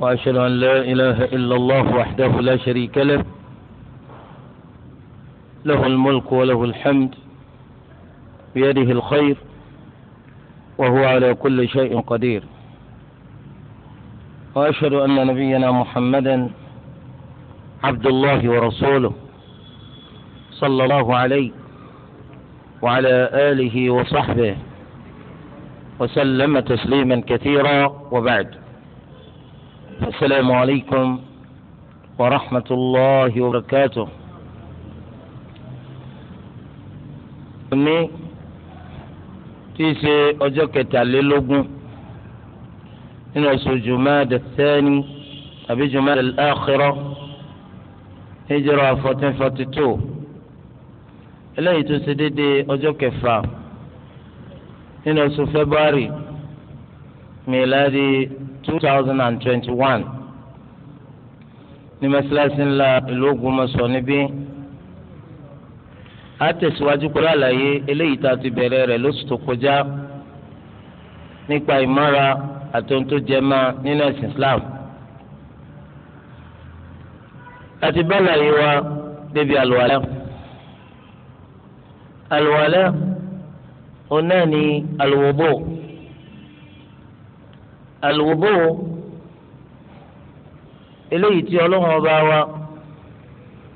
وأشهد أن لا إله إلا الله وحده لا شريك له له الملك وله الحمد بيده الخير وهو على كل شيء قدير وأشهد أن نبينا محمدا عبد الله ورسوله صلى الله عليه وعلى آله وصحبه وسلم تسليما كثيرا وبعد السلام عليكم ورحمة الله وبركاته ní tí í ṣe ọjọ́ kẹtàlélógún nínú oṣù Jumada Thani àbí Jumada Al-Akhirah Hijra fourteen forty two eléyìí tó ṣe déédéé ọjọ́ kẹfà nínú oṣù February miladi 2021. thousand and twenty-one ní mẹ́sàlásí ńlá ìlú Ògbómọ̀ṣọ́ níbí a tẹ̀síwájú pẹ̀lú àlàyé eléyìí tá a ti bẹ̀rẹ̀ rẹ̀ lóṣù tó kọjá nípa ìmára àti nínú ẹ̀sìn Islam àti bẹ́ẹ̀ yìí wá débi àlùwalẹ́ àlùwalẹ́ onáà ní àlùwòbò àlùwòbó eléyìí tí ọlọ́run ọba wa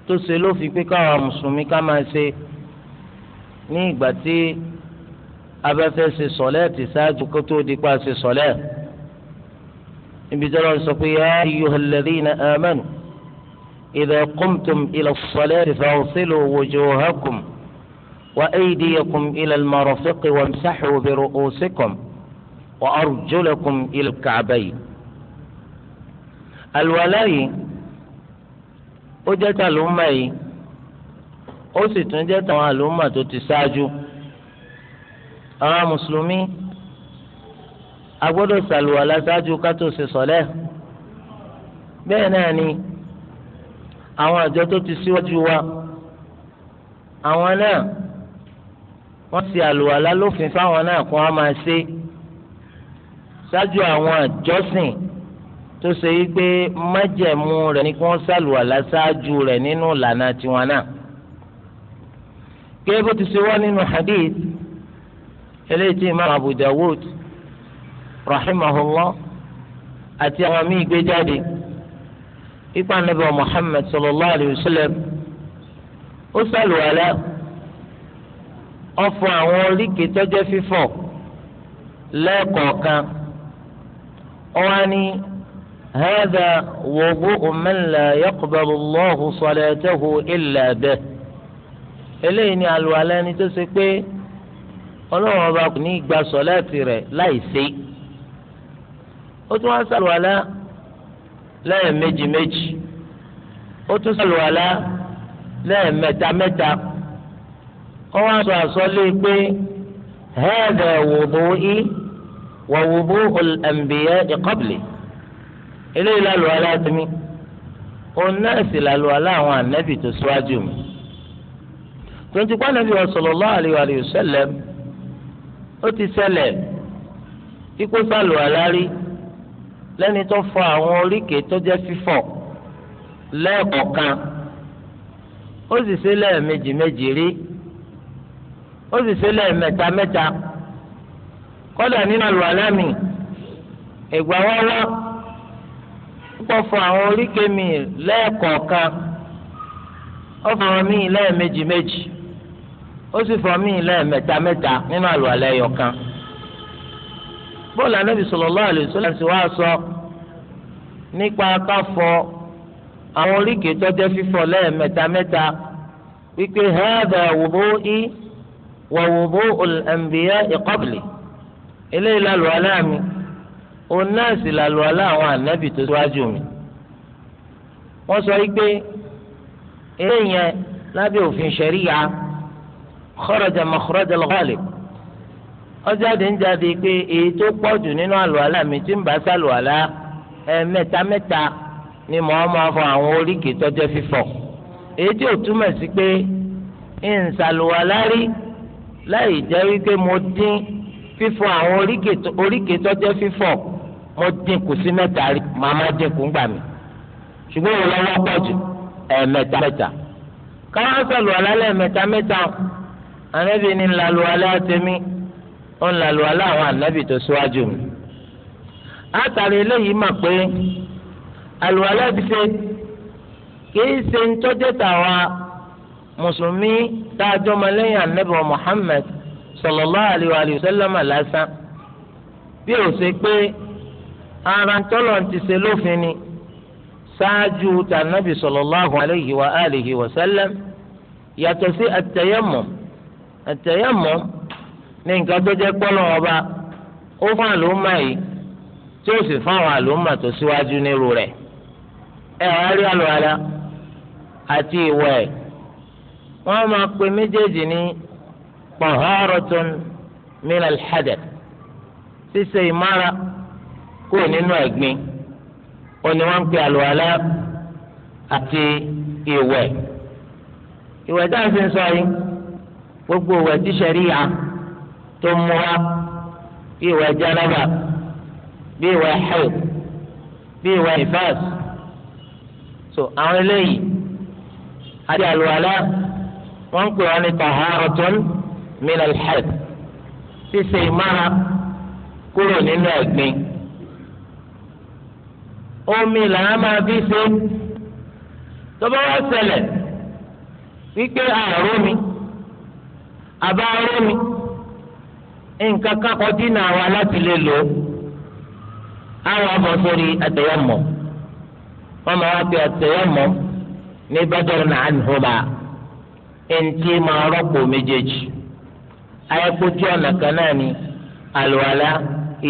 tó ṣe ló fi pé káwa mùsùlùmí ká máa ṣe ní ìgbà tí abẹ́fẹ́ ṣe sọ̀lẹ́ẹ̀tì ṣáájú kó tó di pa ṣe sọ̀lẹ́ẹ̀ níbi tí wọ́n sọ pé yá ayyuhal ladhina amanu idha qumtum ila as-salati faghsilu wujuhakum wa aydiyakum ila al-marafiqi wamsahu bi ru'usikum wa arjulakum ilal ka'bayn. àlùwàlá yìí ó jẹ́ tàlùmọ̀ yìí ó sì tún jẹ́ tàwọn àlùmọ̀ tó ti ṣáájú. àwọn mùsùlùmí a gbọ́dọ̀ ṣàlùwàlá ṣáájú ká tó ṣe sọ̀lẹ́ bẹ́ẹ̀ náà ni àwọn àjọ tó ti síwájú wa àwọn náà wọ́n ti àlùwàlá lófin fáwọn náà kó wọ́n máa ṣe é ṣáájú àwọn àjọsìn tó ṣe yí pé májẹ̀mú rẹ̀ ní kí wọ́n ṣàlùwàlá ṣáájú rẹ̀ nínú ìlànà tiwọn náà. kí bó ti ṣe wá nínú hadith eléyìí tí imaamu abu dawud rahimahullah àti àwọn míì gbé jáde ipa nabi muhammad sallallahu alayhi wa sallam ó ṣàlùwàlá ó fọ àwọn oríkèé tó jẹ́ fífọ̀ أواني هذا وضوء من لا يقبل الله صلاته إلا به eléyìí ni àlùwàlá ẹni tó ṣe pé ọlọ́run ọba kò ní gba sọ̀láàtì rẹ̀ láì ṣe ó tún wá ṣàlùwàlá lẹ́yìn méjì méjì ó tún ṣàlùwàlá lẹ́yìn mẹ́ta ó wá sọ àsọlé pé hẹ́ẹ̀dẹ̀ wòdò yìí wa wudu'ul anbiya'i qabli eléyìí lálù aláàtúmí òun náà sì lálù aláwọn ànábì tó síwájú mi tontigba ànábì wa sallallahu alayhi wa sallam ó ti ṣẹlẹ̀ kíkó sálù alárí lẹ́ni tó fọ àwọn oríkèé tó jẹ́ fífọ̀ lẹ́ẹ̀kọ̀kan ó sì ṣe lẹ́ẹ̀mejì méjì rí ó sì ṣe lẹ́ẹ̀mẹ́ta mẹ́ta. mẹ́ta kọ́dà nínú àlùwàlá mi ìgbà wá púpọ̀ fún àwọn mi lẹ́ẹ̀kọ̀ọ̀kan ó mi lẹ́ẹ̀mejì méjì ó sì mi mí metameta mẹ́ta nínú àlùwàlá ẹ̀yọ̀kan bọ́ọ̀lù anábì sallallahu alaihi wasallam sì wá sọ nípa káfọ àwọn oríkèé tọ́jẹ́ fífọ̀ lẹ́ẹ̀mẹ́ta mẹ́ta wípé hadha i wa wudu'ul anbiya'i qabli. eléyìí lálù alá mi òun náà sì lálù alá àwọn ànábì tó síwájú mi wọ́n sọ wípé eléyìí yẹn lábẹ́ òfin ṣẹ̀ríya kharaja makhraja al-ghalib ọjáde ń jáde pé èyí tó pọ̀ jù nínú àlù alá mi tí ń bá sálù alá ẹ̀ẹ́mẹ́ta mẹ́ta ni mò ń máa fọ àwọn oríkèé tọ́jọ́ fífọ̀ èyí tí ò túmọ̀ sí pé ń láì jẹ́ wípé mo dín fífọ àwọn oríkèé tó jẹ́ fífọ mo dínkù sí mẹ́ta rí màmá dínkù gbà mí ṣùgbọ́n òun lọ́wọ́ pọ̀ jù ẹ̀ẹ̀mẹ́ta mẹ́ta káwọn sọ̀lù alálẹ̀ mẹ́ta mẹ́ta ànábì ni làlù alẹ́ àtẹ̀mí ó ń làlù alẹ́ àwọn ànábì tó síwájú mi látàrí eléyìí mà pé àlùwalẹ́ ti ṣe kìí ṣe ń tọ́jú tàwa mùsùlùmí tá a jọmọ lẹ́yìn ànábì wa Muhammad Sọlọlọ alaihi wa sallam lásán bí o ṣe pé ara ń tọ́lọ̀ ti ṣe lófin ni ṣáájú tànàbì sallallahu alaihi wa wa sallam yàtọ̀ sí at-tayammum ní nǹkan tó jẹ́ ọba ó fún àlùmọ́ yìí tí ó sì fún àwọn àlùmọ́ tó síwájú nírú rẹ̀ taharatun min al-hadath ṣíṣe ìmára kúrò nínú ẹ̀gbin ó ní wọ́n ń pè àlùwàlá àti ìwẹ̀ ìwẹ̀ tá à ń sọ yìí gbogbo ìwẹ̀ tí sẹ̀ríyà tó mú wa bí ìwẹ̀ jánábà bí ìwẹ̀ hẹ́ù bí ìwẹ̀ ìfẹ́s so àwọn eléyìí àti àlùwàlá wọ́n ń pè ní taharatun. minal haid ṣíṣe ìmára kúrò nínú ẹ̀gbin omi làá máa fi ṣe tọ́ba wá ṣẹlẹ̀ wípé àárọ̀ mi àbá àárọ̀ mi nǹkan kakọ dínà wa láti lè lò àwọn abọ́ sórí àtẹ̀yẹmọ̀ wọ́n máa wá pe ayẹ́pọ̀jú ọ̀nà kan náà ni àlùwàlá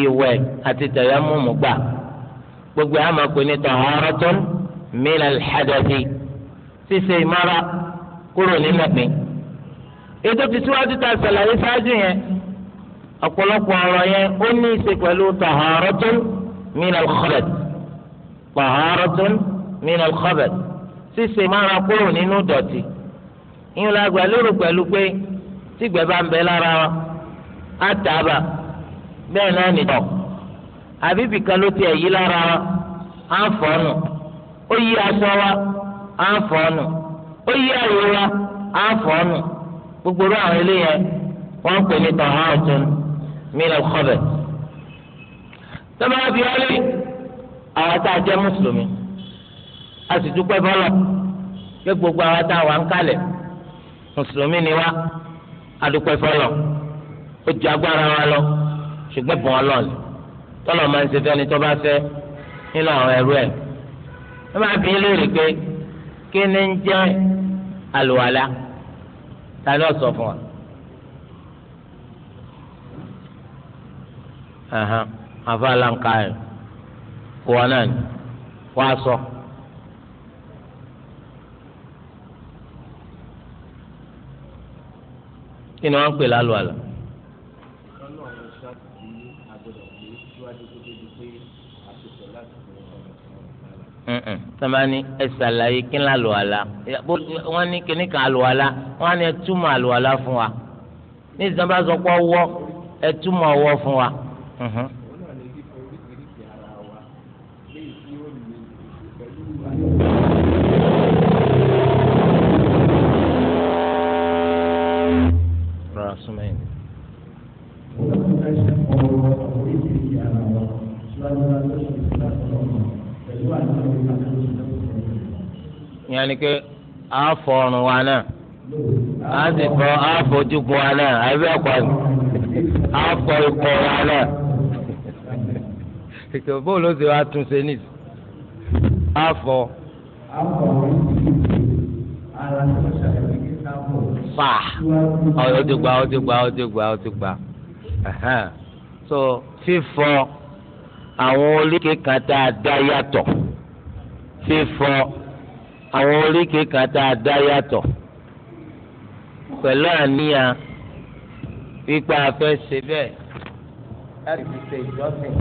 ìwẹ̀ àti tàyámùmù gbà gbogbo àwọn máa pè ní taharatun minal hadathi ṣíṣe ìmára kúrò nínú pin ètò ti síwájú ta ṣàlàyé ṣáájú yẹn ọ̀pọ̀lọpọ̀ ọ̀rọ̀ yẹn ó ní í ṣe pẹ̀lú taharatun minal khabath taharatun minal khabath ṣíṣe ìmára kúrò nínú dọ̀tí ìyẹn la gbà lérò pẹ̀lú tí ìgbẹ́ bá ń bẹ lára wọn á dàbà bẹ́ẹ̀ náà nìjọ àbí bìkan ló tiẹ̀ yí lára wọn á fọ́nù ó yí aṣọ wa á fọ́nù ó yí àyè wa á fọ́nù gbogbo rú àwọn eléyẹn wọ́n ń pè ní tọ̀hánùtún mílẹ̀ kọ́bẹ̀. sábàá bíi ọ́lẹ́ àwọn tá a jẹ́ mùsùlùmí a sì dúpẹ́ bọ́lọ̀ pé gbogbo àwọn tá a wà ń kalẹ̀ mùsùlùmí ni wá adúpẹ́ fọlọ́ ó ju agbára wa lọ ṣùgbọ́n bọ́n ọlọ́ọ̀ni tọ́lọ̀ máa ń ṣe fẹ́ni tó bá fẹ́ nínú àwọn ẹrú ẹ̀ ẹ máa bí léèrè pé kí ń jẹ́ àlùwàlá ta ni ó fún wa. àfa lanka ẹ̀ kó wa náà ni wọ́n á kí ni wọ́n ń pè lálù àlà. sábàáni ẹ ṣàlàyé kí ni àlù àlà wọ́n ní kíní kan àlù àlà wọ́n ní ẹ túmọ̀ àlù àlà fún wa ní ìsìn bá sọ pé ọwọ́ ẹ túmọ̀ ọwọ́ fún wa. Mm-hmm. yẹnni a wa náà a sì fọ a fọ wa náà àbí ọkọ a fọ wa náà ètò bóòlù ó sì wá tún ṣe ní a fọ. fa ọ ti gba ọ ti gba ọ ti gba ọ ti gba so àwọn oríkèé kan tá a dá yàtọ̀ fífọ àwọn oríkèé kan tá a dá yàtọ̀ pẹ̀lú àníyàn pípa afẹ́ ṣe bẹ́ẹ̀ láti fi ṣe ìjọsìn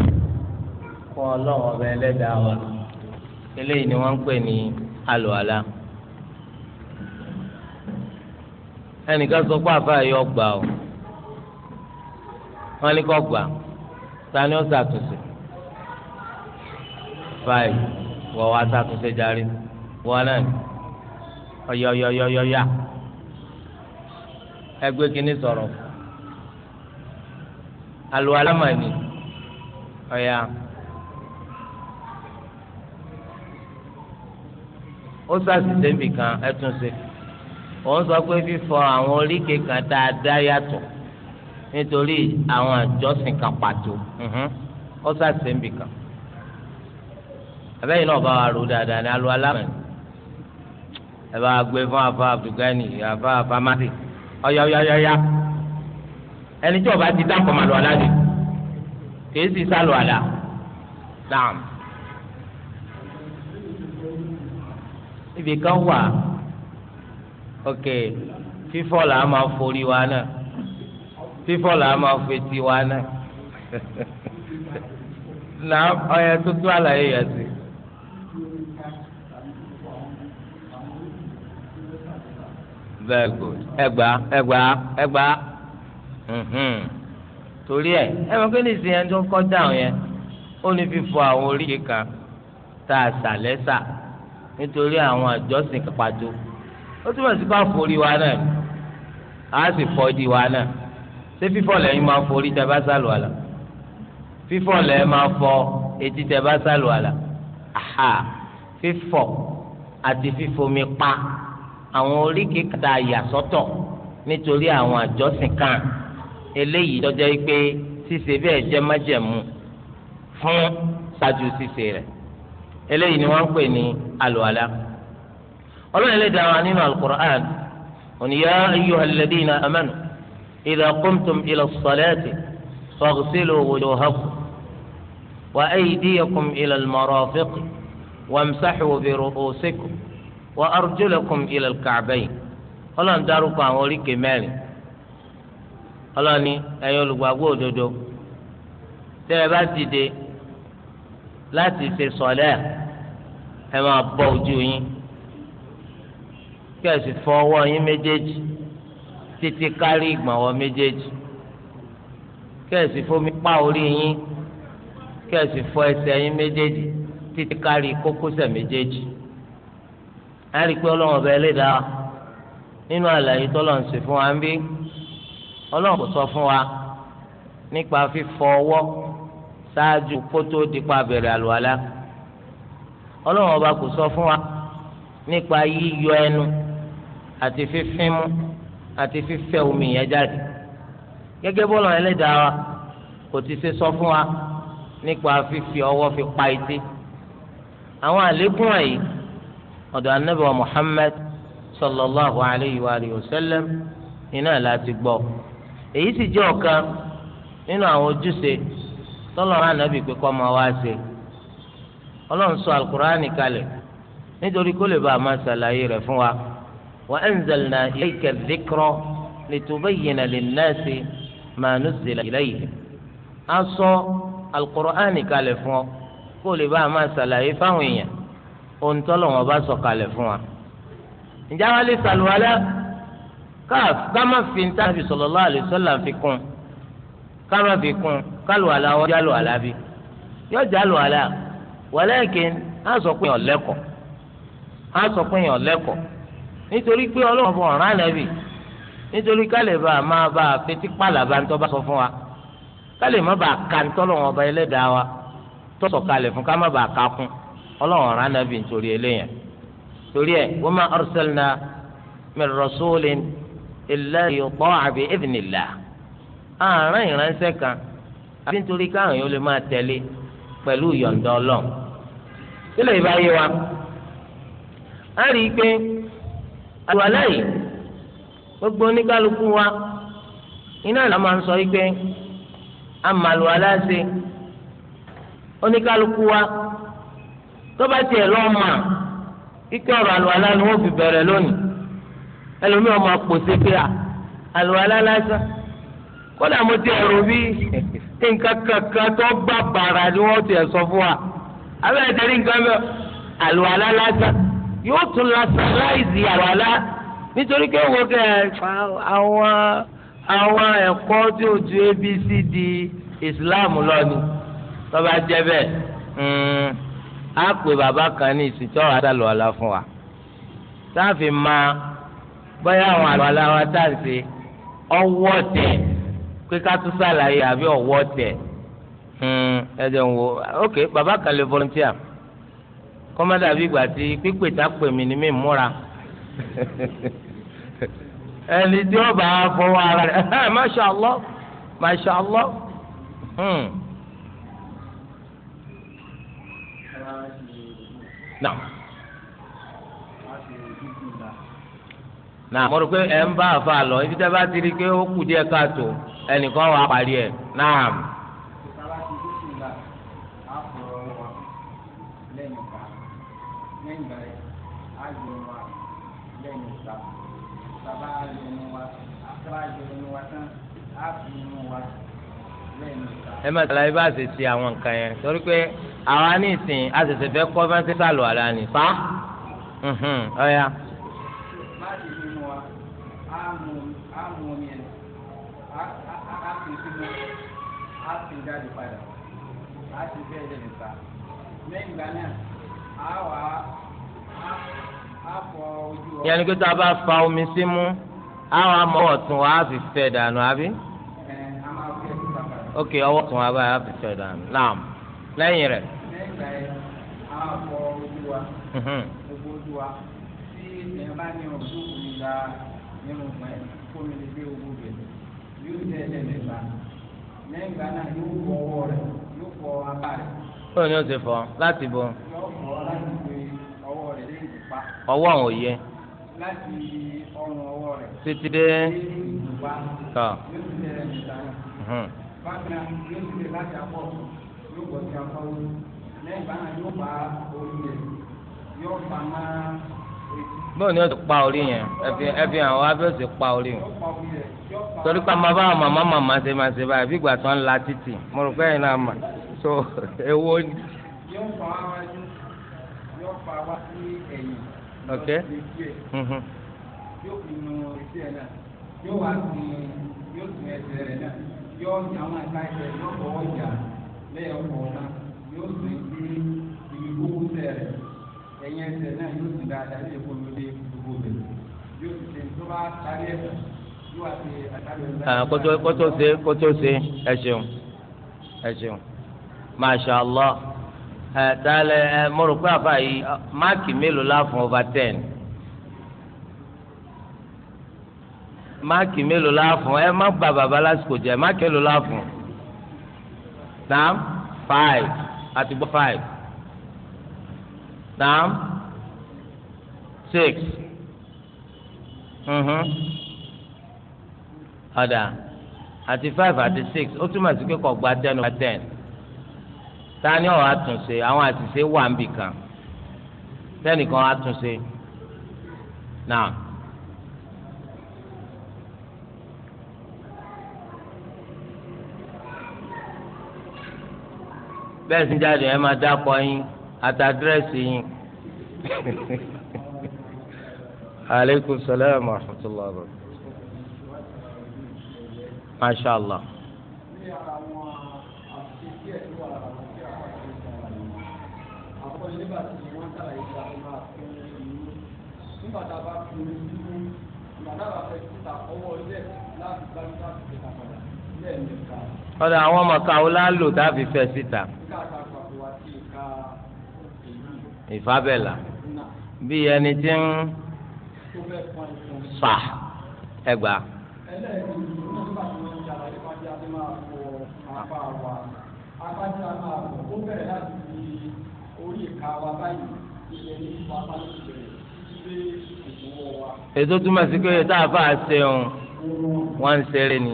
fún ọlọ́run ọba ẹlẹ́dàá wa eléyìí ni wọ́n ń pè ní àlùwàlá. ẹnìkan sọ pé àfa yọ gbà ó wọ́n ní kó gbà ta ni ó ṣàtúnṣe five wọ́n wá sàtúnṣe darí wọ́n náà ọ̀yọ̀yọ̀yọ̀yà ẹgbẹ́ kìíní sọ̀rọ̀ alu alamani ọ̀yà ó sàtúnṣe nìkan ẹtúnṣe òun sọ pé fífọ àwọn oríkèé kan dáadáa yàtọ̀ nítorí àwọn àjọsìn kan pàtó ó sàtúnṣe nìkan. abẹ́yìn náà bá wa ro dáadáa ní alu alámẹ̀ ẹ bá gbé fún afa abdulgani afa famasi ọ̀yọ̀yọ̀yọ̀yà ẹni tí ọba ti dákọ̀ máa lọ aláde kìí sì sálọ àlà dàm. ibì kan wà ok fífọ́ là á máa forí wa náà fífọ́ là á máa fetí wa náà nà tuntun àlàyé yẹn sí. very good ẹgbà ẹgbà ẹgbà mhm. torí ẹ ẹ mọ̀ pé ní ìsìn yẹn tó kọ́ dáhùn yẹn ó ní fífọ àwọn oríṣi kan tá a sà lẹ́sà nítorí àwọn àjọsìn pàtó ó túbọ̀ sí ká forí wa náà a sì fọdí wa náà ṣé fífọ lẹ́yìn máa forí tẹ bá sálù àlà fífọ lẹ́yìn máa fọ etí tẹ bá sálù àlà fífọ àti fífomi pa àwọn oríkèé kàtà yàsọ́tọ̀ nítorí àwọn àjọsìn kan eléyìí tọjọ yìí pé ṣíṣe bẹ́ẹ̀ jẹ́ májẹ̀mú fún ṣáájú ṣíṣe rẹ̀ eléyìí ni wọ́n ń pè ní alùwàlà ọlọ́run ẹlẹ́dàá wa nínú alukur'an oníyà ayò alẹ́dínà amánu ìdá kọ́mtùm ilà sọ̀lẹ́tì fọ́ọ̀sílù wòlòhàkù wà áyídíyàkùm ilà mọ̀rọ̀fẹ́kù wàmsáxù bìrù òsèkù wa arjulakum ila al-ka'bayn ọlọ́run dárúkọ àwọn oríkèé mẹ́rin ọlọ́run ní ẹ̀yin olùgbàgbọ́ òdodo tẹ́ ẹ bá dìde láti ṣe sọ̀lẹ́ ẹ máa bọ́ ojú yín kí ẹ sì fọ ọwọ́ yín méjèèjì títí kárí ìgbọ̀nwọ́ méjèèjì kí ẹ sì fomi pa orí yín kí ẹ sì fọ ẹsẹ̀ yín méjèèjì títí kárí kókósẹ̀ méjèèjì àrí pé ọlọ́run ọba ẹlẹ́dàá nínú àlàyé tọ́lọ̀ ń ṣe fún wa ń bí ọlọ́run kò sọ fún wa nípa fífọ ọwọ́ ṣáájú kó tó dípa bẹ̀rẹ̀ àlùwàlá ọlọ́run ọba kò sọ fún wa nípa yíyọ ẹnu àti fífín mú àti fífẹ́ omi yẹn jáde gẹ́gẹ́ bọ́ọ̀lù ẹlẹ́dàá wa kò ti ṣe sọ fún wa nípa fífi ọwọ́ fi pa etí àwọn àlékún àyè ọ̀dọ̀ anabi wa muhammed sallallahu alayhi wa alihi wa sallam iná láti gbọ́ èyí sì jẹ́ ọ̀kan nínú àwọn ojúṣe tọ́lọ́run anabi pé kó máa wá ṣe ọlọ́run sọ alukur'ani kalẹ̀ nítorí kó lè bá a máa ṣàlàyé rẹ̀ fún wa wa anzalna ilayka dhikra litubayyina linnasi ma nuzila ilayhim a sọ alukur'ani kalẹ̀ fún ọ kó lè bá a máa ṣàlàyé fáwọn èèyàn. ohun tọ́lọ̀ wọn bá sọ̀kalẹ̀ fún wa. ǹjẹ́ àwọn alẹ́ sàlùwalẹ́ fi ń tàbí sallallahu alaihi fi kún kámá fi kún kálùwàlà wọn jálùwàlà bí yóò jálùwàlà walakin á sọ pé èèyàn lẹ́kọ̀ọ́ á sọ pé èèyàn lẹ́kọ̀ọ́ nítorí pé ọlọ́run fún ọ̀ràn ànábì nítorí kálẹ̀ bá a máa bá a fetí pàlàbà ń tọ́ bá sọ fún wa kálẹ̀ má bàa ka ń tọ́lọ̀ wọn ọba ẹlẹ́dàá wa tọ́sọ̀ kalẹ̀ fún ká má kún ọlọ́run rán nàbì nítorí eléyàn torí ẹ wa ma arsalna min rasulin illa yuta'a bi idhnillah àárín ìránṣẹ́ kan àbí nítorí káwọn yóò lè máa tẹ̀lé pẹ̀lú yọ̀ǹda ọlọ́run sílẹ̀ ìbáyé wa a rí i pé àlùwàlá yìí gbogbo oníkálukú wa iná ìlà máa ń sọ yìí pé àmàlùwàlá ṣe oníkálukú wa tọ́ba tiẹ̀ lọ́ọ́ mà ike ọ̀rọ̀ àlùwalá ni wọ́n fi bẹ̀rẹ̀ lónìí ẹlòmíràn máa pòṣe pé àlùwalá lásán kódà mo ti ẹ̀rù bí nǹkan kankan tó bá bàrà ni wọ́n ti ẹ̀ sọ fún wa abẹ́ ẹ̀tẹ́rì nǹkan mẹ́ àlùwalá lásán yóò tún lásán láìsí àlùwalá nítorí pé wọ́n kẹ́ àwọn àwọn ẹ̀kọ́ tí o ju abc di Islam lọ ni tọ́ba jẹ́ bẹ́ẹ̀. Hmm á pè bàbá kan ní ìsìtọ́ àdàlù ọ̀la fún wa sáàfin máa bóyá àwọn àlọ́ aláwa tá à ń ṣe ọwọ́ tẹ̀ pé ká tún ṣàlàyé àbí ọwọ́ tẹ̀ hmm, ẹ jẹun wo ok bàbá kan lè volunteer kọ́mọ́dà bí ìgbà tí pípè tá pè mí ni mí múra ẹni tí ó bá fọwọ́ ara rẹ̀ masha Allah masha Allah. Hmm. na náà mo rò pé ń bá àfa lọ ibi tẹ́ bá ti rí pé ó kù díẹ̀ káàtó ẹnìkan ẹ máa ṣàlàyé bá ṣe ti àwọn nǹkan yẹn torí pé àwa ní ìsìn àṣẹṣẹ fẹ́ kọ́ bá ṣe sàlù àlá ni fa ọ̀ya. yẹn ni pé tá a bá fa omi símú àwọn amọ̀ ọ̀tún wa á fi fẹ́ dànù àbí ok ọwọ́ kan wá báyìí àfi fẹ́ dànù naam lẹ́yìn rẹ̀. lẹ́yìn rẹ̀ a fọ ojú wa mhm. gbogbo ojú wa tí èèyàn bá ní ojú mi la nínú pẹ́ fún mi lè gbé owó rẹ̀ yóò tẹ ẹsẹ̀ mẹ́fà lẹ́yìn ìgbà náà yóò fọ ọwọ́ rẹ̀ yóò fọ apá rẹ̀. báwo ni ó ti fọ láti bọ. yóò fọ láti gbé ọwọ́ rẹ̀ lé ìgbà. ọwọ́ àwọn ò láti ọrùn ọwọ́ rẹ̀ bákan náà yóò ti lè láti apá ọ̀tún yóò bọ̀ sí apá òun lẹ́yìn bá náà yóò bá orí rẹ̀ yóò bá máa bóun ni o ti pa orí yẹn ẹbí ẹbí àwọn abẹ́ o ti pa orí yẹn torí pé màmá báwọn màmá màmá ṣe máa ṣe báyìí bí ìgbà tó ń la títì mo rò pé ẹ̀yin náà mà so ewo ni. yóò fà á wájú yóò fà wá sí ẹ̀yìn ok mm-hmm. yóò fi nu etí ẹ̀ náà yóò wá sí yóò sùn ẹsẹ̀ rẹ̀ náà yóò ní àwọn ẹ̀ka ẹ̀kẹ́ yóò bọ̀ ọjà lẹ́yìn ọ̀nà yóò sì sí ibi gbogbo tẹ̀ rẹ̀ ẹ̀yìn ẹsẹ̀ náà yóò sì dáadáa lè kó lóde gbogbo rẹ̀ yóò sì ṣe tó bá tarí ẹ̀sẹ̀ yóò àti àtàlẹ̀ ọ̀la. kótó kótó ṣe ah, kótó ṣe ẹ ṣeun ẹ ṣeun masha allah ẹ eh, dalẹ ẹ eh, mo rò pé àbá yìí ah, máàkì mélòó la over ten. máàkì mélòó la fún ẹ má ba bàbá lásìkò jẹ máàkì mélòó la fún naam five àti gbọ́ five naam six mhm. ọ̀dà àti five àti six ó túmọ̀ sí pé kò gba ten ó gba ten ta ni ọ̀ àtúnṣe àwọn àṣìṣe wà ń bì kan àtúnṣe naam. bẹ́ẹ̀ sì jáde ẹ máa dákọ yín àti àdírẹ́sì yín. aleykum salaam wa rahmatulah wa barakatuh. masha allah. nígbà tá a bá fi ojú nígbà tá a bá fẹ́ títà ọwọ́ ilé láti gbájú láti tẹ̀ka padà ọ̀dọ̀ àwọn ọmọ kàwé lálò tá a fi fẹ́ síta ìfábẹ́là bí ẹni tí ń fà ẹgbàá. ètò túmọ̀ sí pé tá a fà á ṣe òun wọ́n ń ṣeré ni.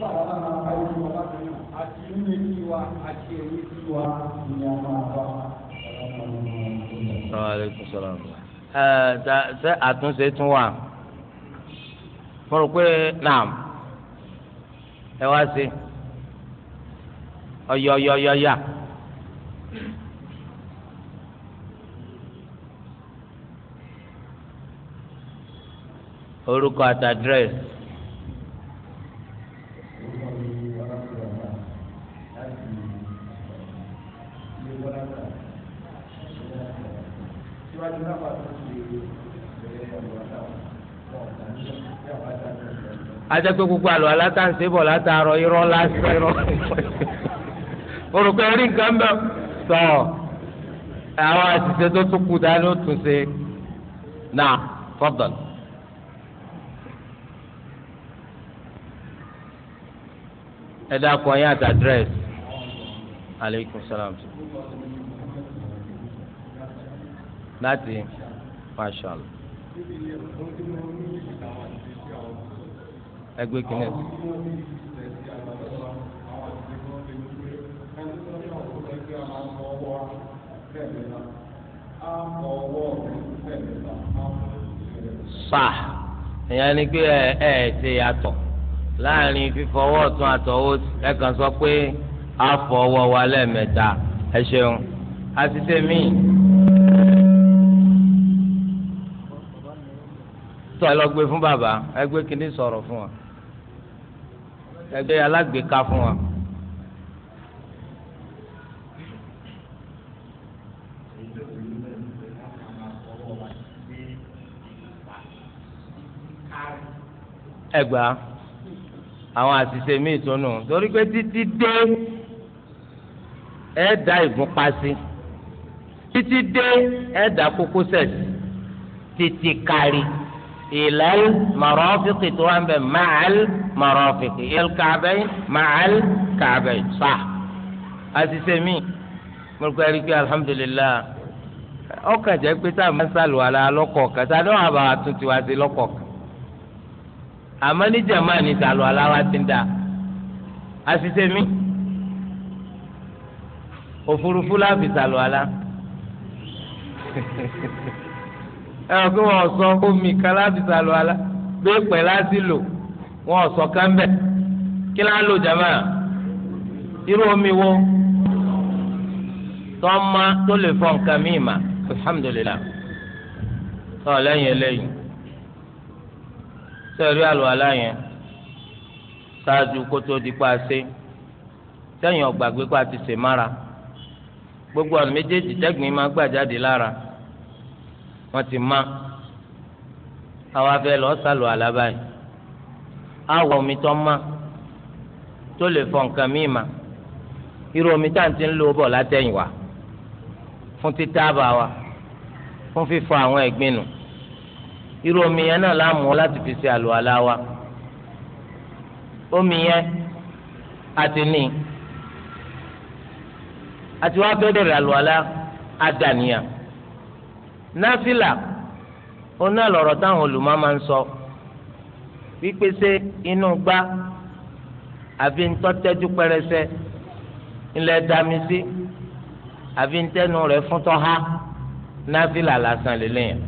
bàbá máa bá yìí wọ́n bá tẹ̀lé àti inú etí wa àti ẹ̀yẹ etí wa ni àtúnṣe tún wà. Mo rò pé naam ẹ wá sí ọyọyọyọyà. orúkọ àti síwájú náà pàtó ṣe bẹ̀rẹ̀ àlùwàlá ajẹ́ pé gbogbo àlọ́ aláǹtàǹsẹ̀ bọ̀ látàárọ̀ irọ́ lásán irọ́ orúkọ orí nǹkan bẹ́ẹ̀ sọ àwọn àṣìṣe tó tún kù dání ó tún ṣe náà fọ́dọ̀lù. ẹ dákun ayé àti àdírẹ́sì aleykum salaam láti mashallah. ẹgbẹ́ kìnìún. sá ìyẹn ni pé ẹ ẹ ṣe yàtọ̀ láàrin fífọwọ́ ọ̀tún àtọwọ́ ẹ kàn sọ pé a fọwọ́ wa lẹ́ẹ̀mẹ́ta ẹ ṣeun àti tèmi. tọ́ ẹ lọ gbé fún bàbá ẹ gbé kínní sọ̀rọ̀ fún wa ẹ gbé alágbèéká fún wa. ẹgbàá àwọn àṣìṣe míì tó nù torí pé títí dé ẹ da ìgúnpá sí títí dé ẹ da kókósẹ̀ sí títí kárí ilal marọ́fìkì tó wà ń bẹ̀ màál marọ́fìkì il kàbẹ́yìn màál kàbẹ́yìn sá. àṣìṣe mi mo rò pé rí pé alhamdulilah ọkàn jẹ́ pé tá a máa ń sàlùwàlà lọ́kọ̀ọ̀kan tá a dánwò àbá àtúntì wá sí lọ́kọ̀ọ̀kan àmọ́ ní jamani wa ti ń dà àṣìṣe mi òfurufú láàfin sàlùwàlà ẹ̀rọ pé wọ́n sọ omi kan láti sàlù ala bẹ́ẹ̀ pẹ̀ láti lò wọ́n sọ kánbẹ̀ kí láá lò jàmá irú omi wo tọ́mọ tó lè fọ nǹkan mi mà alhamdulilah tọ́ lẹ́yìn eléyìí sẹ́ẹ̀rí àlù ala yẹn ṣáájú kó tó di pa ṣe sẹ́yìn ọ̀gbàgbé pa ti ṣe mára gbogbo ọ̀nà méjèèjì tẹ́gbìn máa gbà jáde lára wọ́n ti má àwa fẹ́ lọ sàlù àlábà yìí àwọ̀ omi tó má tó lè fọ nǹkan míì mà irú omi tá à ń ti ń lò bọ̀ látẹ̀yìn wá fún títàbà wa fún fífọ àwọn ẹ̀gbin nù irú omi yẹn náà láàmú láti fi ṣe àlùwàlá wa omi yẹn àti ní àti wá fẹ́ bẹ̀rẹ̀ àlùwàlá àdàníyàn náfìlà oná lọ̀rọ̀ táwọn olùmọ̀ máa ń sọ wípé ṣé inú gbá àfi ntọ́tẹ́jú pẹrẹsẹ ńlẹ̀ dami sí àfi ntẹ́nu rẹ̀ fúntọ́ ha náfìlà lásán lélẹ̀ yẹn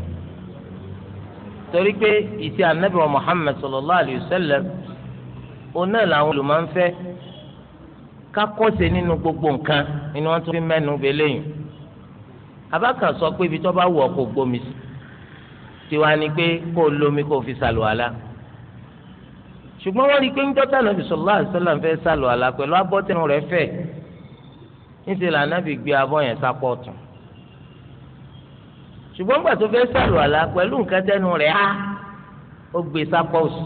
torí pé ìtì ànábì wa Muhammad sallallahu alayhi wa sallam oná làwọn olùmọ̀ ń fẹ́ kakọ́sẹ̀ nínú gbogbo nǹkan ni wọ́n tún fi mẹ́nu bẹ́lẹ́yìn abákan sọ pé ibi tó bá wù ọ kó gbómi sí tiwa ni pé kó lómi kó fi sàlùwàlà ṣùgbọ́n wọ́n rí i pé ńjọ́tà nàbì sallallahu alaihi wasallam fẹ́ sàlùwàlà pẹ̀lú abọ́tẹ̀nu rẹ̀ fẹ̀ níṣẹ́ là nàbì gbé abọ́ yẹn sápọ̀ ọ̀tún ṣùgbọ́n gbà tó fẹ́ sàlùwàlà pẹ̀lú nǹkan tẹ́nu rẹ̀ á ó gbé e sápọ̀ òsì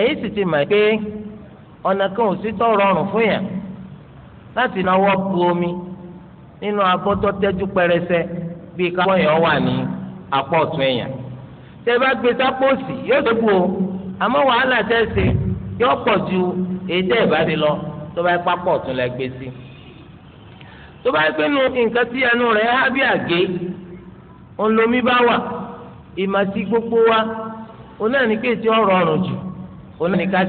èyí sì ti mọ̀ pé ọ̀nà kan ò sí tọ́ rọrùn fún yàn láti náwó bu omi nínú abọ́tọ́ tẹ́jú pẹrẹsẹ bíi káwọn èèyàn wà ní apá ọ̀tún èèyàn. tẹ́ bá gbé sápòsì yóò tó bu o àmọ́ wàhálà tẹ́ yóò pọ̀ ju èdè ìbádìí lọ tó bá pápá ọ̀tún lẹ gbé sí. tó bá gbé nu nǹkan tí bá wà ìmọ̀ sí gbogbo wa tí ó rọrùn jù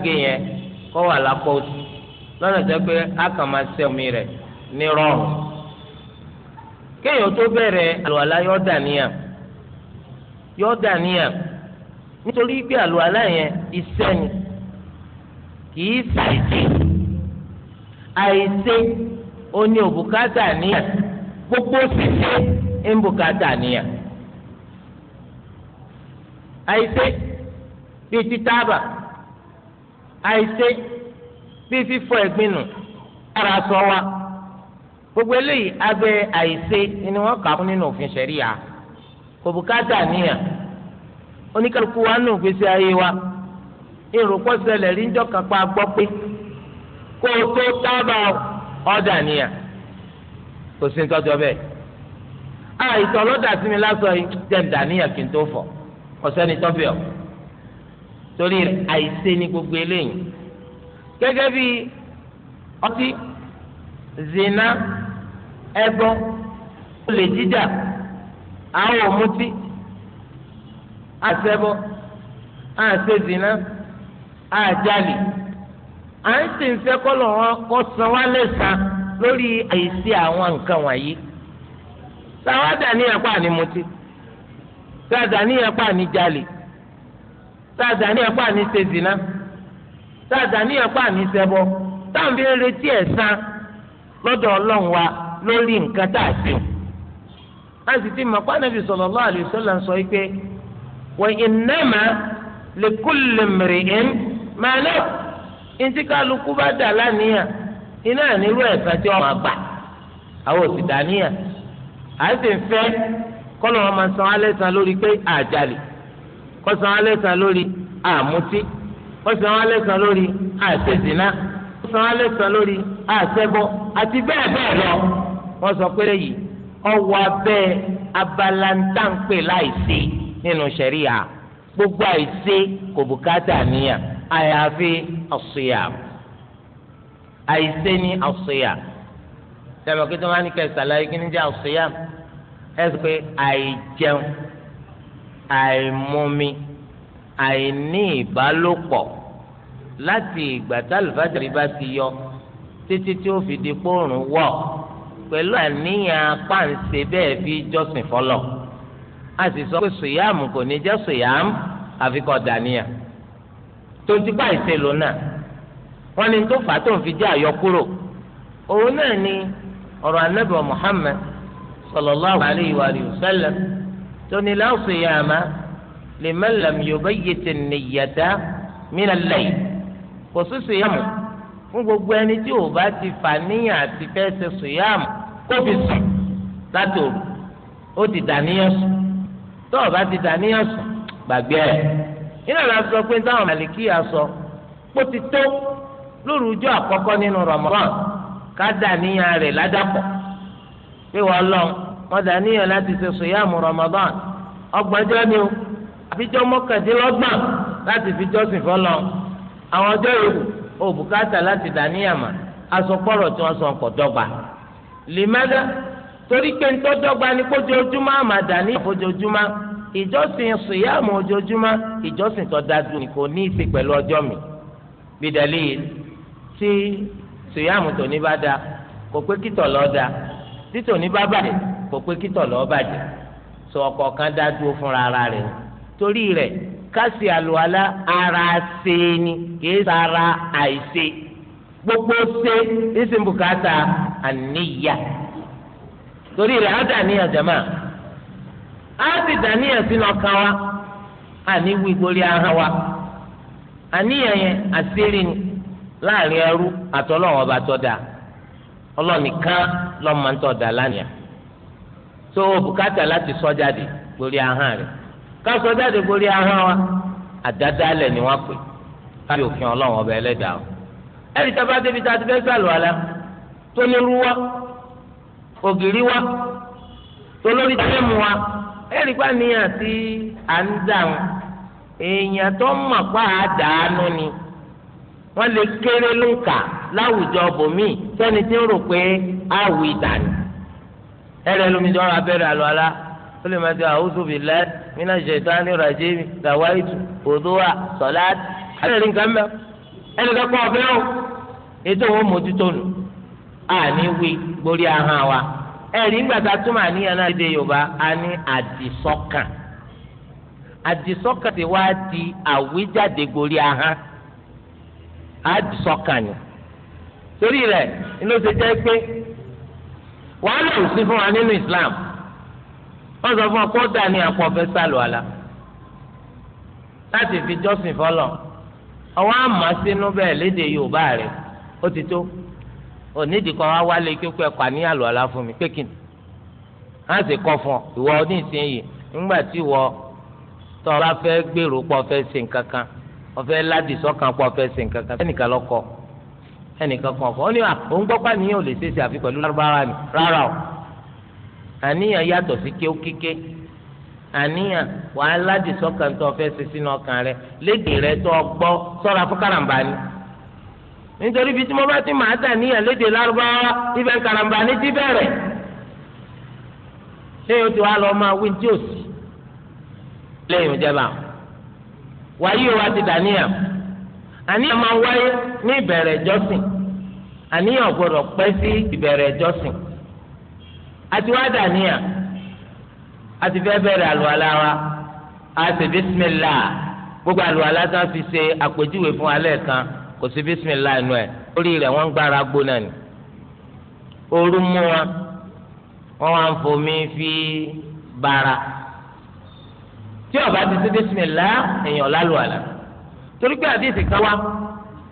gé yẹn kọ́ wà lápò lọ́nà pé a kàn kéèyàn tó bẹ̀rẹ̀ àlùwàlá yọ dàníyà yọ dàníyà nítorí pé àlùwàlá yẹn iṣẹ́ ni kìí ṣàìṣe àìṣe oní òbúkátà gbogbo ṣíṣe ń bùkátà níyà àìṣe bíi títáàbà àìṣe bíi fífọ nù wa. gbogbo eléyìí abẹ àìsè ni wọ́n kà fún nínú òfin ṣẹ̀ríya kò bùkátà níyà oníkálukú wa nù gbèsè ayé wa ìrùkọ́ ṣẹlẹ̀ rí njọ́ gbọ́ pé kó o tó tábà ọ̀dà níyà kò sí nítọ́jọ́ bẹ́ẹ̀ àìsàn ọlọ́dà sí mi lásán yìí jẹ́m dàníyà kí n tó fọ̀ ọ̀sẹ́ni tọ́bẹ̀ ọ̀ torí àìsè ni gbogbo eléyìí gẹ́gẹ́ bí ọtí zina. ẹbọ olè jíjà àwọn òmùtí àṣẹbọ àṣezìnà àjálì à ń sì ń fẹ́ kọ́lọ̀ kó san wá lórí àìsí àwọn nǹkan wọ̀nyí táwa dàníyàn pa ni mutí táwa dàníyàn pa ni jálì táwa dàníyàn pa ni ṣezìnà táwa dàníyàn pa ni ṣẹbọ táwọn fi ń retí lórí nǹkan tá a ṣe a sì ti mọ̀ pé anabi sallallahu alaihi wasallam sọ pé wa innama likulli mri'in ma lahu ntí kálukú bá dà lánìyàn iná nírú ẹ̀sán tí wọ́n máa gbà àwọn òsì dàníyàn à ń sì ń fẹ́ kọ́nà wọn máa san alẹ́ san lórí pé àjálè kọ́ san alẹ́ san lórí àmútí kọ́ san alẹ́ san lórí àṣezìnà kọ́ san alẹ́ san lórí àṣẹbọ àti bẹ́ẹ̀ bẹ́ẹ̀ lọ wọ́n sọ pé yìí ọwọ́ abẹ́ abalantanpe láìsí nínú sẹ̀ríà gbogbo àìsí kò bùkátà níyà àyàfi ọ̀sùyà àìsí ní ọ̀sùyà tẹ̀wọ̀n kí tó máa ní kẹsàlàyé kí ní jẹ́ ọ̀sùyà ẹ sọ pé àìjẹun àìmumi àìní ìbálòpọ̀ láti ìgbà tá àlùfáàjì bá ti yọ títí tí ó fi di pòrùn wọ̀ pẹ̀lú àníyàn apáǹsẹ bẹ́ẹ̀ fi jọ́sìn fọlọ́ a sì sọ pé sòyàmù kò ní jẹ́ sòyàmù àfikọ́ dàníyàn tó ti bá ìṣèlú náà wọ́n ní tó fà á tó ń fi jẹ́ àyọkúrò òun náà ni ọ̀rọ̀ anábọ̀ Muhammad sallallahu alayhi wa sallam tó ní fún gbogbo ẹni tí ò bá ti fà níyàn àti fẹ́ ṣe sùyàmù kó fi sùn láti òru ó ti dàníyàn sùn tó o bá ti dàníyàn sùn gbàgbé ẹ̀ nínú àlọ́ sọ pé táwọn màlìkíyà sọ pó ti tó lóru ọjọ́ àkọ́kọ́ nínú Ramadan ká dàníyàn rẹ̀ ládàpọ̀ pé wọ́n lọ wọ́n dàníyàn láti ṣe sùyàmù Ramadan ọgbọ̀njọ́ ni o àfijọ́ mọ́kàndínlọ́gbọ̀n láti fi jọ́sìn fọlọ́ àwọn ọjọ́ yòókù o bùkátà láti dàníyàmà asopọ̀rọ̀ tí wọ́n sọ ọkọ̀ dọ́gba lèmẹ́dá torí pé ń tọ́ dọ́gba ni kó ojoojúmọ́ àmà dàníyàmà ojoojúmọ́ ìjọsìn sùyàmù ojoojúmọ́ ìjọsìn ni kò ní í ṣe pẹ̀lú ọjọ́ mi bìdẹ̀lì tí sùyàmù tòní bá da kò pé kítọ̀ lọ́ọ́ da tí tòní bá bàjẹ́ kò pé kítọ̀ lọ́ọ́ bàjẹ́ sọ ọkọ̀ kan dájú fúnra rẹ̀ torí rẹ̀ kásì àlùwàlá ara se ni kìí sara àìṣe gbogbo ṣe ìsìnbùkátà àníyà torí rẹ̀ á dàníyàn jẹ̀mọ́ á sì sínú ọkàn wa ahọ́n wa àníyàn yẹn ni láàrin ẹrú àtọ́lọ́wọ́n ọba tó da ọlọ́nìkan lọ́mọ da lánìyàn tó bukata láti sọ jáde gbórí ahọ́n rẹ̀. kásọ jáde borí ahọ́n wa àdádálẹ̀ ni wọ́n pè kábí òfin ọlọ́run ọba ẹlẹ́dàá o. ẹ̀rí tábà débi tá a ti fẹ́ sàlù àlá tó ní rú wa ògiri wa tó lórí tẹ́mu wa ẹ̀rí pa níyàn sí à ń dà wọn. èèyàn tó mọ̀ pa àdánù ni wọ́n lè kéré lóǹkà láwùjọ bòmíì sẹ́ni tí ń rò pé àwì dànù. ẹ̀rẹ́ lómi jọra abẹ́rẹ́ àlọ́ àlá. ó lè máa ti a'udhu billahi minash shaitanir rajim dàwáìtù òdòwà sọ̀láàt ẹ̀rẹ̀rì nǹkan mẹ́ ẹnìkan kọ́ o ètò òun mójútó nù àní wí wa tá a túmọ̀ àníyàn náà Yorùbá a ní àdìsọ́kàn àdìsọ́kàn ti wá di àwíjáde gbórí ahọ́n àdìsọ́kàn ni torí rẹ̀ inú ṣe jẹ́ pé wàhálà ò sí fún wa wọ́n fún ọ kó dà ní àpò ọ̀fẹ́ sálù àlà láti fi jọ́sìn fọlọ́ ọwọ́ àmọ́ sínú bẹ́ẹ̀ léde Yorùbá rẹ ó ti tó onídìí kan wá wálé kíkọ ẹ̀kọ́ ní àlọ́ àlà fún mi pékin á sì kọ́ fún ọ ìwọ ní ìsinyìí ńgbà tí ìwọ tó bá fẹ́ gbèrò pọ̀ fẹ́ ṣe nǹkan kan o fẹ́ ládìí sọ́kàn pọ̀ fẹ́ ṣe nǹkan kan ẹnìkan lọ́kọ̀ ẹnìkan kan ọ̀kọ́ ó ní à òun gbọ́ pàníyàn ò lè ṣe é ṣe àfi pẹ̀lú lárúbáwá ni rárá o. àníyàn yàtọ̀ sí kéwú kíké àníyàn wàhálà dìsọ́kàn tó fẹ́ ṣe sínú ọkàn rẹ lédè rẹ tó gbọ́ sọ́ra fún karambà ni nítorí bí tí mo bá ti máa dàníyàn lárúbáwá ibẹ̀ ti bẹ̀rẹ̀ ṣé o ti wá lọ máa wí tí o sì ìjẹba o wa ti dàníyàn àníyàn máa wáyé ní ìbẹ̀rẹ̀ àníyàn àti wá dàníyà àti fẹ́ bẹ̀rẹ̀ àlùwàlá wa àti bísímìlà gbogbo àlùwàlá tí wọ́n fi ṣe àpèjúwe fún alẹ́ kan kò sí bísímìlà inú ẹ̀ orí rẹ̀ wọ́n ń gbára gbóná ni ooru mú wa wọ́n wá ń fomi fi bara tí ó ti ṣe bísímìlà èèyàn lálùwàlá torí pé àdìsí kan wá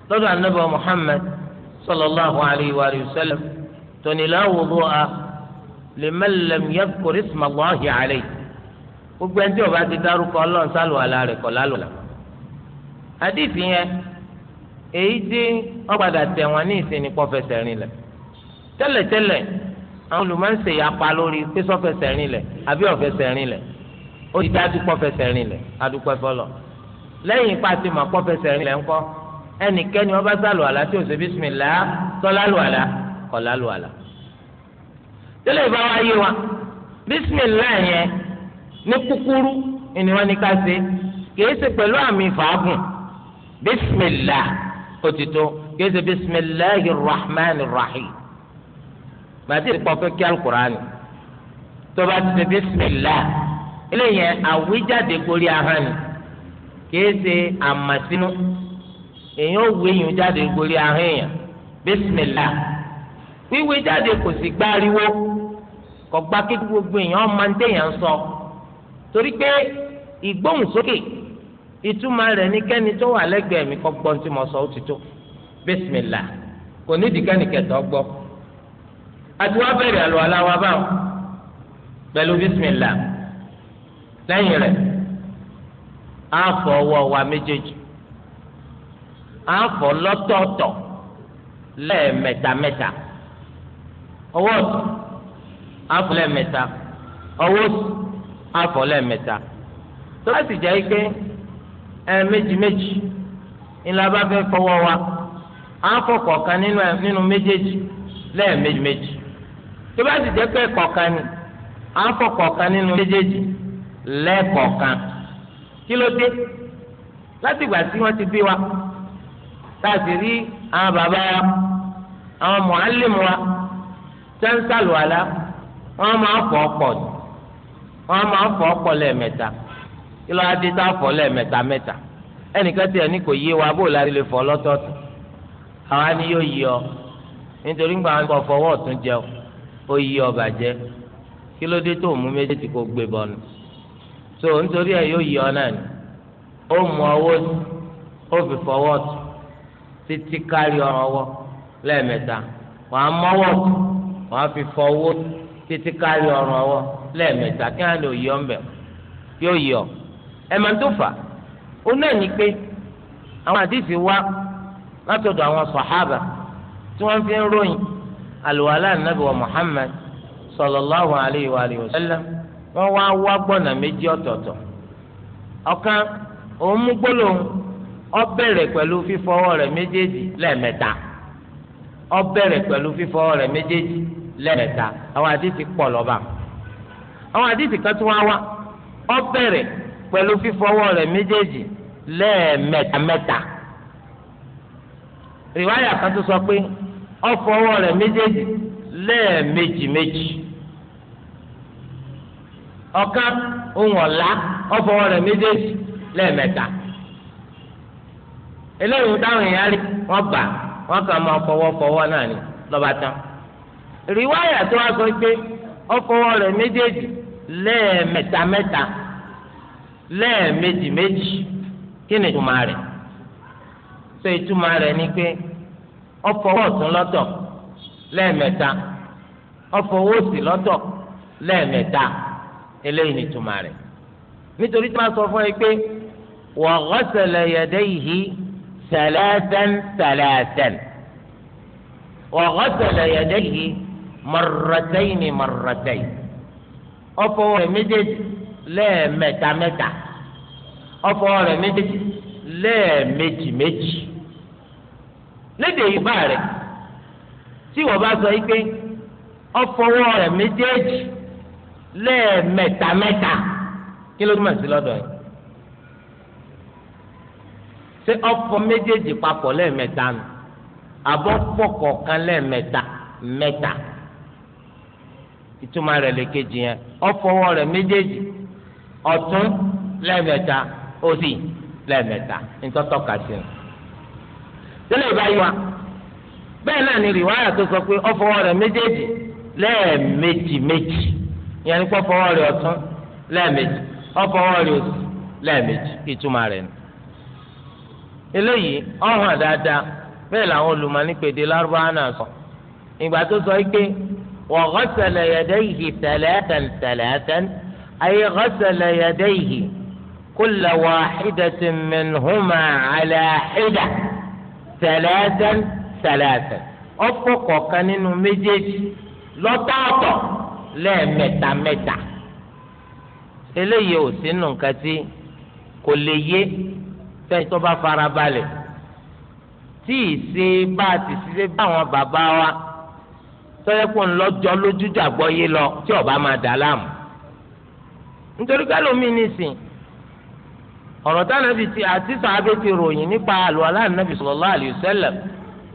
lọ́dọ̀ anábọ̀ Muhammad sallallahu alayhi wa sallam tóní la wudu'a liman lam yadhkur isma Allahi alayhi gbogbo ẹni tí ó bá ti dárúkọ Ọlọ́run sálùwàlá rẹ̀ kọ̀ lálùwàlá àdìsí yẹn èyí tí ọgbàdà tẹ̀wọ̀n ní ìsìn ní pọ́fẹsẹ̀ rìn lẹ̀ tẹ́lẹ̀tẹ́lẹ̀ àwọn olùmọ̀ọ́sẹ̀ yà pa lórí pé sọ́fẹsẹ̀ rìn lẹ̀ àbí ọ̀fẹsẹ̀ rìn lẹ̀ ó ti dá dúpọ̀ fẹsẹ̀ rìn lẹ̀ adúpẹ́ fọlọ̀ lẹ́yìn ipa ti mọ̀ pọ́fẹsẹ̀ rìn lẹ̀ ńkọ́ ẹnikẹ́ni ó bá sálùwàlá tí ò ṣe bísímìlá tọ́lálùwàlá kọ̀lálùwàlá tẹ́lẹ̀ ìbá wa yé wa bísímìlá yẹn ní kúkúrú ni wọ́n ní ká ṣe kìí ṣe pẹ̀lú àmì fàágùn bísímìlá òtítọ́ kìí ṣe bísímìlá yìí rahman rahim bàtí ìpọ̀ fẹ́ kí alukur'ani tó bá ti ṣe bísímìlá eléyìí àwíjáde gorí ahọ́n ni kìí ṣe àmàsínú èèyàn wé yìí jáde gorí ahọ́n èèyàn bísímìlá wíwé jáde kò sí gbáriwo kọgbà kí gbogbo èèyàn máa ń téèyàn sọ torí pé ìgbóhùnsókè ìtumọ̀ rẹ̀ ní kẹ́ni tó wà lẹ́gbẹ̀ẹ́ mi kọ́ gbọ́n tí mo sọ ó ti tó bísímìlà kò ní ìdí kẹ́ni kẹtọ́ gbọ́ àti wá bẹ̀rẹ̀ àlọ́ aláwa báwọn pẹ̀lú bísímìlà lẹ́yìn rẹ̀ á wa méjèèjì á lọ́tọ̀ọ̀tọ̀ lẹ́ẹ̀mẹ́ta mẹ́ta ọwọ́ ọ̀tún. afọlẹ mẹ́ta ọwọ́ afọlẹ mẹ́ta tó bá sì jẹ́ ike ẹ méjì méjì ńlá bá fẹ́ wa afọ kọ̀ọ̀kan nínú nínú méjèèjì lẹ́ẹ̀ méjì tó bá sì jẹ́ pé kọ̀ọ̀kan ni afọ kọ̀ọ̀kan nínú méjèèjì lẹ́ẹ̀kọ̀ọ̀kan kí ló dé ti bí wa tá a sì rí àwọn wa àwọn mọ̀álìmù wa wọn máa fọ ọ̀pọ̀ wọ́n máa fọ kí ló tá a fọ lẹ́ẹ̀mẹ́ta mẹta ẹnìkan tiẹ̀ ní kò wa bó lárí lè fọ àwa ni yóò yí ọ nítorí gbà wọn kọ fọwọ́ jẹ ó yí ọ bàjẹ́ kí ló dé tó mú méjèèjì kó so nítorí ẹ yóò yí ọ náà ni ó mú ó fi títí kárí ọrùn ọwọ lẹ́ẹ̀mẹ́ta kí wọn lè yọ ọmọbẹ yóò yọ ẹ máa tó fà ó náà ní pé àwọn àdìsí wá àwọn sàhábà tí wọ́n fi ń ròyìn àlùwàlá nàbì wa Muhammad wa alihi wa sallam wá wá gbọ́nà méjì òun mú gbólóhùn méjèèjì lẹ́ẹ̀ta àwọn àdìsí pọ̀ lọ́ba àwọn àdìsí kan tún wá wá ó bẹ̀rẹ̀ pẹ̀lú fífọwọ́ rẹ̀ méjèèjì lẹ́ẹ̀mẹ́ta mẹ́ta rìwáyà kan tún sọ pé ó fọwọ́ rẹ̀ méjèèjì lẹ́ẹ̀mejì méjì ọ̀kan ohun ọ̀la ọ fọwọ́ rẹ̀ méjèèjì lẹ́ẹ̀mẹ́ta eléyìí táwọn èèyàn rí rìwáyà tó wá sọ pé ó fọwọ́ rẹ̀ méjèèjì lẹ́ẹ̀mẹ́ta mẹ́ta lẹ́ẹ̀mejì méjì kí ni ìtumọ̀ rẹ̀ sọ ìtumọ̀ rẹ̀ ni pé ó fọwọ́ ọ̀tún lọ́tọ̀ lẹ́ẹ̀mẹ́ta ó fọwọ́ òsì lọ́tọ̀ lẹ́ẹ̀mẹ́ta eléyìí ni ìtumọ̀ rẹ̀ nítorí tí wọ́n sọ fún ẹ pé wa ghasala yadayhi thalathan thalathan wa ghasala yadayhi marrataini marratai ọfọ rẹ̀ méjèèjì lẹ́ẹ̀mẹ́ta mẹ́ta ọfọ rẹ̀ méjèèjì lẹ́ẹ̀mejì méjì lédè Yorùbá rẹ̀ tí wọ́n bá sọ yìí pé ọfọwọ́ rẹ̀ méjèèjì lẹ́ẹ̀mẹ́ta mẹ́ta kí ló túmọ̀ sí lọ́dọ̀ yìí ṣé ọfọ méjèèjì papọ̀ lẹ́ẹ̀mẹ́ta nù àbọ̀ pọ̀ kọ̀ọ̀kan lẹ́ẹ̀mẹ́ta mẹ́ta. mẹ́ta. ìtumọ̀ rẹ̀ lè kejì yẹn ọ̀fọwọ́ rẹ̀ méjèèjì ọ̀tún lẹ́ẹ̀mẹ́ta òsì lẹ́ẹ̀mẹ́ta nítọ́tọ́ kàṣí. tẹ́lẹ̀ ìbáyìí wa bẹ́ẹ̀ náà ni rìwáyà tó sọ pé ọ̀fọwọ́ rẹ̀ méjèèjì lẹ́ẹ̀mejì méjì ìyẹn ní pọ́fọwọ́ rẹ̀ ọ̀tún lẹ́ẹ̀mejì ọ̀fọwọ́ rẹ̀ òsì lẹ́ẹ̀mejì ìtumọ̀ rẹ̀ ni. eléyìí ọ̀hún àdáadáa bẹ́ẹ̀ làwọn olùmọ̀ nípèdè lárúbáwá náà sọ ìgbà sọ وغسل يديه ثلاثا ثلاثا أي غسل يديه كل واحدة منهما على حدة ثلاثا ثلاثا أفق كان مجد لطاطا لا متى متى eléyìí ò sínú nǹkan tí kò lè yé fẹ́ẹ́ tó bá fara balẹ̀ tí ì ṣe bá a ti sọ́yẹ́pọ̀ ńlọ́jọ́ lójújàgbọ́ yé lọ tí ọba máa dà láàmú. nítorí kálómi nìsín ọ̀rọ̀ tánàbì ti àti sàábé ti ròyìn nípa àlọ́ aláàánábì sallallahu alayhi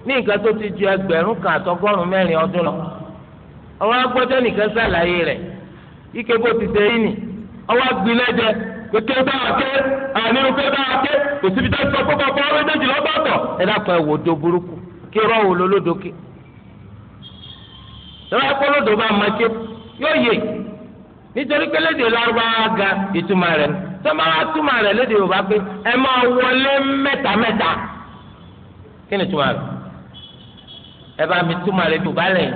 ní nǹkan tó ti ju ẹgbẹ̀rún kan àtọgọ́rùn-ún mẹ́rin ọdún lọ. ọwọ́ agbọ́jọ́ nìkan sàlàyé rẹ̀ ike bó ti nì ọwọ́ agbilẹ́jẹ kékeré ké ké tọ́lá kọ́lódò bá máa ké yóò yè nítorí pé lédè lárúbáwá ga ìtumọ̀ rẹ̀ tọ́lá wá túmọ̀ rẹ̀ lédè yorùbá pé ẹ máa wọlé kí ni túmọ̀ rẹ̀ ẹ bá mi túmọ̀ rẹ̀ yorùbá lẹ́yìn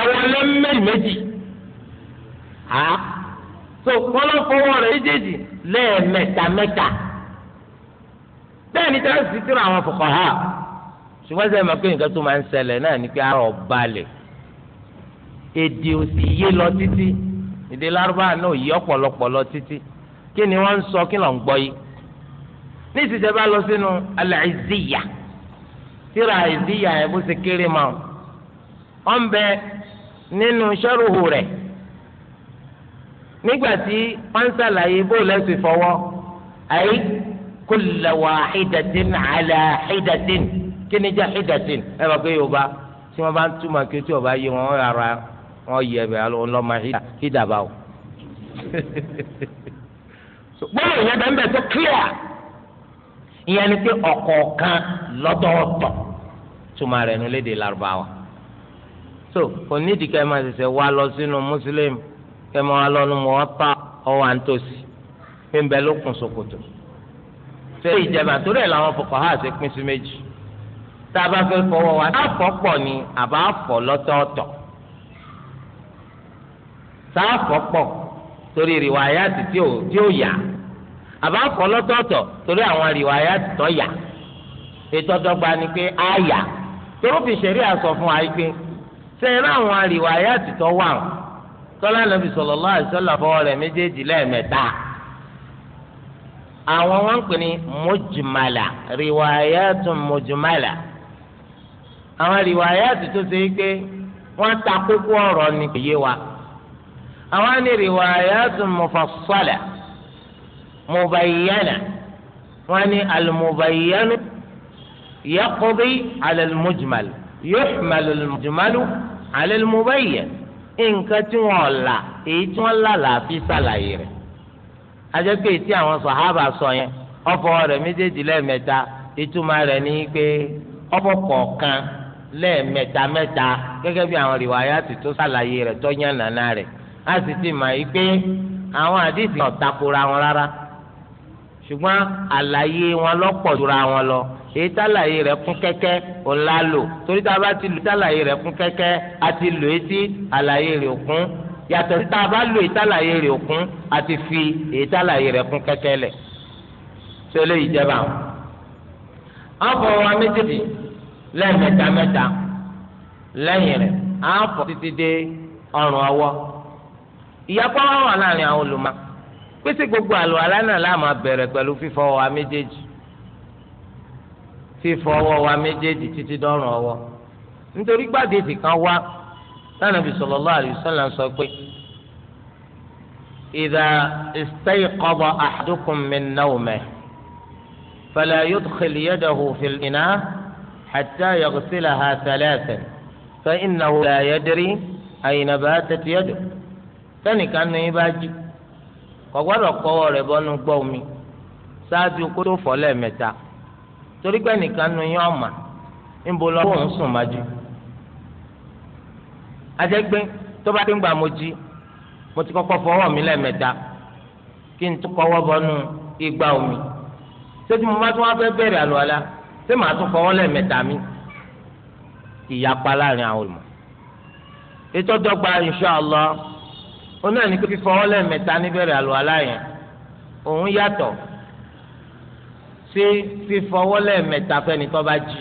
ẹ wọlé méjì ha so kọ́lọ́ ọrụ rẹ̀ méjèèjì lẹ́ẹ̀mẹ́ta mẹta bẹ́ẹ̀ sì tún àwọn ha. ṣùgbọ́n sẹ́yìn máa pé nǹkan tó máa ń ṣẹlẹ̀ náà ni pé àrò balẹ̀ èdè ò sì yé lọ títí èdè lárúbáwá náà yí ọ̀pọ̀lọpọ̀ lọ títí kí ni wọ́n ń sọ kí ló ń gbọ́ yìí ní ìsinsẹ́ bá lọ sínú Al-Izziya tíra Izziya yẹn bó ṣe kéré ma ọ̀ ń bẹ nínú sọ́rùhù rẹ̀ nígbà tí wọ́n ṣàlàyé bó lẹ́sìn fọwọ́ àyè kulla wahidatin ala hidatin kí ni jẹ́ hidatin ẹ bá pé yorùbá tí wọ́n bá ń túmọ̀ kí tí yorùbá yé wọn ara wọn yẹ ẹ̀bẹ̀ ọlọ́mọ hídà bá o. gbọ́dọ̀ ìyẹn bẹ́ẹ̀ bẹ́ẹ̀ tó clear ìyẹn ni pé ọ̀kọ̀ọ̀kan lọ́tọ̀ọ̀tọ̀ túmọ̀ rẹ̀ nu léde Lárúbáwá. so onídìí kẹ́ ẹ máa ṣẹ̀ṣẹ̀ wá lọ sínú mùsùlùmí kẹ́ ẹ máa lọ nu mọ́ wá pa ọwọ́ àǹtòsí pé ń bẹ lókun ṣòkòtò. ṣé ìjẹba torí ẹ̀ làwọn fọkàn á ṣe pín sí méjì tá a bá fẹ́ fọwọ́ wa sáfọ̀ pọ̀ ni àbá fọ̀ lọ́tọ̀ọ̀tọ̀ sáfọ̀ pọ̀ torí rìwáyàtì tí ó yà àbá fọ̀ lọ́tọ̀ọ̀tọ̀ torí àwọn rìwáyàtì tó yà ètò ọ̀dọ́gba ni pé á yà torí fi ṣẹ̀rí àsọ fún wa pé sẹ́yìn àwọn rìwáyàtì tó wà tọ́lá nàbì sallallahu alaihi wasallam fọwọ́ rẹ̀ méjèèjì lẹ́ẹ̀mẹ́ta àwọn wọn ń pè ní mujmala riwayatun mujmala àwọn rìwáyàtì tó ṣe pé wọ́n ta kókó ọ̀rọ̀ ni kò yé wa àwọn ní rìwáyàtì mufassala mubayyana wọ́n ní alimubayyanu yaqdi ala almujmal yuhmalu almujmalu ala almubayyan nǹkan tí wọ́n là èyí tí wọ́n là láàfin ṣàlàyé rẹ̀ ajẹ́pẹ́ tí àwọn sọ̀hábà sọ yẹn ọ̀fọ̀ rẹ̀ méjèèjì lẹ́ẹ̀mẹ́ta ìtumọ̀ rẹ̀ ní pé ọ̀bọ̀ kọ̀ọ̀kan lẹ́ẹ̀mẹ́ta mẹ́ta gẹ́gẹ́ bí àwọn rìwáyàtì tó sàlàyé rẹ̀ tọ́yàn nàná rẹ̀ a sì ti mà yí pé àwọn àdìsí náà takora wọn rárá ṣùgbọ́n àlàyé wọn lọ́pọ̀ jura wọn lọ èyí tàlàyé rẹ̀ kún kẹ́kẹ́ ọ̀la lò torí tá a bá ti lò tàlàyé rẹ̀ kún kẹ́kẹ́ a ti lò é sí àlàyé rẹ̀ òkun yàtọ̀ tá a bá lò èyí tàlàyé rẹ̀ òkun a ti fi èyí tàlàyé rẹ̀ kún kẹ́kẹ́ lẹ̀ tó lè yìí jẹba. àwọn fọwọ́ wa méjèèjì lẹ́ẹ̀mẹ́ta mẹ́ta lẹ́yìn rẹ̀ á fọ̀ títí dé ọrùn ọwọ́ ìyapa wa wà láàrin àwọn olùmọ̀ pèsè gbogbo àlọ́ alánà láàmú abẹ̀rẹ̀ pẹ̀lú fífọ̀ ọwọ́ wa méjèèjì fífọ̀ ọwọ́ wa méjèèjì títí dọ́rùn ọwọ́ nítorí gbàdéjì kan wá Ànábì sallallahu alaihi wasallam sọ pé idha istayqadha ahadukum min nawmihi fala yudkhil yadahu fil inaa. حتى يغسلها ثلاثا فإنه لا يدري أين باتت يده sẹ́nì kan ní bá jí kò gbọ́dọ̀ kọ́wọ́ rẹ̀ bọ́nú gbọ́ omi ṣáájú kó tó fọ̀ lẹ́ẹ̀mẹ́ta torí pé nìkan nu yín ọ̀mà níbo lọ́wọ́ òun sùn májú. ajẹ́gbé tó n ṣé màá tún fọwọ́ lẹ́ẹ̀mẹ́ta mi ìyapa láàrin àwọn olùmọ̀ ètò dọ́gba inṣàlá oní ẹni pé fífọwọ́ lẹ́ẹ̀mẹ́ta níbẹ̀rẹ̀ àlùwàlá yẹn òun yàtọ̀ sí fífọwọ́ lẹ́ẹ̀mẹ́ta fẹ́ni tó bá jí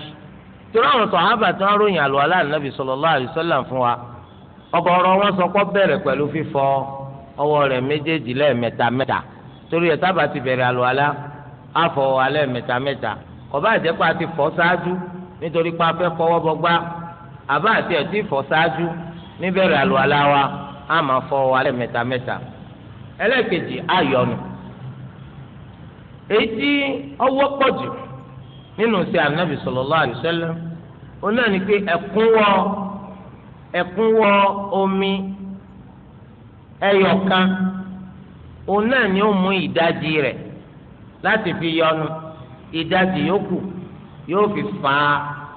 torí àwọn sọ̀hábà tí wọ́n ròyìn àlùwàlá nàbì sallallahu alaihi wasallam fún wa ọ̀gọ̀rọ̀ wọn sọ pé bẹ̀rẹ̀ pẹ̀lú fífọ ọwọ́ rẹ̀ méjèèjì lẹ́ẹ̀mẹ́ta mẹ́ta torí ẹ̀ tábà ti bẹ̀rẹ̀ àlùwàlá àfọwọ́ alẹ́ẹ̀mẹ́ta mẹ́ta. mẹ́ta kọba àjẹpọ àti fọ ṣáájú nítorí pé a fẹ́ fọwọ́ bọgbá àbá àti ẹtí fọ ṣáájú níbẹ̀rẹ̀ àlùwàlá wa a máa fọ wa lẹ́ẹ̀mẹ́ta mẹ́ta ẹlẹ́ẹ̀kejì ayọ̀nù èyí tí nínú sí anabi sallallahu alaihi wasallam ó náà ní pé omi ẹyọ̀kan o náà ní ó mú fi yọnu. ìdajì yòókù yóò fi fa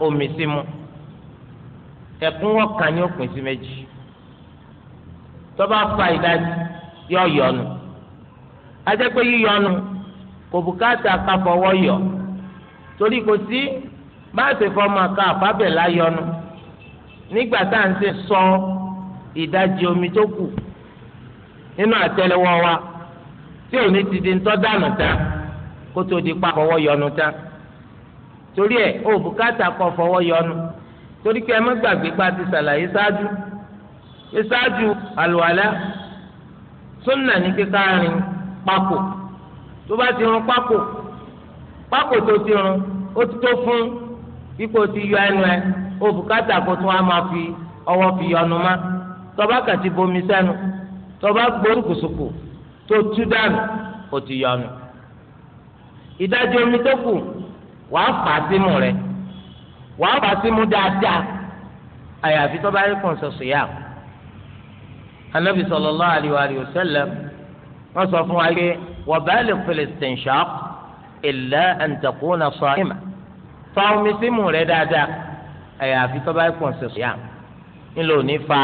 omi sí mu ẹ̀kún ọ̀kan ní òpin sí méjì tó bá fa ìdajì yọ yọnu ajẹ́pẹ́ yíyọnu kò bùkátà ká fọwọ́ yọ torí kò sí má fọmọ ká àfábẹ̀lá yọnu nígbà tá à ń ṣe sọ ìdajì omi tó kù nínú àtẹ́lẹwọ́ wa tí ò ní ti di ń tọ́ dànù dáa kó tó di pa fọwọ́ yọnu tán torí ẹ o bùkátà kọ fọwọ́ yọnu torí pé ẹ má gbàgbé pa ti sàlàyé ṣáájú ṣáájú àlùwàlá súnà ní kíkà rìn pákò tó bá ti rún pákò pákò tó ti rún ó ti tó fún ipò ti yọ ẹnu ẹ o bùkátà kó tún á máa fi ọwọ́ fi yọnu má tọba kàti bomi sẹ́nu tọba gbórùkùsùkù tó tú dànù ó ti yọnu ìdajì omi tó kù wàá fà á símú rẹ wàá fà á símú dáadáa àyàfi tó bá yẹ kàn sọ sùyà anabi sallallahu alayhi wa sallam wọn sọ fún wa pé wa baligh fil istinshaq illa an takuna sa'ima fa omi símú rẹ dáadáa àyàfi tó bá yẹ kàn sọ sùyà ńlò ní fa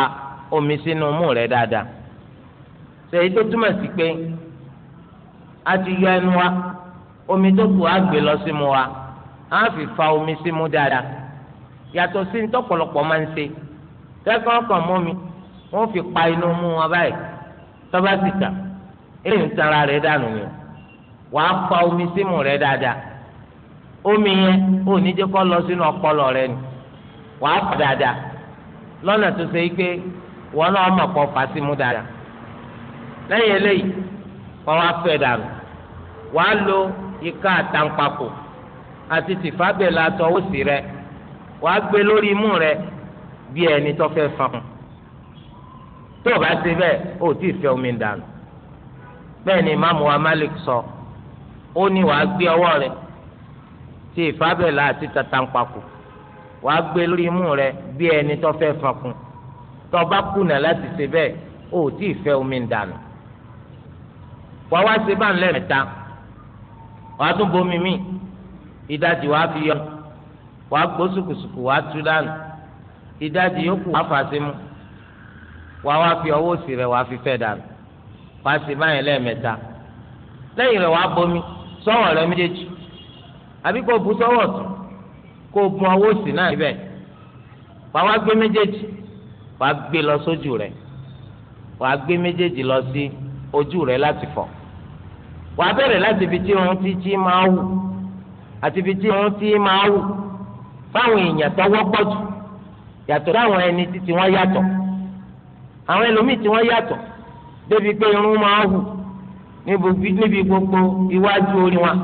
omi sínú mú rẹ dáadáa ṣèyí tó túmọ̀ sí pé a ti yọ ẹnu wa. omi tó kù á gbé lọ mu wa á fi fa omi mu dáadáa yàtọ̀ sí ní tọ́pọ̀lọpọ̀ máa ń ṣe tẹ́kọ̀ọ́ kan mọ́ mi wọ́n fi pa inú mú wọn báyìí tọ́ba sì tà èyí ń tara rẹ̀ dànù ni wàá fa omi símú rẹ̀ dáadáa omi yẹn ò ní jẹ́ kó lọ sínú ọpọlọ rẹ̀ ni wàá fà dáadáa lọ́nà tó ṣe pé wọn náà mọ̀ kó fà símú dáadáa lẹ́yìn eléyìí wọ́n wá fẹ́ dànù wàá lo. ìka àtàǹpàkò àti tìfábẹ́lá tọwọ́ sí rẹ wàá gbé lórí imú rẹ bí ẹni tó fẹ́ fọn tó o bá ṣe bẹ́ẹ̀ o ò tí ì fẹ́ omi dànù bẹ́ẹ̀ ni ìmáàmù wa Malik sọ ó ní wàá gbé ọwọ́ rẹ ti ìfábẹ́lá àti tàtàǹpàkò wàá gbé lórí imú rẹ bí ẹni tó fẹ́ fọkùn tó o bá kùnà láti ṣe bẹ́ẹ̀ o ò tí ì fẹ́ omi dànù wàá wá ṣe bá ń wàá tún bomi mi ìdajì wàá fi yọ wàá gbó sùkùsùkù wàá tú dànù ìdajì yòókù wàá fà sí mu wàá wàá fi ọwọ́ òsì rẹ̀ wàá fi fẹ́ dànù wàá sì báyẹn lẹ́ẹ̀mẹ́ta lẹ́yìn rẹ̀ wàá bomi sọ́wọ́ rẹ̀ méjèèjì àbí kò bu sọ́wọ́ tún kò bu ọwọ́ òsì náà níbẹ̀ wàá wá gbé méjèèjì wàá gbé lọ sójú rẹ̀ wàá gbé méjèèjì lọ sí ojú rẹ̀ láti fọ̀ wàá bẹ̀rẹ̀ láti ibi tí irun títí máa wù àti ibi tí irun tí máa wù fáwọn èèyàn tó wọ́pọ̀ jù yàtọ̀ láwọn ẹni títí wọ́n yàtọ̀ àwọn ẹlòmíì tí wọ́n yàtọ̀ débi pé irun máa wù níbi gbogbo iwájú orí wọn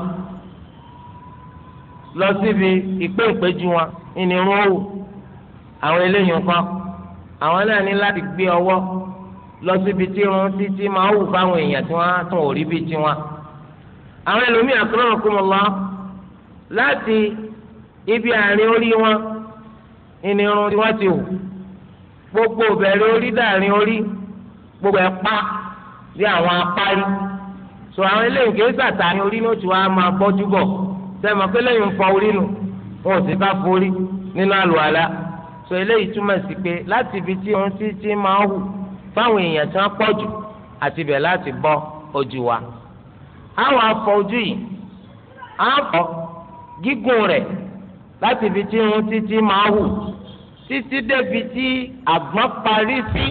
lọ síbi ìpé ìpéjú wọn ìní irun wù àwọn eléyìí nǹkan àwọn náà ní láti gbé ọwọ́ lọ síbi tí irun títí máa wù fáwọn èèyàn tí wọ́n á tún òrí bíi tiwọn àwọn ẹlòmíì àkúrọ̀mọ̀ kú mọ̀ lọ láti ibi àárín orí wọn ìnirun tí wọ́n ti hù gbogbo ìbẹ̀rẹ̀ orí dàrin orí gbogbo ẹ̀ pa bí àwọn apárí sọ àwọn eléyìí kì í sàtàrin orí ní oṣù wa máa bọ́jú bọ̀ sẹ́mi pé lẹ́yìn ń fọ orí nù wọn ò sì bá forí nínú àlùhàlà sọ eléyìí túmọ̀ sí pé láti ibi tí ohun títí máa hù fáwọn èèyàn tí wọ́n pọ̀ jù àti ibẹ̀ láti bọ́ ojú wa àwọn afọ ojú yìí afọ gígùn rẹ̀ láti ibi tí irun títí máa hù títí débi tí àgbọn parí sí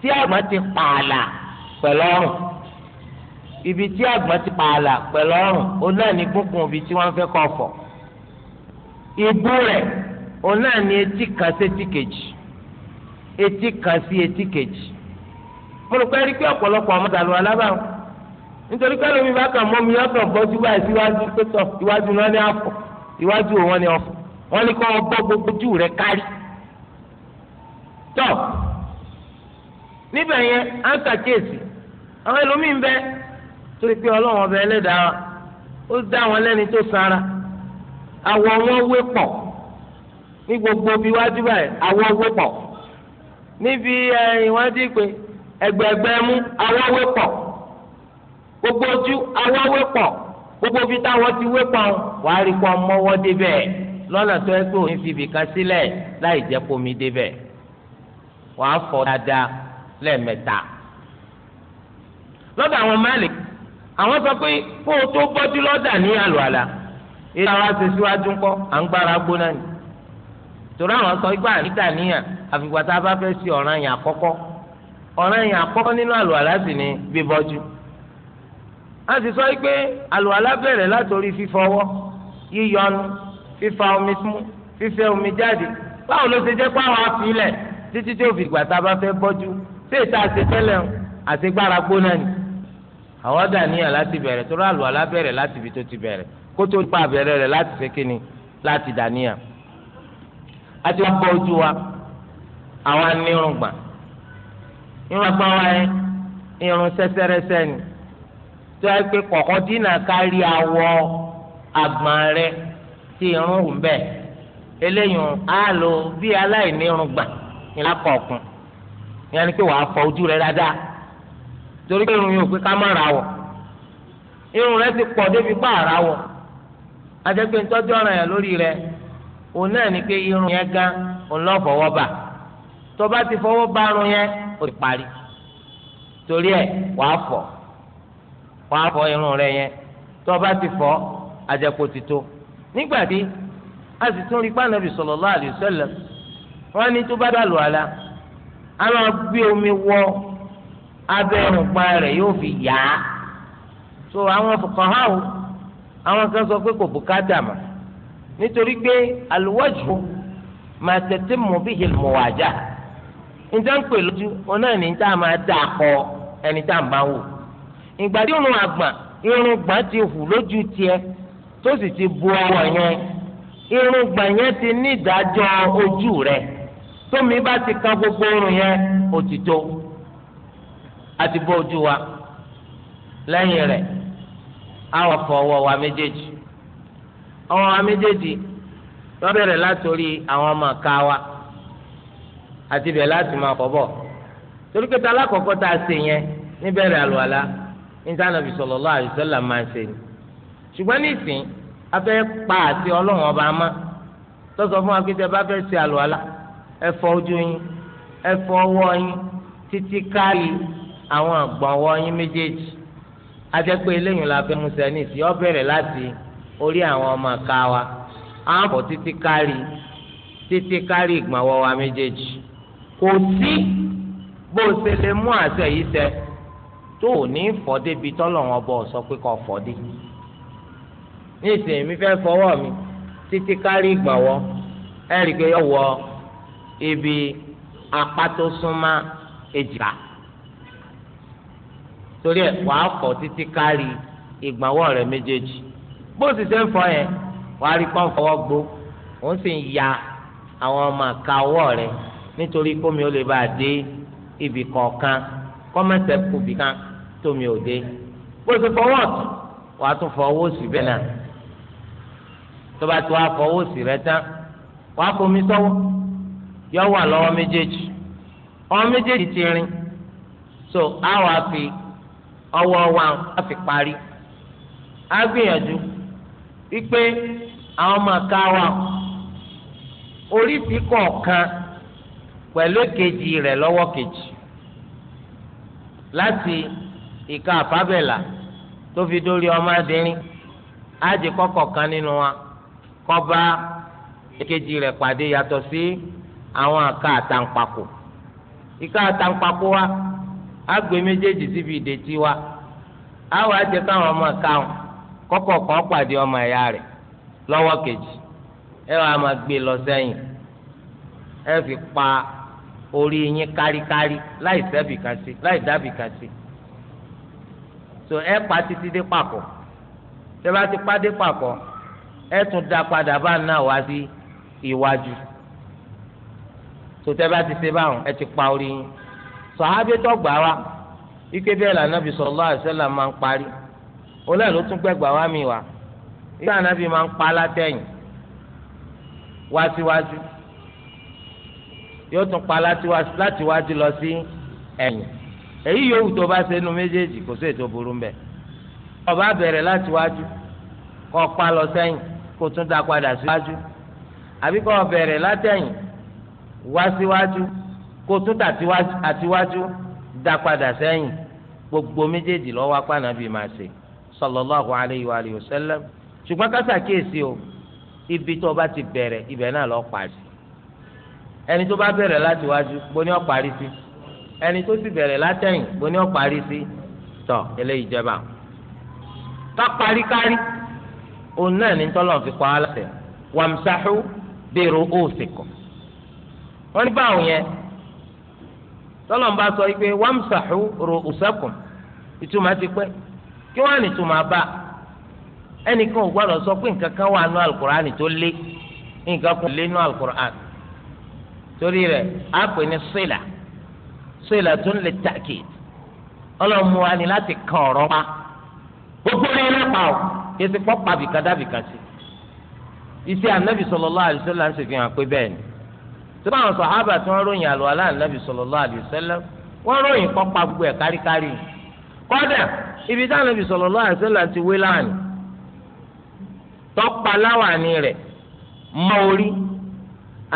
tí àgbọn ti pààlà pẹ̀lú ọrùn ibi tí àgbọn ti pààlà pẹ̀lú ọrùn òun náà ní gbógun ibi tí wọ́n fẹ́ kọ́ fọ̀ ibú rẹ̀ òun náà ní etí kan sí etí kejì etí kan sí etí kejì mo rò pé rí pé ọ̀pọ̀lọpọ̀ ọmọdàlú alábàáwọn nítorí ká lómi bá kàn mọ́ mi yọ̀tọ̀ bọ́ síwá síwájú pẹ́tọ̀ iwájú náà ní àfọ̀ iwájú wọn ní ọ̀fọ̀ wọn ní kọ́ bọ́ gbogbo jù rẹ̀ kárí. tọ́ níbẹ̀ yẹn á ń kàkíyèsí àwọn ẹlòmíín bẹ torí pé ọlọ́run ọbẹ̀ ẹlẹ́dàá ó dá wọn lẹ́ni tó sanra àwọ̀ wọn wé pọ̀ ní gbogbo bí wájú báyìí àwọ̀ wé pọ̀ níbi ìwádìí pé ẹgbẹ̀ẹ̀gbẹ̀ mú àwọ̀ wé pọ̀ gbogbo ojú awọ wépọ̀ gbogbo fi táwọn ti wépọ̀ wàá rí kọ́ mọ́wọ́ débẹ̀ lọ́nà tó yẹ pé òun fi ibìkan sílẹ̀ láì jẹ́ kómi débẹ̀ wàá fọ dáadáa lẹ́ẹ̀mẹ́ta lọ́dọ̀ àwọn máàlì àwọn sọ pé kó o tó bọ́jú lọ́dà ní àlùalà èyí àwọn àti síwájú à ń gbára gbóná ni torí àwọn sọ igbá àríkà níyà àfìgbà tá a bá fẹ́ sí ọ̀ràn yẹn àkọ́kọ́ ọ̀ràn yẹn àkọ́kọ́ nínú àlùalà sì ni bíbọ́jú a sì sọ pé àlùwàlá bẹ̀rẹ̀ látòrí fífọwọ́ yíyọnu fífa omi mú fífẹ́ omi jáde báwo ló ṣe jẹ́ pé àwọn afilẹ̀ títí tí òfin ìgbà tá a bá fẹ́ bọ́jú ṣé ìta àṣetẹ́lẹ̀ àṣegbára gbóná ni àwọn dàníyàn láti bẹ̀rẹ̀ tó rálù alábẹ̀rẹ̀ láti ibi tó ti bẹ̀rẹ̀ kó tó pa àbẹ̀rẹ̀ rẹ̀ láti ṣe kíni láti dàníyàn. a ti wá bọ́ ojú wa àwa nírùngbà irun agbọ́n yẹn irun sẹ́sẹ́rẹ́sẹ́ ni tó yẹ pé kọ̀ọ̀kan dínà kárí awọ àgbọ̀n rẹ tí irun wù bẹ́ẹ̀ eléyìí á lò bí aláìní irun gbà ìlà kọ̀ọ̀kan ìyẹn ni pé wàá fọ ojú rẹ dáadáa torí pé irun yóò pé ká má ra wọ̀ irun rẹ ti pọ̀ débi pa àrà wọ̀ adẹ́gbẹ́ ńtọ́jú ọ̀ràn yẹn lórí rẹ òun náà ni pé irun yẹn gan òun lọ́ fọwọ́ bà tó bá ti fọwọ́ bá irun yẹn ó ti parí torí ẹ̀ wàá fọ̀ wọn á fọ irun rẹ yẹn tó o bá ti fọ àjẹkù ti tó nígbà tí a sì tún rí pàànàbì sallallahu alaihi wasallam wọn ní tó bá dàlù àlá a máa gbé omi wọ abẹ́ ìrùnpa rẹ̀ yóò fi yá so àwọn fuqaha àwọn kan sọ pé kò bùkátà mà nítorí pé al-wajhu ma tatimmu bihi al-muwajaha níta ń pè lójú ọ náà ní níta máa dà kọ ẹni tá à ń wò ìgbà tí irun àgbà irun gbà ti hù lójú tiẹ̀ tó sì ti bu ọwọ́ yẹn irun gbà yẹn ti ní ìdájọ́ ojú rẹ̀ tómi bá ti kan gbogbo irun yẹn òtítọ́ àti bọ́ ojú wa lẹ́yìn rẹ̀ a wà fọ ọwọ́ wa méjèèjì ọwọ́ wa méjèèjì wọ́n bẹ̀rẹ̀ látòrí àwọn ọmọ ká wa àti bẹ̀ láti máa fọ bọ̀ torí pé ta alákọ̀ọ́kọ́ tá a ṣe yẹn níbẹ̀rẹ̀ àlùwàlá níta nàbì sallallahu alaihi wasallam máa ń ṣe ni ṣùgbọ́n nísìn afẹ́ pa àti ọlọ́run ọba má tọ́sọ fún akéde bá fẹ́ ṣe àlùwalá ẹ fọ ojú yín ẹ fọ ọwọ́ yín títí káàlì àwọn àgbọ̀n ọwọ́ yín méjèèjì ajẹ́pẹ́ eléyìí la fẹ́ musa ní ìsìn ọbẹ̀rẹ̀ láti orí àwọn ọmọ ká wa àwọn bọ̀ títí kárí títí kárí ìgbọ̀nwọ́ wa méjèèjì kò sí bó ṣe lè mú àṣẹ yìí ṣẹ tó o ní fọdé bi tọ́lọ́run ọba sọ pé kò fọdé ní ìsìn mi fẹ́ fọwọ́ mi títí kárí ìgbàwọ́ ẹ rí i pé yọ wọ ibi apá tó súnmọ́ èjìká torí ẹ wàá fọ títí kárí ìgbàwọ́ rẹ méjèèjì bó sì ṣe ń fọ yẹn wàá rí pọ́n fọwọ́ gbó òun sì ń ya àwọn ọmọ àka ọwọ́ rẹ nítorí kómi ó lè bá a dé ibì kọ̀ọ̀kan kọ́mẹ́sẹ̀ kùbì kan. tómi ò dé bó ṣe fọwọ́ ọ̀tún wàá tún fọwọ́ sí bẹ́ẹ̀ náà tó bá tún wàá fọwọ́ sí rẹ tán wàá fomi sọ́wọ́ yọ wà lọ́wọ́ méjèèjì ọwọ́ so á fi ọwọ́ wa á fi parí á gbìyànjú wípé àwọn ọmọ ká wa kọ̀ọ̀kan pẹ̀lú kejì rẹ̀ lọ́wọ́ kejì láti ìka àfábẹ́là tó fi dórí ọmọdéyìn ájì kọ́kọ̀ kan nínú wa kó bá èkejì rẹ̀ pàdé yàtọ̀ sí àwọn àka àtàǹpàkò ìka àtàǹpàkò wa àgbè méjèèjì síbi ìdètí wa àwọn àjẹ káwọn ọmọ káwọn kọ́kọ̀ kan pàdé ọmọ ẹ̀yà rẹ̀ lọ́wọ́ kejì ẹ wàá máa gbé lọ sẹ́yìn ẹ fi pa orí yín káríkárí láì sẹ́bì sí láì dábì sí so ẹ pa títí dé papọ̀ tẹ bá ti pa dé papọ̀ ẹ tún da padà bá náà wá sí iwájú so tẹ bá ti ṣe báwọn ẹ ti pa orí yín sọ̀hábí tó gbà wá ike bẹ́ẹ̀ lànàbì sallallahu alaihi wasallam máa ń parí olóyè ló tún gbẹ̀gbà wá mi wá ike ànàbì máa ń pa látẹ̀yìn wá síwájú yóò tún pa láti wájú lọ sí ẹ̀yìn èyí yòówù tó bá ṣe nu méjèèjì kò sí ètò burú mbẹ ọba bẹ̀rẹ̀ láti wájú kọ pa lọ sẹ́yìn kó tún dá padà síwájú àbí kọ bẹ̀rẹ̀ látẹ̀yìn wá síwájú kó tún dá àtiwájú dá padà sẹ́yìn gbogbo méjèèjì lọ wá pàànà bíi máa ṣe sallallahu alayhi wa alihi wa sallam ṣùgbọ́n kásá kíyèsí o ibi tó bá ti bẹ̀rẹ̀ ibẹ̀ náà lọ parí ẹni tó bá bẹ̀rẹ̀ láti wájú bó ni parí sí. ẹni tó sì bẹ̀rẹ̀ látẹ̀yìn bó ní ọ̀parí sí tọ̀ eléyìí jẹba ká parí kárí òun náà ní tọ́lọ̀ fi pa á láṣẹ o bèrò wọ́n ní báwọn yẹn tọ́lọ̀ ń bá sọ pé wàmsáhù rò òsẹ́kùn ìtumọ̀ ti pẹ́ kí wọ́n á ní ìtumọ̀ bá ẹnìkan ò gbọ́dọ̀ sọ pé nǹkan kan wà nù alukur'ani tó lé nǹkan kan lé nù alukur'ani silatun lit-ta'kid ọlọ́mú wa ni láti kan ọ̀rọ̀ pa gbogbo ní ilé pa ọ́ yẹsi pọ́ pa bìkan dábìkan sí iṣẹ́ anabi sallallahu alaihi wasallam ń ṣèfihàn pé bẹ́ẹ̀ ni tí wọ́n àwọn sàhábà tí wọ́n ròyìn àlọ́ alá anabi sallallahu alaihi wasallam ròyìn pọ́ gbogbo ẹ̀ káríkárí kọ́dà ibi tí anabi sallallahu alaihi ti wé láàánì tọ́pa láwàní rẹ̀ mọ́ orí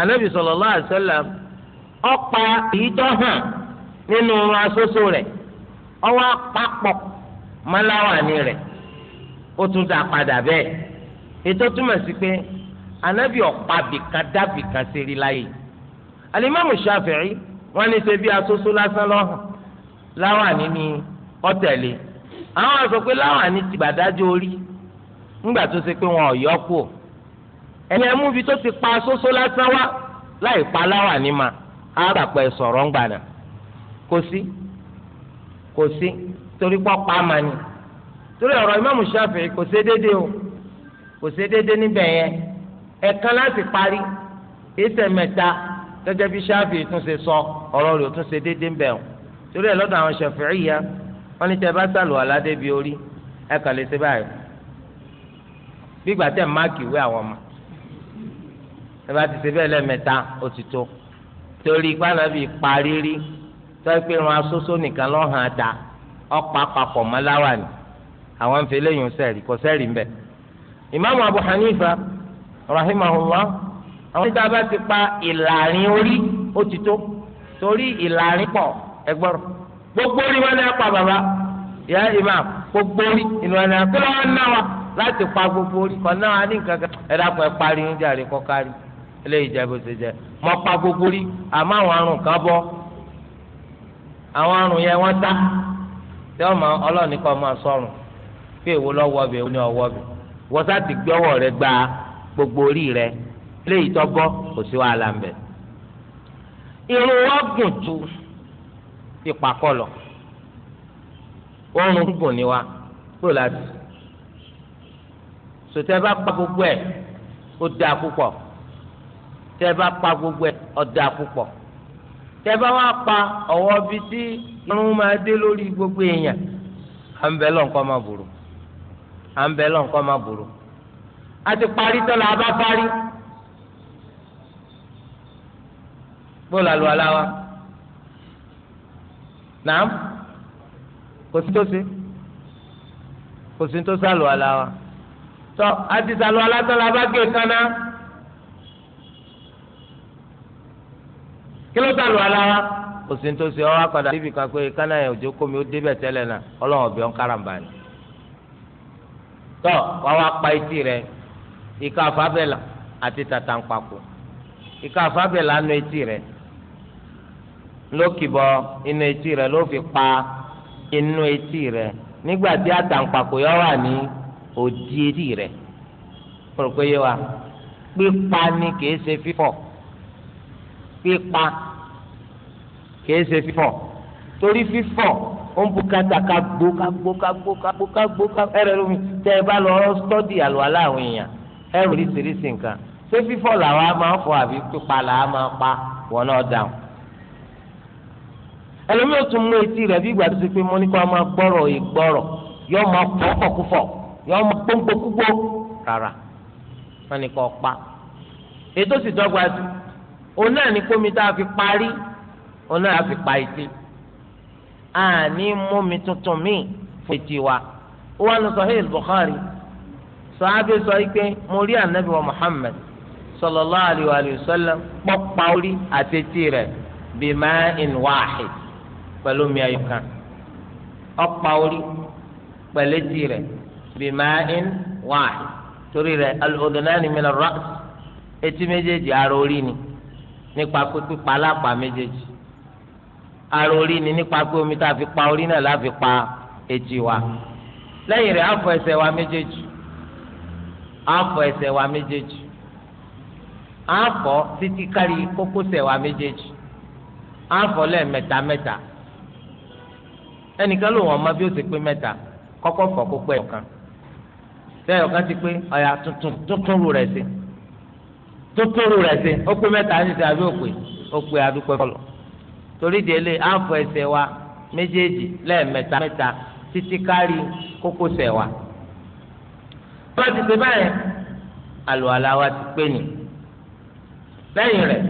anabi sallallahu alaihi wasallam ọ̀pa hàn nínú asoso rẹ̀ ọwọ́ apapọ̀ mọ́láwàní rẹ̀ ó tún dá padà bẹ́ẹ̀ ètò túmọ̀ sí pé anabi ọ̀pá bìkan dábìkan sẹ́rí láyè alimami shafi'i wọn ní ṣe bí asoso lásán lọ́hàn láwàní ni ọ̀tẹ̀lẹ̀ àwọn sọ pé láwàní ti gbàdájọ́ orí ńgbà tó ṣe pé wọn ò yọ kú ẹni ẹmú bi tó ti pa asoso lásán wá láì pa láwàní ma àgbàpẹ sọ̀rọ̀ ńgbà náà kò sí kò sí torí pọ́ pa á mà ní torí ọ̀rọ̀ Imamu Shafi'i kò ṣe déédéé o kò ṣe déédéé níbẹ̀ yẹn ẹ̀kan láti parí ìṣẹ̀ mẹ́ta gẹ́gẹ́ bí Shafi'i tún ṣe sọ ọ̀rọ̀ rẹ̀ tún ṣe déédéé níbẹ̀ o torí ẹ̀ lọ́dọ̀ àwọn Shafi'iyya wọ́n ní tẹ́ bá sàlù aládé bíi orí ẹ̀ kàn lè ṣe báyìí bí ìgbà tẹ̀ máàkì ìwé àwọn ọmọ ẹ bá ti ṣe bẹ́ẹ̀ lẹ́ẹ̀mẹ́ta ó ti tó torí pàànàbì parí rí sọ́yìn pé irun asósó nìkan lọ́hàn ada ọ̀pá papọ̀ mọ́láwà ni àwọn nfe léyìn sẹ́ẹ̀rì kò sẹ́ẹ̀rì ń bẹ̀. ìmáàmù Abu Hanifa rahimahullah àwọn níta bá ti pa ìlàrin orí ó ti tó torí ìlàrin pọ̀ gbogbo orí wọn pa bàbá gbogbo orí ìlú wọn lọ́wọ́ pa gbogbo orí náà ní nǹkan kan ẹ dákun ẹ parí pa gbogbo orí àmọ́ àwọn àwọn àrùn yẹn wọ́n dá tí wọ́n máa ọlọ́ọ̀ni kọ́ máa sọ̀rùn pé èwo lọ́wọ́ bẹ̀ ó ní ọwọ́ bẹ̀ wọ́n sá ti gbé ọwọ́ rẹ gba gbogbo orí rẹ léyìí tó bọ́ kò sí wàhálà ńbẹ. irun wọn gùn ju ìpàkọ́ oorun gùn ni wa kúrò láti sòtẹ́ bá pa gbogbo ẹ̀ ó dáa púpọ̀ tẹ́ bá pa gbogbo ẹ̀ ó dáa púpọ̀ tẹ́bá wá pa ọ̀wọ́ bíi tí irun máa dé lórí gbogbo èèyàn à ń bẹ lọ́nkọ́ máa burú à ń bẹ lọ́nkọ́ máa burú a ti parí tán la bá parí bó la lu aláwa nàá kò sí tó sí kò sí tó sálù aláwa tọ́ a ti sálù alásán la bá gé kaná. kí ló sàlù ala wa òsì tó akpadà níbi kan pé kánà yẹn òjò kómi ó débẹ̀ tẹ́lẹ̀ náà ọlọ́run ọ̀bẹ ọ̀nkáràmbà ni tọ́ wàá wá pa etí rẹ ìka àti ìka nu etí rẹ lókìbọ inú etí rẹ ló fi pa inú etí rẹ nígbà tí àtàǹpàkò yọ wà ní òdi etí rẹ wa pípa ni kìí ṣe fífọ̀. pípa kìí ṣe fífọ̀ torí fífọ̀ ó ń bùkátà ká gbó ká gbó ká gbó ká gbó ká gbó ká ẹrẹ lómi tẹ ẹ bá lọ stọdì àlùwàlá àwọn èèyàn ẹrù oríṣiríṣi nǹkan ṣé fífọ̀ làwọn á máa fọ̀ àbí pípa làwọn á máa pa wọn náà dáhùn ẹlòmí ò tún mú etí rẹ̀ bí ìgbà tó ti pé mo ní kó a máa gbọ́rọ̀ ìgbọ́rọ̀ yọ máa pọkọkúfọ yọ máa gbóngbókúgbó rárá wọn ni kò pa ètò sì dọ́gba jù òun náà ní kómi tá a fi parí òun náà a fi pa etí àní mómi tuntun míì fún etí wa ó wà ní Sahih Bukhari sàábé sọ pé mo rí anabi wa Muhammad sallallahu alayhi wa sallam pọpa orí àti etí rẹ̀ bi ma'in wahid pẹ̀lú mi ayọ kan ọpa orí pẹ̀lú etí rẹ̀ bi ma'in wahid torí rẹ̀ al-udunani min ar-ra's etí méjèèjì ara orí ni nípa pípa lápá méjèèjì ara orí ni nípa pé omi tá a fi pa orí náà la fi pa etí wa lẹ́yìn rẹ̀ á fọ ẹsẹ̀ wa méjèèjì á fọ ẹsẹ̀ wa méjèèjì á fọ títí kárí kókósẹ̀ wa méjèèjì á fọ lẹ́ẹ̀mẹ́ta mẹ́ta ẹnìkan ló wọn ọmọ bí ó ti pé mẹ́ta kọ́kọ́ fọ kó pé ọ̀kan tẹ́ ọ̀kan ti pé ọ̀yà tuntun tuntun rú rẹ̀ sí i tó tóru rẹ̀ sí ó pé mẹ́ta ní ti àbí òpè ó pé adúpẹ́ kọlọ̀ torí délé à ń fọ ẹsẹ̀ wa méjèèjì lẹ́ẹ̀mẹ́ta mẹ́ta títí kárí kókósẹ̀ wa tó a ti ṣe báyẹn àlùwàlá wa ti pé ni lẹ́yìn rẹ̀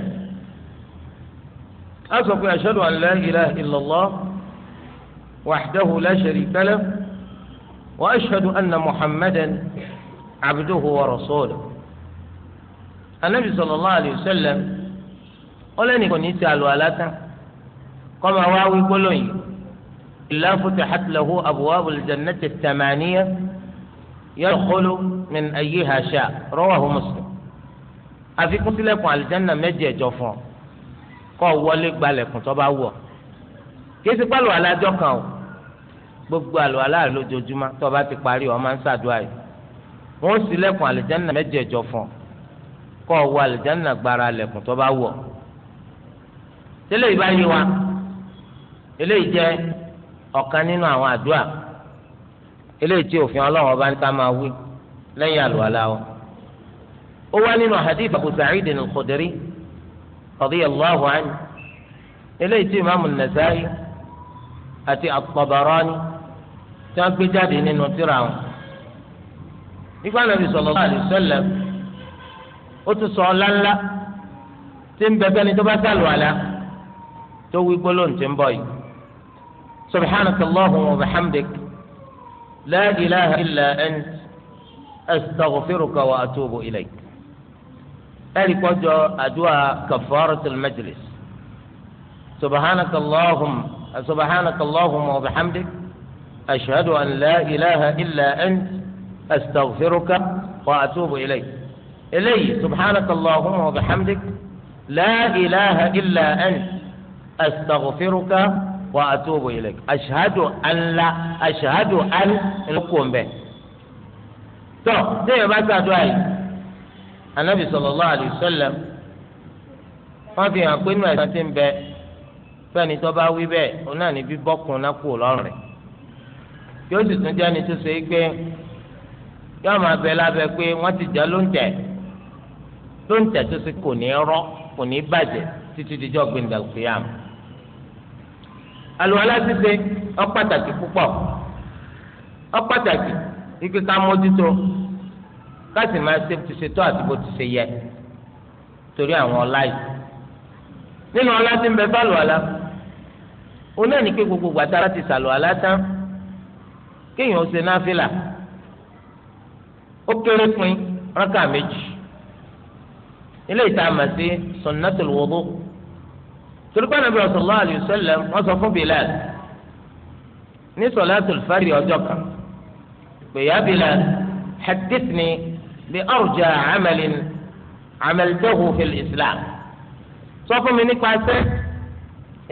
a sọ pé ashhadu an la ilaha illallah wahdahu la sharika lahu wa ashhadu anna muhammadan abduhu wa rasuluhu anabi sallallahu alayhi wa sallam ọlẹ́ni kò ní ti àlọ́ àlátà kọ́ máa wá wí gbólóyìn illa futihat lahu abwabul jannati thamaniya yadkhulu min ayyiha sha rawahu muslim àfikún sílẹ̀kùn àlìjáná mẹ́jẹ̀ẹ̀jọ fún ọ kọ́ wọlé gbalẹ̀kùn tó bá wọ̀ kéésì pálọ̀ alájọ kan o gbogbo àlọ́ aláàlójoojúmọ́ tó bá ti parí ọ máa ń ṣàdúrà yìí wọ́n sílẹ̀kùn àlìjáná mẹ́jẹ̀ẹ̀jọ fún ọ kọ́ ọ wọ àlìjáná gbára lẹ̀kùn tó bá wọ̀ tẹ́lẹ̀ ìbá yí wa eléyìí jẹ́ ọ̀kan nínú àwọn àdúrà eléyìí tí òfin ọlọ́run ọba ní ká máa wí lẹ́yìn àlùwàlá o ó wá nínú hadith Abu Sa'id al-Khudri radiyallahu anhu eléyìí tí imaamu Nasa'i àti at tí wọ́n gbé jáde nínú tírà wọn nígbà náà bí sallallahu alaihi wasallam. ó tún sọ ọlá ńlá tí ń bẹ fẹ́ni tó bá sàlù àlá tó wí gbólóhùn tí ń bọ̀ yìí subhanaka allahumma wa bihamdik la ilaha illa ant astaghfiruka wa atubu ilayk ẹ̀rí kọjọ àdúrà kafaratul majlis subhanaka allahumma subhanaka allahumma wa bihamdik ashhadu an la ilaha illa ant astaghfiruka wa atubu ilayk. eléyìí subhanaka allahumma wa bihamdik la ilaha illa ant astaghfiruka wa atubu ilayk ashhadu an la ashhadu an lukumbe tó téèyàn bá ṣàdúrà yìí anabi sallallahu alayhi wa sallam wọn fi hàn pé nínú àìsàn ti ń bẹ fẹ́ni tó bá wí bẹ́ẹ̀ òun náà ní bí bọkùn náà kú lọ́rùn rẹ̀ yóò sì tún jẹ́ ẹni tó ṣe é gbé yóò máa bẹ lábẹ́ pé wọ́n ti jẹ́ ló ń tẹ̀ ló ń tẹ̀ tó sì kò ní rọ́ kò ní bàjẹ́ títí dijọ́ gbẹ̀ndà kìyàm. àlùwàlá ṣíṣe ó pàtàkì púpọ̀ ó pàtàkì ike ká mójútó ká sì máa ṣe ti ṣe tó àti bó ti ṣe yẹ torí àwọn ọlá yìí nínú ọlá tí ń bẹ bá àlùwàlá oní ẹni pé gbogbo gbàtà láti ṣàlùwàlá tán kéèyàn ó ṣe náfìlà ó kéré pin rákà méjì ilé ìtààmà sí sunnatul wudu torípa nàbí sallallahu alayhi wa sallam wọ́n sọ fún Bilal ní salatul fari ọjọ́ kan pé ya Bilal hadithni bi arja amalin amaltahu fil islam sọ fún mi nípa sẹ́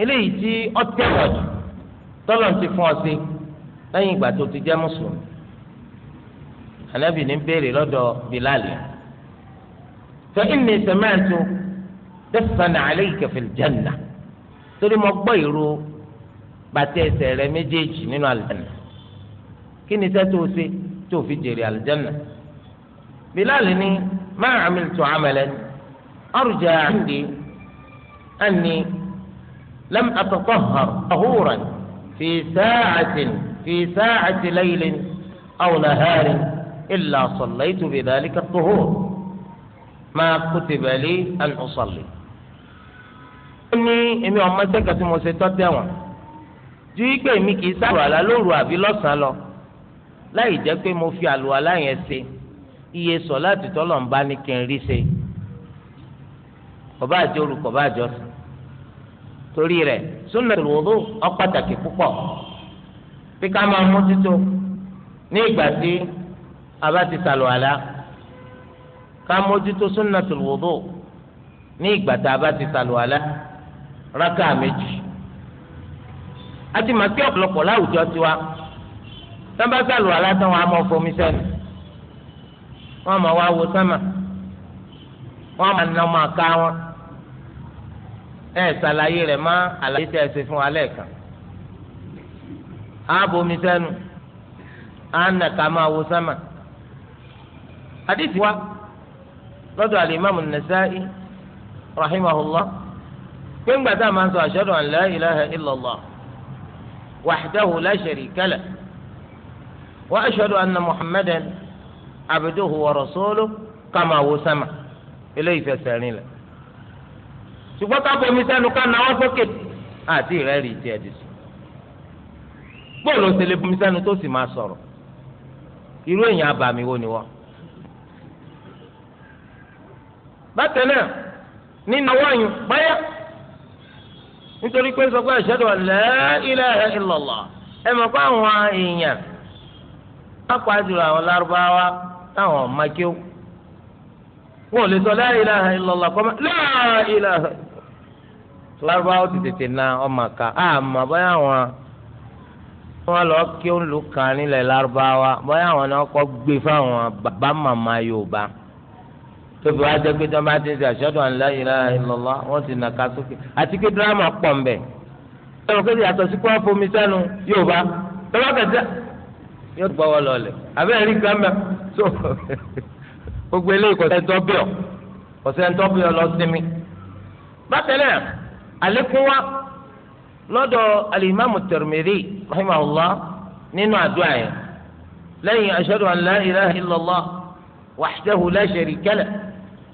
eléyìí tí ọ tẹ̀wọ̀ ti fún ọ sí lẹ́yìn ìgbà tó ti jẹ́ mùsùlùmí Ànábì ní béèrè lọ́dọ̀ Bilal yẹn. فإني سمعت دفا عليك في الجنة تري مقبيرو باتيس رمجيج من الجنة كني تو في جري الجنة بلال بلالني ما عملت عملا أرجى عندي أني لم أتطهر طهورا في ساعة في ساعة ليل أو نهار إلا صليت بذلك الطهور Ma kutiba li an usalli. ó ní èmi ọmọ sẹ́kẹ̀ tí mo ṣe tọ́ tẹ̀wọ̀n ju ìgbà èmi kì í sáàrò àlá lóru àbí lọ́sàn-án lọ láì jẹ́ pé mo fi àlùwàlá yẹn ṣe iye sọ láti tọ́lọ̀ ń bá ní kí n rí ṣe kọ̀bá àjọ òru kọ̀bá àjọ sùn torí rẹ̀ sunnatul wudu ó púpọ̀ bí ká máa mójútó ní ìgbà tí a bá ti sàlùwàlá ká mójútó sunnatul wudu ní ìgbà tá a bá ti sàlùwàlá rákà méjì a ti máa kí ọ̀pọ̀lọpọ̀ láwùjọ tiwa tán bá sàlùwàlá tán wọn á máa fomi sẹ́nu wọn máa wá wo sánmà wọn máa ná máa ká wọn ẹ ṣàlàyé rẹ̀ má àlàyé tẹ́ ẹ ṣe fún alẹ́ kan á bomi sẹ́nu á nà máa wo sánmà àdìsí wa lọ́dọ̀ alimami nasa'i rahimahullah gbẹ̀ngbà tá a máa ń sọ ashadu an la ilaha illallah wahdahu la sharika lah wa ashadu anna muhammadan abduhu wa rasuluhu kama wo sama eléyìí fẹsẹ̀ rìn lẹ̀ ṣùgbọ́n ká bomi sẹ́nu ká náwó sókè àti ìrẹ́rì tiẹ̀ dì sùn bóòlù ó ṣe sẹ́nu tó sì máa sọ̀rọ̀ irú èèyàn abàmì wo ni wọ́n. bákan nínú wáyùn báyà nítorí pé sọ pé ashhadu an la ẹ mọ̀ pé àwọn èèyàn apàdùn àwọn lárúbáwá táwọn ọmọkéw wọn ò lè sọ ịlọla ilaha kọ́mọ la lárúbáwá ti tètè na ọmọ ká àmọ́ báyà wọn wọn lọ kí ó lù kàn nílẹ̀ lárúbáwá báyà wọn kọ́ gbé tóbi wá jẹ́ pé tọ́ba ti ń ṣe àṣọ́dọ̀ ànlá ilaha illallah wọ́n ti nàka sókè àti pé dírámà pọ̀ ń bẹ̀. ẹ̀rọ kéde yàtọ̀ sí pé wọ́n fomi sẹ́nu yóò bá tọ́ba kẹta yóò gbọ́wọ́ lọlẹ̀ àbẹ́rẹ́ rí gánmẹ́ tó gbogbo eléyìí kọ̀ọ̀sẹ̀ ń tọ́bíọ̀ kọ̀ọ̀sẹ̀ ń tọ́bíọ̀ lọ sinmi. bákẹ́lẹ̀ àlékún wa lọ́dọ̀ alimami Tirmidhi rahimahullah nínú àdúrà yẹn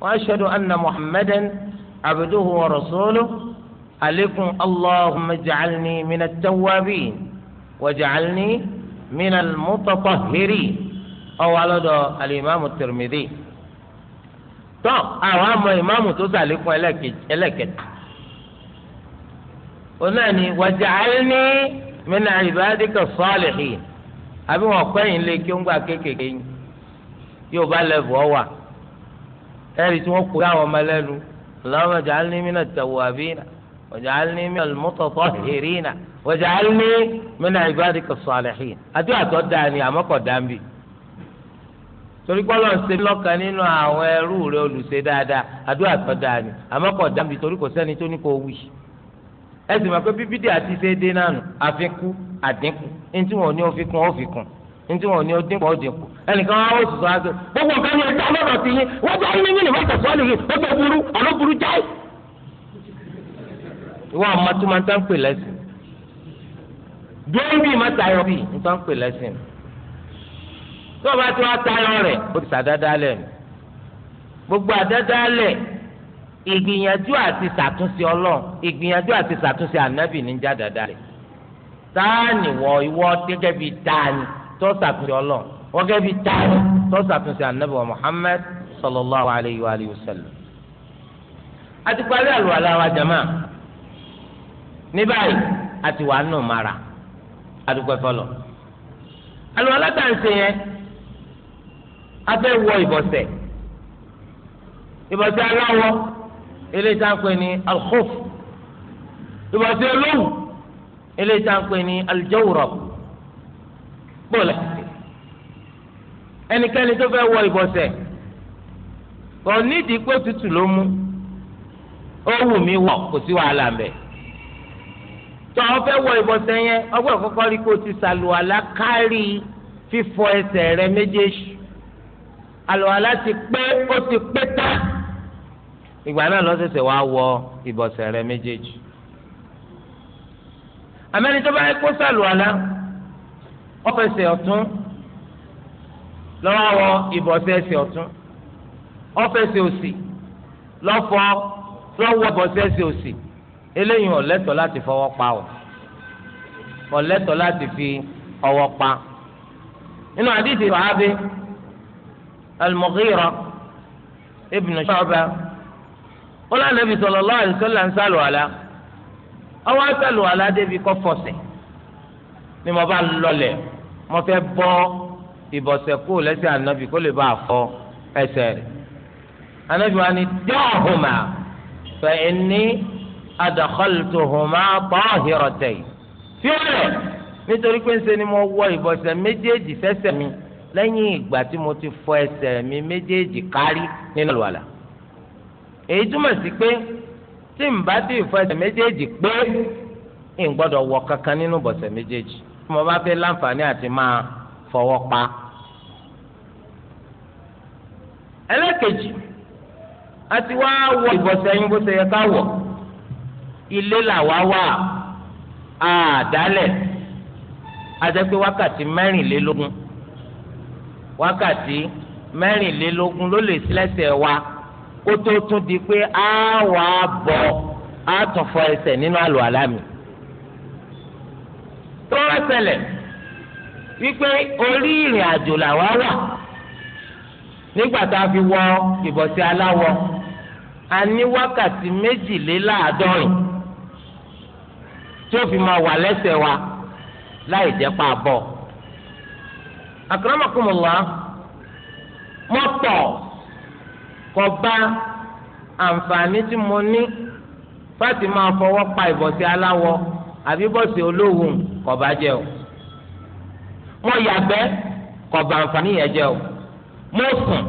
وأشهد أن محمدا عبده ورسوله عليكم اللهم اجعلني من التوابين واجعلني من المتطهرين أو على الإمام الترمذي طب أو أما إمام تسألكم إلكت onani wàjàlni من عبادك الصالحين. àbí wọn kọ́ يوم lé kí ó ẹ̀rí tí wọ́n ya àwọn ọmọ ẹlẹ́nu Allahumma ij'alni minat tawwabina waj'alni minal mutatahhirina waj'alni min ibadika salihin àti àtọ́ dáa ni àmọ́kọ̀ dáńbì torí pé ọlọ́run ṣe lọ́kàn nínú àwọn ẹrú rẹ olùṣe dáadáa àdúrà tó dáa ni àmọ́ kò dábì torí kò sẹ́ni tó ní kó wí. ẹ sì mọ̀ pé àti ṣe dé àfikún àdínkù tí wọn ò dá lọ́dọ̀ sí yín wọ́n jẹ́ ẹni yín lèmọ́tò sọ́ọ̀lì yìí ó tó burú àló burú jáì. ìwọ àwọn ọmọ tó máa ń tán pè lẹ́sìn dúró bíi má tayọ bíi ń tán pè lẹ́sìn tó o bá ti wá tayọ rẹ̀ ó ti sàdáda lẹ̀ gbogbo àdáda lẹ̀ ìgbìyànjú àti sàtúnṣe ọlọ́run ìgbìyànjú àti sàtúnṣe ànábì ní jáde rẹ̀ táàní wọ ìwọ gẹ́gẹ́ bíi táàní tó sàtúnṣe ọlọ́run wọ́n gẹ́gẹ́ bíi táàní tọ́sà tún sí anabi wa muhammed sallallahu alayhi wa alihi wa sallam. àti parí àlùwàlá wa jama ní báyìí àti wàá nù mara àdúgbò fọlọ. àlùwàlá tá ń ṣe yẹn a fẹ́ wọ ìbọ̀sẹ̀ ìbọ̀sẹ̀ aláwọ̀ eléyìí tá ń pè ní alkhuf ìbọ̀sẹ̀ olówù eléyìí tá ń pè ẹnikẹ́ni tó fẹ́ wọ ìbọ̀sẹ̀ kò nídìí pé òtútù ló mú ó wù mí wọ̀ kò sí wàhálà ọ fẹ́ wọ ìbọ̀sẹ̀ yẹn ọgbọ́n kọ́kọ́ rí kó ti fífọ ẹsẹ̀ rẹ méjèèjì àlùwàlá ti pé ó ti pé tá ìgbà náà lọ wọ ìbọ̀sẹ̀ rẹ méjèèjì àmẹ́ni tó bá yẹ kó sàlùwàlá lọ́wọ́ wọ ìbọ̀sẹ̀ ẹsẹ̀ ọ̀tún ọ́fẹ̀sẹ̀ òsì lọ́fọ̀ lọ́wọ́ ìbọ̀sẹ̀ ẹsẹ̀ òsì eléyìí ọ̀lẹ́tọ̀ láti fọwọ́ pa ọ̀ ọ̀lẹ́tọ̀ láti fi ọwọ́ pa nínú àdìsí wàhábí al-Mughira ibn Shu'ba ó lánàbì sallallahu alaihi wasallam ń sàlùwàlà ọwọ́ sàlùwàlà débi kọ́ fọ̀sẹ̀ ni mo bá lọlẹ̀ mo fẹ́ bọ́ ìbọ̀sẹ̀ kú lẹ́sẹ̀ ànábì kó lè bá a fọ ẹsẹ̀ rẹ̀ ànábì wa ni dáhùmá fa inni adakhaltuhuma tahiratayn fíọ́lẹ̀ nítorí pé ńṣe ni mo wọ ìbọ̀sẹ̀ méjèèjì sẹ́sẹ̀ mi lẹ́yìn ìgbà tí mo ti fọ ẹsẹ̀ mi méjèèjì kárí nínú àlùwàlà èyí túmọ̀ sí pé tí n bá ti fọ ẹsẹ̀ méjèèjì pé n gbọ́dọ̀ wọ kankan nínú ìbọ̀sẹ̀ méjèèjì tí mo bá fẹ́ láǹfààní àti máa fọwọ́ pa á ẹlẹ́kejì a ti wá wọ ìbọ̀sẹ̀ yín bó ṣe yẹ ká wọ̀ ilé làwa wà àdálẹ̀ adẹ́pẹ́ wákàtí mẹ́rìnlélógún wákàtí mẹ́rìnlélógún ló lè sílẹ̀sẹ̀ wa kó tó tún di pé a wà bọ̀ a tún fọ ẹsẹ̀ nínú àlọ́ àlámì tó wá ṣẹlẹ̀ wípé orí ìrìn àjò làwa wà nígbà tá a fi wọ ìbọ̀sí aláwọ a ní wákàtí méjìléláàádọ́rin tí ó fi máa wà lẹ́sẹ̀ wa láì jẹ́ pa bọ̀. àkàràmọ̀kùnmọ̀lá mọ́tò kò bá àǹfààní tí mo ní fáti máa fọwọ́ pa ìbọ̀sí aláwọ àbí bọ́sì olówùn kò bá jẹ́ o. mo yàgbẹ́ kò bá àǹfààní yẹn jẹ́ o. mo sùn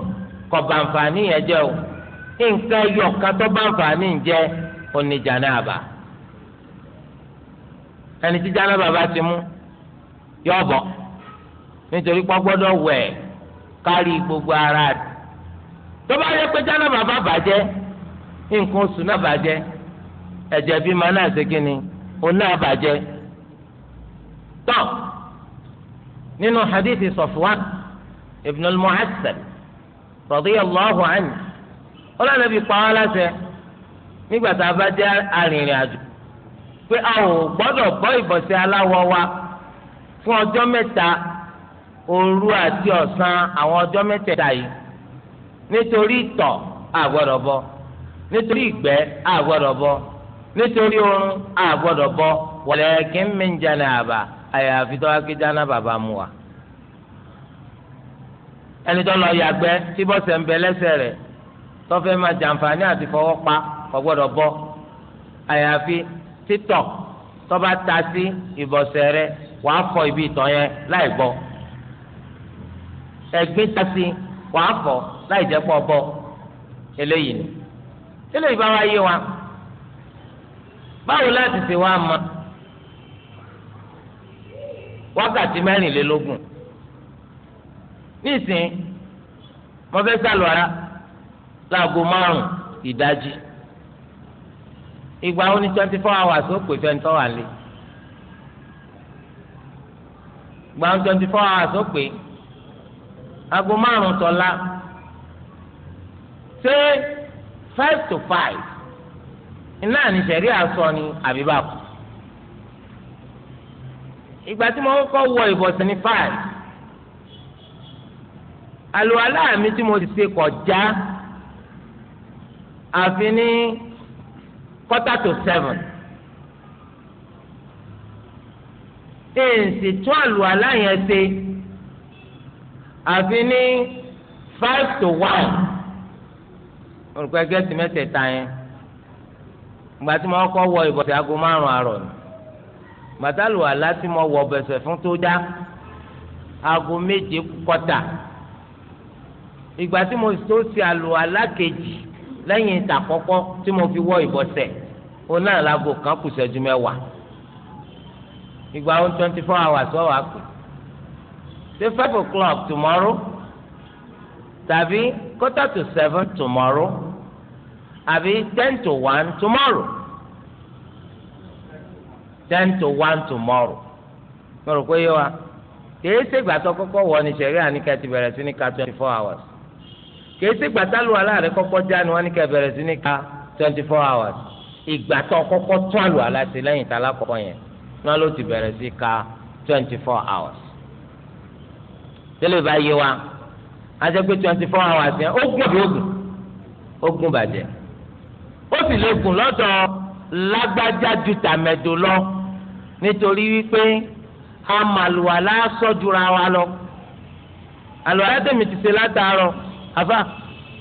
kò yẹn jẹ́ o nǹkan ẹyọ kan bá nfààní ẹni tí jànáàbà bá ti mú yọ bọ̀ nítorí pé gbọ́dọ̀ wẹ̀ kárí gbogbo ara rẹ̀ tó bá yẹ pé jànáàbà bá bàjẹ́ nǹkan oṣù náà bàjẹ́ ẹ̀jẹ̀ bíi máa náà ṣe ibn al-mu'assal radiyallahu anhu ọlọ́run ẹbí pa wá láṣẹ nígbà tá a bá jẹ́ arìnrìn àjò pé a ò gbọ́dọ̀ bọ́ ìbọ̀sẹ̀ aláwọ̀ wa fún ọjọ́ mẹ́ta òru àti ọ̀sán àwọn ọjọ́ mẹ́tẹ̀ẹ̀ta yìí nítorí ìtọ̀ a gbọ́dọ̀ bọ́ nítorí ìgbẹ́ a gbọ́dọ̀ bọ́ nítorí oorun a gbọ́dọ̀ bọ́ walakin min janaba àyàfi tó wá kí jáná bàbá mu wa ẹni tó lọ yàgbẹ́ tí bọ́sẹ̀ ń bẹ lẹ́sẹ̀ rẹ̀ tọ́fẹ́ máa jàǹfààní àti fọwọ́ pa kò gbọ́dọ̀ bọ́ àyàfi títọ̀ tọ́ba ta sí ìbọ̀sẹ̀ rẹ̀ wàá fọ ibi ìtọ̀ yẹn láì bọ́ ẹ̀gbín ta sí wàá fọ láì jẹ́ pọ̀ bọ́ eléyìí ni eléyìí bá wá yé wa báwo láti ṣe wá mọ̀ wákàtí mẹ́rìnlélógún nísìnyí mo fẹ́ sàlùwàrà láago márùn ìdájí ìgbà wo ni twenty four hours ó pè fẹ́ntọ́ wà lé ìgbà wo ni twenty four hours ó pè aago márùn tọ́lá ṣé five to five iná ní sẹ̀rí àsọ ni àbí bá kú ìgbà tí mo kọ́ wọ ìbọ̀sìn ní five àlùwàlá mi tí mo ti ṣe kọjá àfi ní quarter to seven èsì tún àlùwàlá yẹn ṣe àfi ní five to one olùkọ́ ẹgbẹ́ ti mẹ́tẹ̀ẹ̀ta yẹn ìgbà tí mo kọ́ wọ ìbọ̀sẹ̀ aago márùn-ún àrọ̀ ni bàtà àlùwàlá tí mo wọ bẹ̀sẹ̀ fún tó dá aago méje kọ́tà ìgbà tí mo tó ṣe àlùwàlá kejì lẹ́yìn ìtàkọ́kọ́ tí mo fi wọ ìbọ̀sẹ̀ o náà láago kan kù ṣẹ́jú mẹ́wàá ìgbà ohun twenty four hours wọ́n wàá pè ṣé five o'clock tomorrow tàbí quarter to seven tomorrow àbí ten to one tomorrow ten to one tomorrow mo rò pé yé wa kì í ṣègbà tó kọ́kọ́ wọ ni sẹ̀rí àníkẹ́ ti bẹ̀rẹ̀ sí ní ka twenty four hours kèsì gbàtàlù aláàrẹ kọ́kọ́ já ni wọ́n ní kẹ́ bẹ̀rẹ̀ sí ní ká twenty four hours ìgbà tó kọ́kọ́ tó àlù aláṣẹ lẹ́yìn tá alákọ̀ọ́kọ́ yẹn náà ló ti bẹ̀rẹ̀ sí ká twenty four hours tẹ́lẹ̀ bá yé wa a pé twenty four hours yẹn ó gùn bí ó gùn ó gùn bàjẹ́ ó sì lè gùn lọ́dọ̀ lágbájá ju tàmẹ̀dò lọ nítorí wípé amàlùwàlá sọ́júra wa lọ àlùwàlá tèmi ti ṣe látàárọ̀ àfa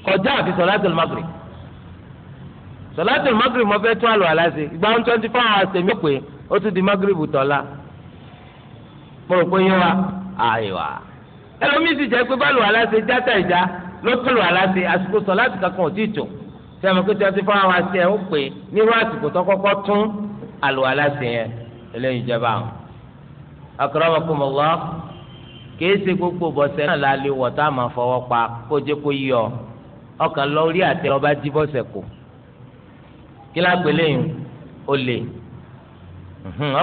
kọjá àfi sọláàtì maghrib sọláàtì maghrib mo fẹ́ tún àlọ́ aláṣẹ ìgbà one twenty four hours tèmi pé ó tún di maghrib tọ́lá mo rò pé yín wa àyèwà ẹlòmíì sì jẹ́ pé bá lò aláṣẹ játa ìjà ló tún lò aláṣẹ àsìkò sọláàtì kankan ò tí ì tó sẹ́mi pé twenty four hours ẹ̀ ó pè nírú àsìkò tó kọ́kọ́ tún àlọ́ aláṣẹ yẹn eléyìí jẹ́ báwọn. akramakumullah kìí ṣe gbogbo bọ̀sẹ̀ náà la lè wọ̀ tá a máa fọwọ́ pa kó jẹ́ kó yí ọ ọkàn lọ orí àtẹ ọba jí bọ̀sẹ̀ kù kí lágbélé yìí ó lè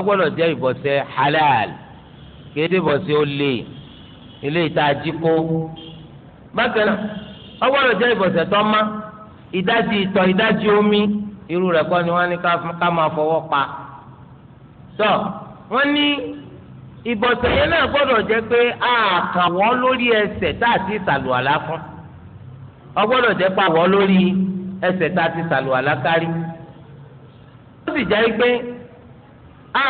wọ́n jẹ́ ìbọ̀sẹ̀ halal kìí ṣe bọ̀sẹ̀ ó lè ilé ìta jí kó bákan náà wọ́n gbọ́dọ̀ jẹ́ ìbọ̀sẹ̀ tó má ìdájí ìtọ̀ ìdájí omi irú rẹ̀ kọ́ ni wọ́n ní ká máa fọwọ́ pa tọ́ wọ́n ní ìbọ̀sẹ̀ yẹn náà gbọ́dọ̀ jẹ́ pé àkà wọ́n lórí ẹsẹ̀ tá a ti sàlùwàlá fún ọ gbọ́dọ̀ jẹ́ pé àwọ̀ lórí ẹsẹ̀ tá a ti sàlùwàlá kárí. ó sì jẹ́ pé a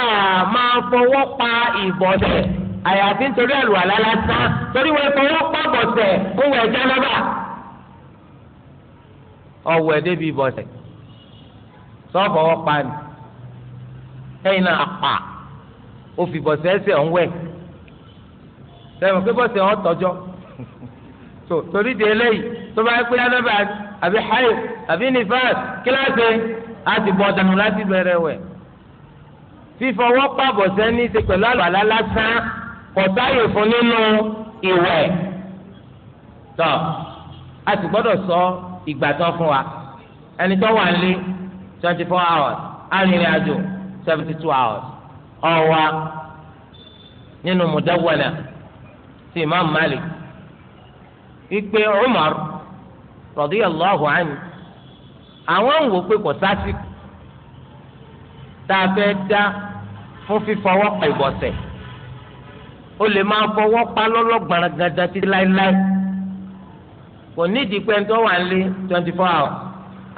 máa fọwọ́ pa ìbọ̀sẹ̀ àyàfi nítorí àlùwàlá lásán torí wọ́n fọwọ́ pa bọ̀sẹ̀ kó wẹ̀ jánábà. ọ̀wẹ̀ débi bọ̀sẹ̀ sọ́fọwọ́ pa ni ẹ̀yin náà pa ó fi bọ̀sẹ̀ ẹsẹ̀ ń wẹ̀ sẹ́wọ̀n pé bọ̀sẹ̀ wọn tọ́jọ́ tó torí di eléyìí tó bá yẹ pé yánábà àbí hayo àbí nifas kíláàsì àti bọ̀dànù láti bẹ̀rẹ̀ wẹ̀ fífọwọ́ pa bọ̀sẹ̀ ní í ṣe pẹ̀lú àlùbàlá lásán kọ̀táyè fún nínú ìwẹ̀ tọ́ a sì gbọ́dọ̀ sọ ìgbà tán fún wa ẹni tó wà nílé twenty four hours arìnrìn àjò seventy two hours ọwa nínú mùdáwọnà sí imam malik ìpè umar radiyallahu anhu àwọn ń wò pé kò sásìkò tá a fẹ́ dá fún fífọwọ́ pa ìbọ̀sẹ̀ o lè máa fọwọ́ pa lọ́lọ́gbọ̀nrán gàdá títí láéláé kò nídìí pé ẹnitọ́ wà twenty four hours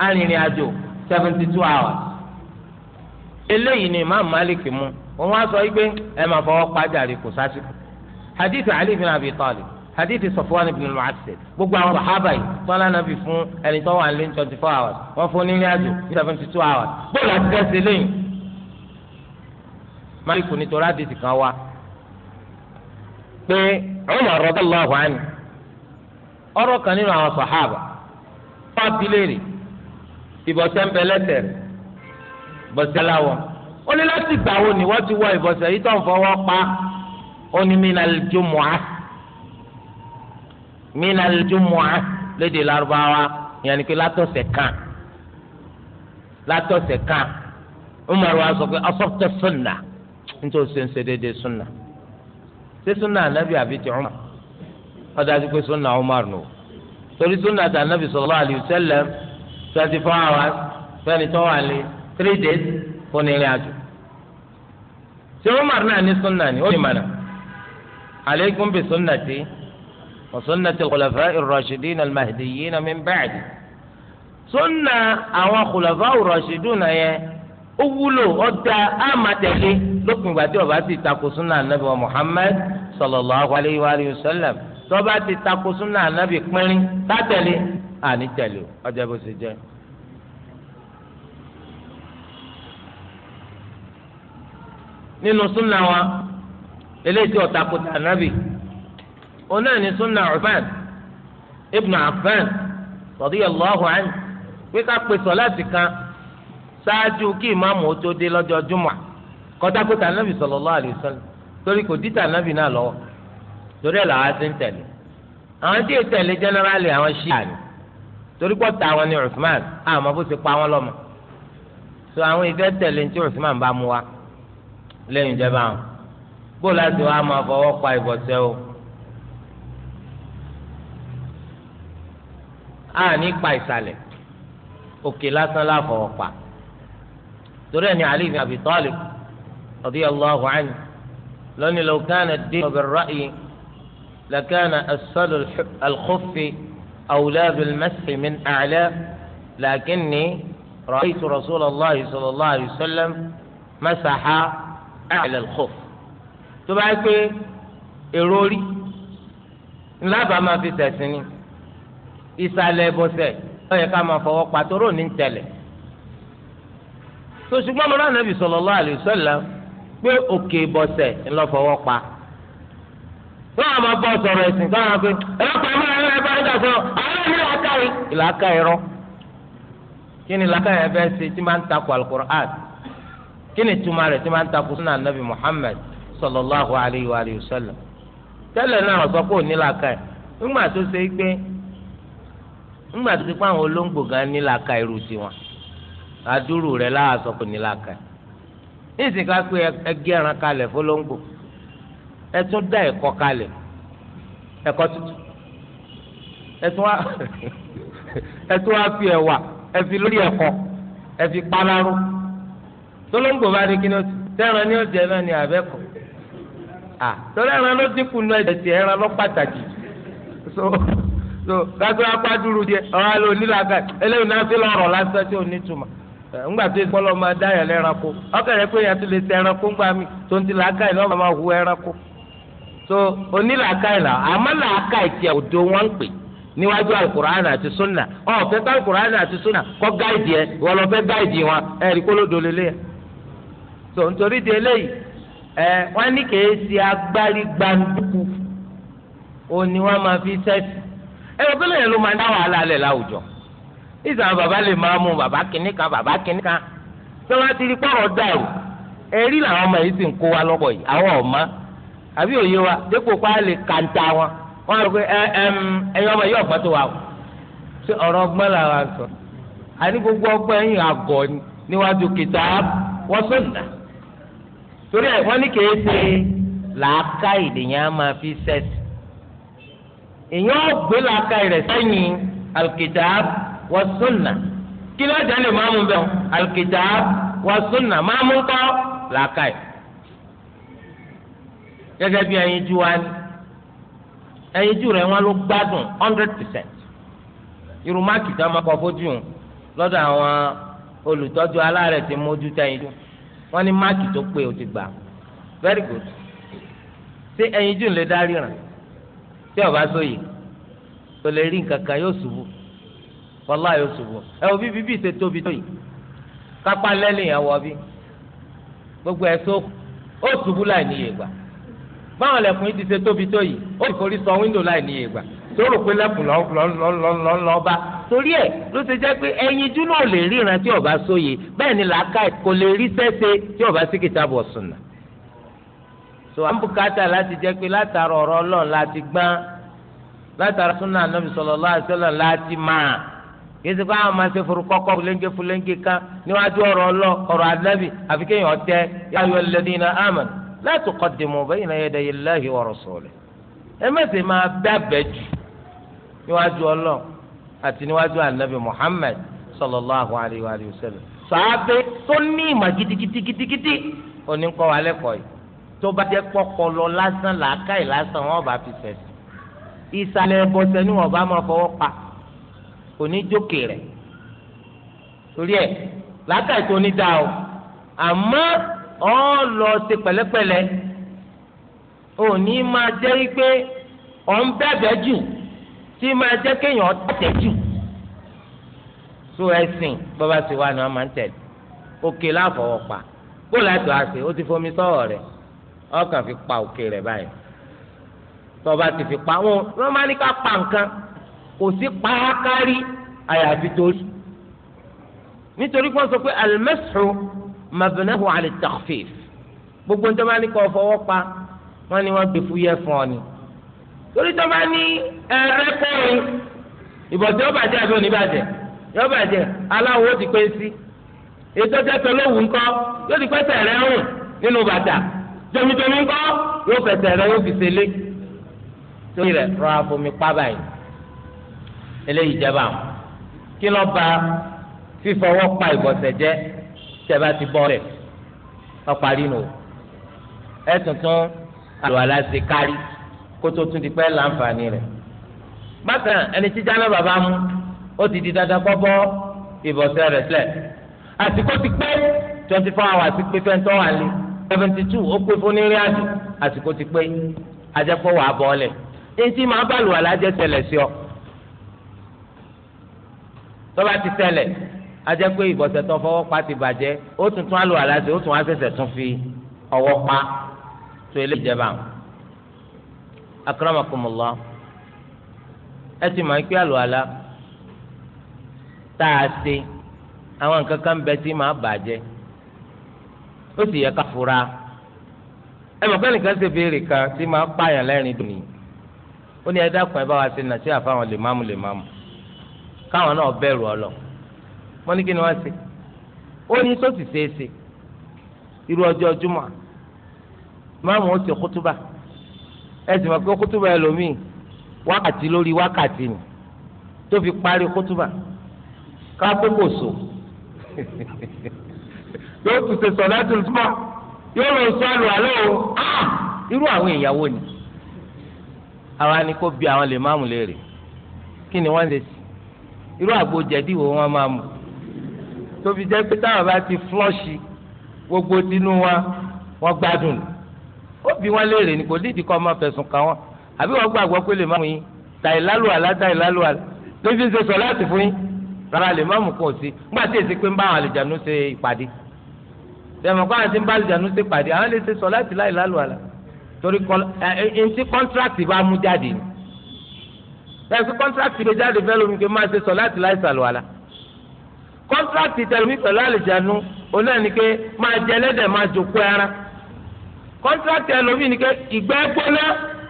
arìnrìn àjò seventy two hours eléyìí ni imam malik mú wọn wá sọ yìí pé ẹ máa fọwọ́ pàjáre kò sásìkò hadith ali bin abi talib hadith safwan ibn al-mu'assir gbogbo àwọn sahaba yìí tọ́lá náà fi fún ẹni tó wà ní twenty four hours wọ́n fún ní ìrìnàjò ní seventy two hours bóòlù àti tẹ́sí lẹ́yìn. máàlìkù nítorí àdìsí kan wá pé Umar radallahu anhu ọ̀rọ̀ kan nínú àwọn sahaba wọ́n abilérè ìbọ̀sẹ̀ ń bẹ lẹ́sẹ̀ bọ̀sẹ̀ láwọn. ó ní láti gbà wo ni wọ́n ti wọ ìbọ̀sẹ̀ yìí tó ń fọwọ́ pa ó ní minal jumu'ah minal jumu'ah ìyẹn ni pé látọ̀sẹ̀ kan látọ̀sẹ̀ kan Umar wa sọ pé asọ́fẹ́ sunna nítorí ṣe ń sunna ṣé sunna anabi àbí ti Umar ó pé sunna Umar nù torí ta anabi sọlọ twenty four hours fẹ́ni tó wà three days fún ìrìn ṣé Umar náà ní sunna ni ó ní mana aleikum bi sunnati wa sunnati al-khulafa'i ar-rashidin al-mahdiyyin min ba'di sunna àwọn khulafa'u ar-rashidun yẹn ó wúlò ọ̀dà àmàtẹ̀lé lópin ìgbà tí ó bá ti tako sunna anabi wa Muhammad sallallahu alayhi wa alihi wa sallam tó bá ti tako sunna anabi pínrín tátẹ̀lé àní tẹ̀lé ọjọ́ bó ṣe jẹ́. nínú súnà wa eléyìí tí ọ̀tá kò tà nábì òun náà ní súnà Uthman ibn Affan radiyallahu anhu pé ká pe kan ṣáájú kí ìmáàmù ó tó dé lọ́jọ́ jùmọ̀ kọ́tà kò tà nábì torí kò dítà nábì náà lọ́wọ́ torí ẹ̀ làwọn ti ń tẹ̀lé àwọn àwọn ni torí pọ̀ àwọn ní àmọ́ bó ti pa wọ́n lọ́mọ lẹ́yìn ìjẹba àwọn bó láti wá máa fọwọ́ pa ìbọ̀sẹ̀ o a ní pa ìsàlẹ̀ òkè lásán láfọwọ́ pa torí ẹni Ali ibn Abi Talib radiyallahu anhu lónìí law kana ad-din bir-ra'yi lakana asfalu al-khuffi awla a'la lakinni ra'aytu rasulallah sallallahu alayhi wa sallam masaha. أعلى ah. الخوف tó bá yẹ pé èrò orí ńlá bá máa fi tẹ̀sìn ni ìsàlẹ̀ ìbọ̀sẹ̀ ó yẹ ká máa fọwọ́ pa rò ní tẹ̀lẹ̀ tó ṣùgbọ́n mo rán nàbì sallallahu alaihi wasallam pé òkè ìbọ̀sẹ̀ ńlọ fọwọ́ pa tó àwọn máa bọ̀ sọ̀rọ̀ ẹ̀sìn tó àwọn pé ẹlọ́pàá máa ń bá ẹ̀ka sọ àwọn ẹ̀mí làákàyè ìlàákàyè rọ kini ni túmọ̀ rẹ̀ ma máa ń takò sínú sallallahu alayhi wa sallam tẹ́lẹ̀ náà wọ́n sọ pé ńgbà tó ṣe ńgbà tó ṣe pé àwọn olóńgbò gan ní irú tiwọn láwa sọ pé pé ẹ dá tuntun wá fi ẹ lórí ẹ̀kọ́ ẹ fi kpalaru. tólóńgbò bá dé kí ni ó ti tẹ́ran ní ọ̀jẹ̀ náà ni àbẹ́kọ̀ à tọ́lá ẹran ló dínkù nù ẹ̀jẹ̀ tí ẹran pàtàkì so so apádúró eléyìí náà fi lọ́rọ̀ lásán tí ò ní tó máa dá yẹn pé yẹn ti lè tẹ ẹranko ńgbà mi tó ń ti làákà yìí lọ́wọ́ máa hu so onílàákà yìí la, àmọ́ làákà yìí tiẹ̀ pè níwájú so nítorí di eléyìí ẹ wọn ní kèé ṣe agbárí gbanduku òun ni wọn máa fi sẹ́sì ẹ lọ bẹ́lẹ̀ yẹn ló máa ń dá wàhálà láwùjọ ìsàn bàbá lè máa mú bàbá kìnnì kan bàbá kìnnì kan tí wọn ti di pọ̀rọ̀ làwọn ọmọ yìí sì ń kó wa lọ́pọ̀ yìí àwọn ẹ ọmọ yìí ọ̀gbọ́n tó wà o ṣé ọ̀rọ̀ ọgbọ́n là wà sọ àní gbogbo ọgbọ́n yìí àgọ́ kìtà wọ́n torí ẹ wọ́n ní kìí ṣe làákà ìdèyàn á máa fi sẹ́sì èyàn gbé làákà rẹ̀ sẹ́yìn al-kitab wa sunnah kí ló dé lè máa bẹ́ẹ̀ al-kitab wa sunnah máa mú kọ́ làákà yìí gẹ́gẹ́ bí ẹyin ju wa ni ẹyin ju rẹ̀ wọ́n ló gbádùn hundred percent irun máàkì tá a máa kọ fojú lọ́dọ̀ àwọn olùtọ́jú aláàrẹ̀ ti mójú tẹ̀yìn dùn wọ́n ní máàkì tó pé o ti gbà very good ṣé ẹyin jù ń lè dárí ràn tí ọba sóyè kò lè rí nǹkan kan yóò ṣubú wàláhì yóò ṣubú ẹ wo bí bíbí ṣe tóbi tó yìí kápá lẹ́lẹ̀ yẹn wọ bí gbogbo ẹ sọ ó ṣubú láì níye gbà báwọn lẹ̀kùn yìí ti ṣe tóbi tó ó sì forí sọ wíńdò láì níye gbà. sọ̀rọ̀ pé lẹ́kùn lọ́ba torí ẹ̀ ló ṣe jẹ́ pé ẹyinjú náà lè ríran tí ọba sóye bẹ́ẹ̀ ni làákà kò lè rí sẹ́sẹ́ tí ọba sí kìtàbù ọ̀sùnà. so àbùkátà láti jẹ́ pé látara ọ̀rọ̀ ọlọ́run láti gbọ́n látara súnà anábì sallallahu alaihi wasallam láti máa kìí ṣe fáwọn máa ṣe forúkọ́kọ́ fúlẹ́ńgé fúlẹ́ńgé kan níwájú ọ̀rọ̀ ọlọ́ ọ̀rọ̀ anábì àfi kéèyàn tẹ ya ayyuhal ladhina amanu la tuqaddimu bayna yadayi llahi wa rasulihi ẹ má ṣe máa bẹ́ àbẹ́jù níwájú ọlọ́ àti níwájú anabi muhammed sallallahu alayhi wa sallam sàábé tó ní ìmọ̀ gidigidigidigidi oníkọ́ wa lẹ́kọ̀ọ́ yìí tó bá jẹ́ pọ́kọlọ lásán làákàyè lásán wọn bá fi sẹ̀sì ìsàlẹ̀ bọ̀sẹ̀ ni wọn bá máa fọwọ́ pa oníjókè rẹ̀ torí ẹ̀ làákàyè tó ní dáa o àmọ́ ọ lọ ṣe pẹ̀lẹ́pẹ̀lẹ́ òní máa jẹ́ pé ọ̀ ń bẹ̀bẹ̀ jù tí máa jẹ́ kéèyàn tẹ̀ jù so ẹ̀sìn bọ́bá sì wà ní wọ́n máa ń tẹ̀lé òkè láfọwọ́ pa bóòlù àti àṣẹ ó ti fomi sọ́wọ́ rẹ̀ ọkàn fi pa òkè rẹ̀ báyìí tọ́ba ti fi pa wọn wọ́n máa ní ká pa nǹkan kò sí pàákárí àyàfi torí nítorí pé wọ́n sọ pé alimẹ́sùn mabnahu ala takhfif gbogbo ń tọ́ máa ní ká fọwọ́ pa wọ́n ní wọ́n gbé fúyẹ́ fún ọ ni torí tó bá ní ẹrẹ kọrin ìbọ̀dé ó bàjẹ́ àbí oníbàjẹ́ yóò bàjẹ́ aláwo ó ti pé sí ètò ìjẹ́sọ lówù ńkọ́ yóò ti pẹ́sẹ̀ rẹ̀ rùn nínú bàtà jọmijọmi ńkọ́ yóò fẹsẹ̀ rẹ̀ yóò fi ṣẹlẹ̀ torí rẹ̀ rọra fomi pa báyìí eléyìí jẹba àwọn kí ló ba fífọwọ́ pa ìbọ̀sẹ̀ jẹ́ tẹ̀bá ti bọ́ rẹ̀ ọ̀parí nù ẹ̀ tuntun àlọ́ aláṣẹ kárí kótó tún ti pẹ́ láǹfààní rẹ̀ bákan ẹni jíjá náà bàbá mú ó ti di dandan kọ́ bọ́ ìbọ̀sẹ̀ rẹ̀ sílẹ̀ àsìkò ti pẹ́ twenty four hours pé fẹ́ntọ́ wà lé seventy two ó pé fún nírí àjò àsìkò ti pé ajẹ́pọ̀ wà á bọ́ọ̀lẹ̀ etí máa bá lù alájẹ́ ṣẹlẹ̀ sí ọ tọ́ba ti ṣẹlẹ̀ ajẹ́pẹ́ ìbọ̀sẹ̀ tó fọwọ́ pa ti bàjẹ́ ó tuntun á lù alájẹ́ ó tún á ṣẹ̀ṣẹ̀ tún fi ọwọ́ pa tó ilé ìjẹba àwọn akramakumullah ẹ ti máa pé àlùwàlá tá a ṣe àwọn nǹkan kan bẹ tí máa bàjẹ́ ó sì yẹ ká fura ẹ mọ̀ pé nìkan ṣe béèrè kan tí máa pààyàn lẹ́rìn dùn ní ó ní ẹ dákun ẹ bá wa ṣe nàṣẹ àfáwọn lèmáàmù lèmáàmù káwọn náà bẹ̀rù ọ lọ wọ́n ní kí ni wọ́n ṣe ó ní sọ́ọ̀sì ṣeéṣe irú ọjọ́ júmọ̀ máàmù ó ṣe kútúbà ẹ sì mọ̀ pé kútùbà ẹlòmíì wákàtí lórí wákàtí ni tó fi parí kútùbà kápẹ́ kò so yóò tún ṣe sọ láti túmọ̀ yóò lọ sọ àlù àlọ́ o ah! irú àwọn ìyàwó ni àwa ni kó àwọn lè máàmù léèrè kí ni wọ́n lè sí irú àgbo wo wọ́n máa mú tóbi jẹ́ pé táwọn bá ti flọ́ọ̀ṣì gbogbo tinú wa wọ́n gbádùn lò ó bí wọn léèrè ní kò dídì kọ́ máa fẹ̀sùn kàn wọ́n àbí wọ́n gbàgbọ́ pé lè má mú yín tàì lálùwàlá tàì lálùwàlá ló fi ń ṣe sọ láti fún yín rárá lè má mú kàn sí nígbà tí èsì pé ń bá àwọn àlùjánu ṣe ìpàdé tẹ̀mọ̀ kó àwọn tí ń bá àlùjánu ṣe ìpàdé àwọn lè ṣe sọ láti láì lálùwàlá torí ntí kọ́ńtrákì bá mú jáde ni ẹ̀sìn kọ́ńtrákì lè kọ́ńtrákì ẹlòmíì ni pé ìgbẹ́ gbóná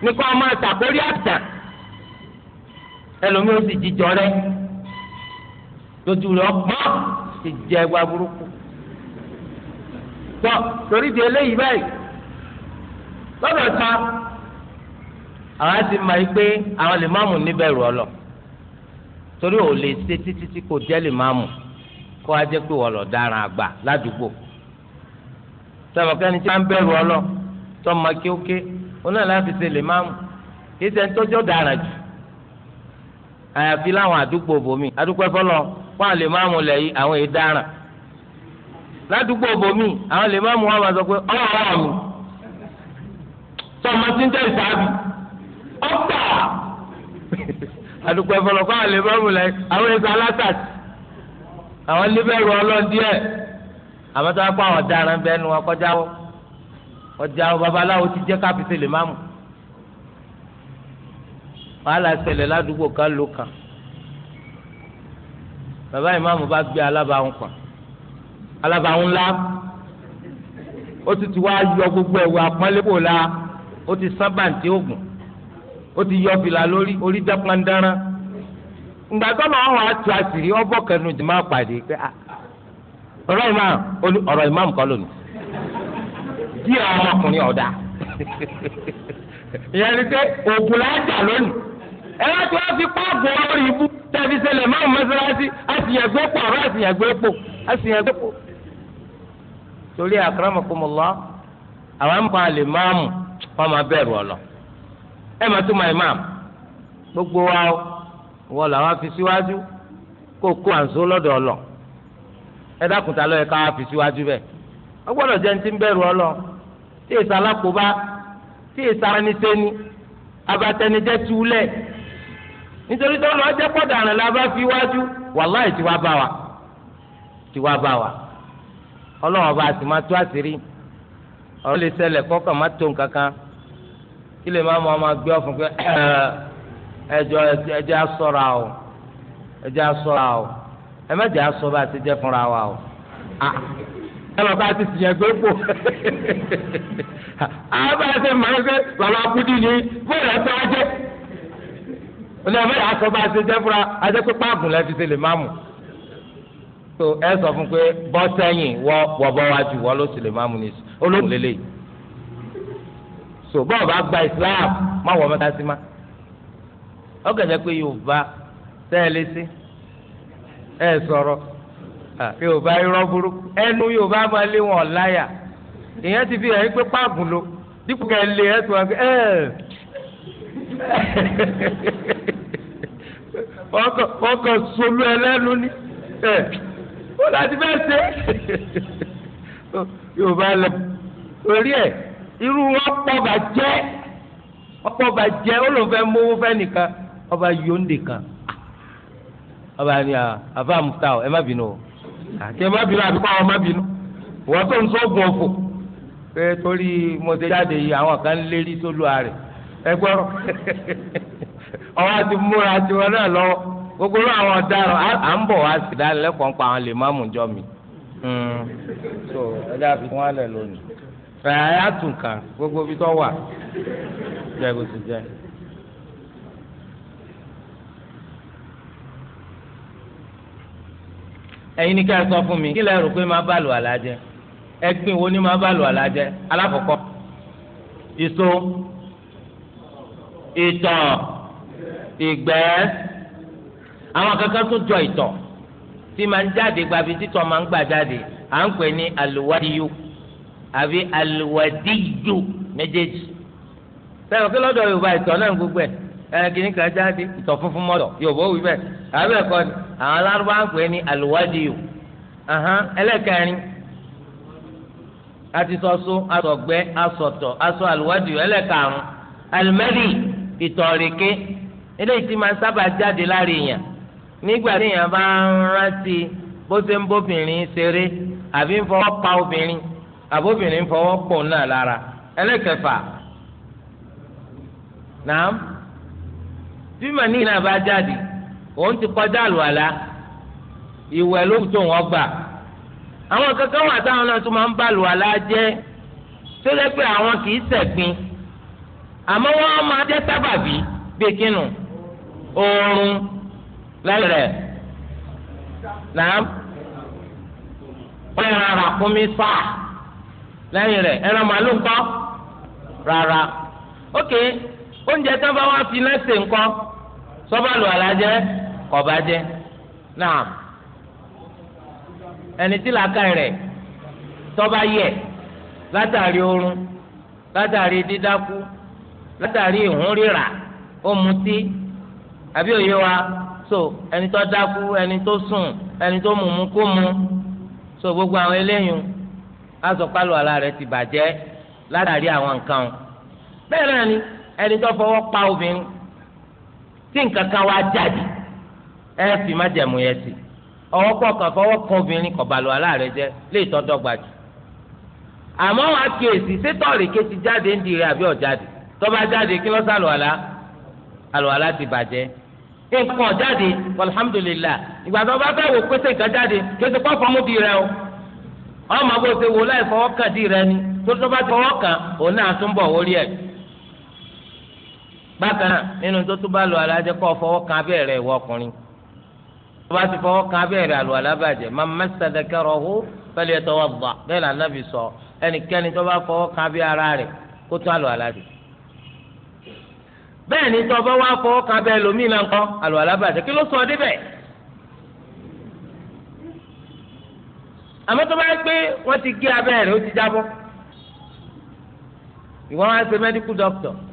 ni kọ́ ọmọ àtàkórí àtà ẹlòmíì ó sì jíjọ rẹ lójú rẹ ọgbọ́n ti jẹ ẹgbàá burúkú di eléyìí báyìí lọ́dọ̀ ta àwọn ti mọ̀ yìí pé àwọn lè má mú ọlọ torí ò lè ṣe títí tí kò jẹ́ lè má mú kó wá jẹ́ pé wọ́n lọ tọ́mọ kéwké òun náà láti ṣe lè máàmù kí ṣe ń tọ́jọ́ dára jù àyàfi láwọn àdúgbò bòmí àdúgbò ẹ̀fọ́lọ́ wọn àlè máàmù lẹ̀ yìí àwọn èyí dára ládùúgbò bòmí àwọn lè máàmù wọn máa sọ pé ọ̀rọ̀ mi tọ́mọ tí ń tẹ̀ sáàbì ọ̀pá àdúgbò ẹ̀fọ́lọ́ kọ́ àlè máàmù lẹ̀ àwọn èyí sọ àwọn níbẹ̀rù ọlọ́díẹ̀ àmọ́tọ́ ọjà babaláwo ti jẹ́ káfíńsì lè má mú wàhálà ṣẹlẹ̀ ládùúgbò kan ló kàn bàbá ìmáàmù bá gbé alábàáhùn kan alábàáhùn ńlá ó ti ti wá yọ gbogbo ẹ̀wù àpọ́nlẹ́pọ̀ la ó ti sán bàǹtí ògùn ó ti yọ fìlà lórí orí dápọ́ndára ìgbà tó lọ wọn àtú àṣírí ọbọ̀ kẹnu jùmọ̀ pàdé pé ah, ìmáàmù ọ̀rọ̀ lónìí. bí àwọn ọmọkùnrin ọ̀dà ìyẹn pé òkú la jà lónìí ẹ̀rọ tí wọ́n fi páàgù lórí ibú tẹ̀fi ṣẹlẹ̀ máa ń mọ́sálásí àtìyẹ̀gbẹ́ pọ̀ torí àwọn àmọ́ àlè máàmù wọn máa bẹ̀rù gbogbo wa wọ́n fi síwájú kó kó àǹsó lọ́dọ̀ ọ̀lọ́ káwá fi síwájú bẹ́ẹ̀ ọgbọ́dọ̀ jẹ́ ní tí èsì alákòóbá tí èsì aránisẹ́ni abatẹnijẹ́ túlẹ̀ nítorí tó lọ jẹ́ pọ̀dàrán la bá fi wájú wàláì tiwa bá wa tiwa bá wa ọlọ́wọ́n bá a sì máa tú àṣírí ọ̀rọ̀ lè ṣẹlẹ̀ kọ́kàn má tó nǹkan kan kí lè má mọ ọmọ gbé ọ̀fun pé ẹjọ ẹjẹ asọ́ra o ẹjẹ asọ́ra o ẹ má jẹ́ asọ́ bá a ti jẹ́ fúnra wa o ah ẹlọ bá ti tìyàn gbé pò àwọn bá ṣe máa ń gbé bàbá kúdí ni bóyá ẹsẹ wá jẹ olè ọbẹ̀ yà sọ bá ṣe jẹ fúra ajẹ́pẹ́ páàgùn lẹ́ fi ṣe lè má mú so ẹ sọ fún pé bọ́ sẹ́yìn wọ bọ̀bọ̀ wájú wọ́ ló ṣe lè má mú ní olóògùn lélẹ̀ so bọ́ọ̀ bá gba Islam má wọ mẹ́ta sí ma ọ̀gẹ̀dẹ̀ pé Yorùbá tẹ́ ẹ lé sí ẹ sọ̀rọ̀ yorùbá irọ́ burúkú ẹnu yorùbá máa lé wọn láyà ìyẹn ti fi hàn pé páàgùn lo dípò kẹ́ ẹ lé ẹ tó wá pé ẹ wọ́n kàn solú ẹ lẹ́nu ní ẹ ó láti fẹ́ ṣe yorùbá lọ torí ẹ irú ọ̀pọ̀ bàjẹ́ ọ̀pọ̀ bàjẹ́ ó mówó fẹ́ nìkan ọba yóò ń dè kan ọba ni àbá mùtáwò ẹ má bínú o àti ẹ má bínú àbíkọ́ àwọn má bínú wọ́n tó ń sọ́gun òfò pé torí mo ti jáde yìí àwọn kan lérí sólù àrè ẹgbọ́rọ̀ ọwọ́ àti múra tiwọn náà lọ́wọ́ gbogbo náà àwọn ọ̀daràn à ń bọ̀ wá sí ìdánilẹ́kọ̀ọ́ ń pa àwọn lè má mú jọ mi. Hmm. so ẹja fi wọn lẹ lónìí. ẹ̀ ẹ́ àtúnkà gbogbo ibi tó wà jẹ́ kó ti jẹ́. ẹ̀yin ni ká sọ fún mi kí lẹ rò pé máa bá lò àlàjẹ ẹgbin wo ni máa bá lò àlàjẹ alákọ̀ọ́kọ́ ìso ìtọ̀ ìgbẹ́ àwọn kankan tó jọ ìtọ̀ tí máa ń jáde gbàbí títọ̀ máa ń gbà jáde à ń pè ní àlùwádìí àbí àlùwádìí méjèèjì sẹ́wọ̀n kí lọ́dọ̀ Yorùbá ìtọ̀ náà gbogbo ẹ̀ kìnnì kan jáde ìtọ̀ funfun mọ́tọ̀ yòòbó wí bẹ́ẹ̀ àbẹ̀ ẹ̀kọ́ ni àwọn alárúbá ń pè ní àlùwádìí ẹlẹ́kẹrin àti sọ́sọ́ asọ̀gbẹ́ asọ̀tọ̀ asọ eléyìí ti máa sábà jáde lára èèyàn nígbà tí èèyàn bá ń rántí bó ṣe ń bóbìnrin ṣeré àbí ń fọwọ́ pa obìnrin àbóbìnrin ń fọwọ́ náà lára ẹlẹ́kẹfà bí màní náà bá jáde òun ti kọjá àlùwàlá ìwẹ̀ ló tó wọn gbà àwọn kankan wà táwọn náà tún máa ń bá àlùwàlá jẹ́ tó lẹ́ pé àwọn kì í ṣẹ̀gbin àmọ́ wọ́n máa jẹ́ sábàbí bí kínú oorun lẹ́yìn rẹ̀ náà wọ́n yẹn rárá fún mi fà lẹ́yìn rẹ̀ ẹran màálù ńkọ́ rárá ókè oúnjẹ tí bá wá fi náà ṣe ńkọ́ sọ́ba lu àlàjẹ́ kọ̀ọ̀bá jẹ́ náà ẹni tí làákà rẹ̀ tọ́ba yẹ látàrí oorun látàrí dídákú látàrí ìhúnríra ó mutí àbí òye wa so ẹni tó dákú ẹni tó sùn ẹni tó mùmú kó mu so gbogbo àwọn eléyìí azọpalu ala rẹ̀ ti bàjẹ́ látàrí àwọn nǹkan bẹ́ẹ̀ náà ni ẹni tó fọwọ́ pa obìnrin tí nǹkan kan wá jáde ẹ fi má jẹ̀mú yẹn sí ọwọ́ pọ̀ kan fọwọ́ kan obìnrin kọ̀ bàlùwà láàrẹ̀ jẹ́ lè tọ́ dọ́gba àmọ́ wàá kíyèsí sétọ̀ òrìkè ti jáde ń di àbí ọ̀jáde ti bàjẹ́ nǹkan ọ̀jáde alhamdulillah ìgbà tó bá fẹ́ wò jáde kí o ọmọ bó ṣe di rẹ ni tó ti fọwọ́ kàn òun náà bákan náà nínú tó tún bá lu alájẹ kọ́ fọwọ́ kan abẹ́rẹ́ ìwọ ọkùnrin tó bá ti fọwọ́ kan abẹ́rẹ́ àlù alábàjẹ́ máa mẹ́sà dẹ́kẹ́rọ̀ hó fẹ́lẹ́ tọwọ́ gbà bẹ́ẹ̀ lànàbì sọ ẹnikẹ́ni tó bá fọwọ́ kan abẹ́ ara rẹ̀ kó tó àlù alájẹ. bẹ́ẹ̀ ni tó bá wá fọwọ́ kan abẹ́ lomi náà kọ́ àlù alábàjẹ́ kí ló sọ débẹ̀. àmọ́ tó bá yẹ pé wọ́n ti gé abẹ́rẹ́ ó ti jábọ́ ìwọ́n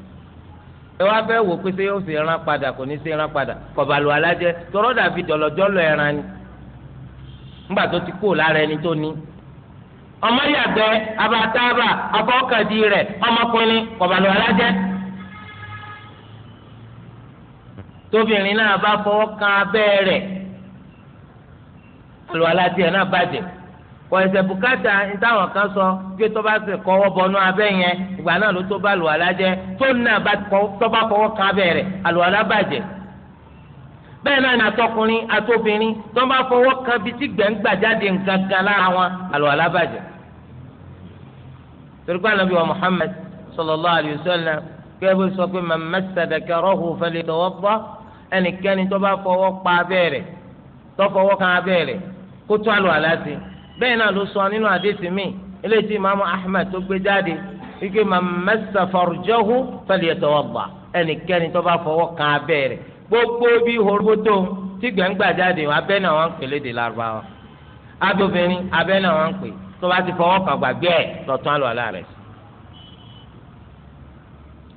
ẹ wá fẹ́ wò pé ṣé yóò ṣe rán padà kò ní ṣe rán padà kọ̀bàlù alájẹ tọrọ dàbí dọ̀lọ́jọ́lọ́ ẹran ni ńgbà tó ti kó lára ẹni tó ní. ọmọ yàgbẹ́ abataba abọ́kàdì rẹ̀ ọmọkùnrin kọ̀bàlù alájẹ. tóbìnrin náà bá fọwọ́ kan abẹ́ rẹ̀ kọ̀bàlù alájẹ náà bàjẹ́. wọ́n ẹsẹ̀ bùkátà táwọn kan sọ pé tó bá sì kọ́wọ́ bọnú abẹ́ yẹn ìgbà náà ló tó bá àlùwàlá jẹ́ tó náà tó bá kan abẹ́ rẹ̀ àlùwàlá bàjẹ́ bẹ́ẹ̀ náà ni àtọkùnrin àtobìnrin tó bá fọwọ́ kan bíi tí gbẹ̀ngbà jáde lára wọn àlùwàlá bàjẹ́. torí pé wa sallallahu alayhi wa sallam bó sọ pé bẹ́ẹ̀ náà ló sọ nínú àdéhùn mi ilé tí imaamu ahmed tó gbé jáde wípé mamasa farujahu falyatawadda ẹnikẹ́ni tó bá fọwọ́ kan abẹ́ rẹ̀ gbogbo bí horoboto tí gbẹ̀ngbà jáde abẹ́ náà wọ́n ń pèlè de Lárúbáwá adóbìnrin abẹ́ náà wọ́n ń pè tó bá ti fọwọ́ kan gbàgbé ẹ̀ lọ́tún àlọ́ àlá rẹ̀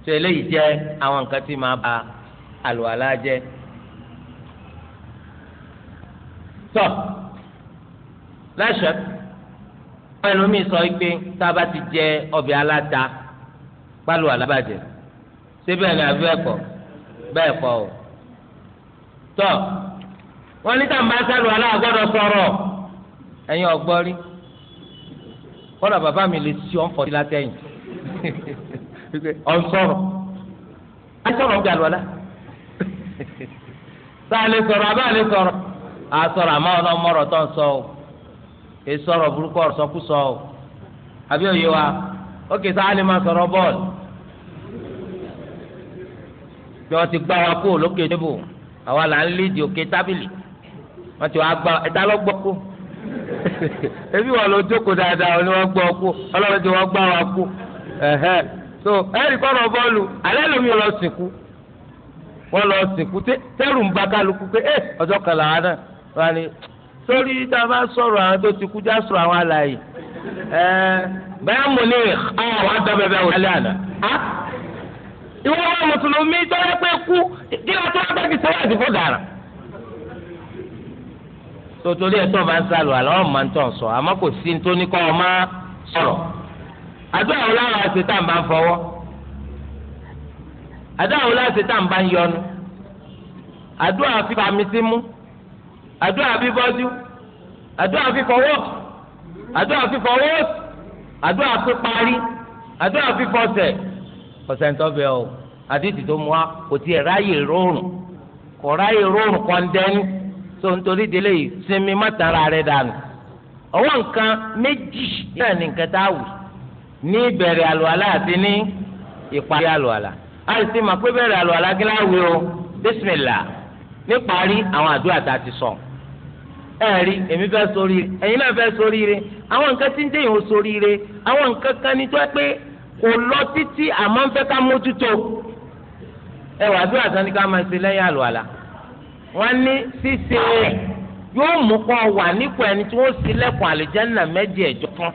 tó eléyìí jẹ́ àwọn nǹkan tí máa ba àlọ́ àlá jẹ́ tọ́. So, lẹ́sẹ̀ àwọn ẹlòmíì sọ pé tá a bá ti jẹ ọbẹ̀ aláta pálọ̀ alábàjẹ́ síbẹ̀ ní àbí ẹ̀kọ́ bẹ́ẹ̀ kọ́ o tọ́ wọ́n ní tàǹbà sálù aláàgọ́dọ̀ sọ̀rọ̀ ẹ̀yin ọ̀gbọ́rí kọ́dà bàbá mi lè ṣí ọ̀nfọ̀ sí látẹ̀yìn ọ̀nsọ̀rọ̀ àìsọ̀rọ̀ ń gbàlúwàlá tá a lè sọ̀rọ̀ àbá lè sọ̀rọ̀ àsọ̀rọ̀ àmọ́ ọ̀nà ọmọọ̀rọ̀ tó ń sọ o. kì í sọ̀rọ̀ o àbí òye wa ó kì í bí ti gbá wa kú lókè níbò àwa là ń lédi òkè tábìlì ti wá gbá ẹ̀dá lọ́gbọ́ kú ebi wọn ló jókòó dáadáa ni wọ́n gbọ́ kú ti gbá wa so lọ sìnkú lọ sìnkú ń bá kálukú pé ẹ eh, sórí tá a bá sọ̀rọ̀ àwọn tó ti kú já sọ̀rọ̀ àwọn àlàyé bẹ́ẹ̀ mo ní àwọn àdàbẹ̀ bẹ́ẹ̀ wọlé àná. ìwọ wa mùsùlùmí tó yẹ pé kú kí ló tó wá bẹ́ẹ̀ fi sẹ́yà sí fún dàrà. sotori ẹ̀ tó bá ń sálò àlọ́ ọ̀ máa ń tọ̀ sọ àmọ́ kò sí tó ní kọ́ ọ máa sọ̀rọ̀. àdúrà wo láwọn tá à ń bá ń fọwọ́ àdúrà wo láwọn tá à ń bá ń yọnu àdúrà àdúrà bíbọ́jú àdúrà fífọwọ́ àdúrà fífọwọ́ àdúrà píparí àdúrà fífọsẹ̀ ọ̀sẹ̀ ń tọ́bẹ̀ o àdìtì tó mu wa kò tiẹ̀ ráyè rọrùn kò ráyè rọrùn kọ́ńdẹ́nu tó nítorí délé yìí sinmi mọ́tara rẹ̀ dànù ọwọ́ nǹkan méjì náà ní nǹkan tá a wù ní ìbẹ̀rẹ̀ àlùwàlá àti ní ìparí àlùwàlá àìsí màá pé bẹ̀rẹ̀ àlùwàlá kí láwùí o bísímìlà níparí àwọn àdúrà tá a ti sọ. So ẹ rí èmi fẹ́ sórí rẹ ẹ̀yin náà fẹ́ sórí rẹ àwọn nǹkan tí ń dẹ̀yìn ó sórí rẹ àwọn nǹkan kan ní tó ẹ pé kò lọ títí àmọ́ ń fẹ́ ká mójútó ẹ wà bí wàá ní ká máa ṣe lẹ́yìn àlùwàlà wọ́n ní ṣíṣe rẹ̀ yóò mú kọ́ wà nípò ẹni tí wọ́n ṣí lẹ́kùn àlùjánnà méjì ẹ̀jọ fún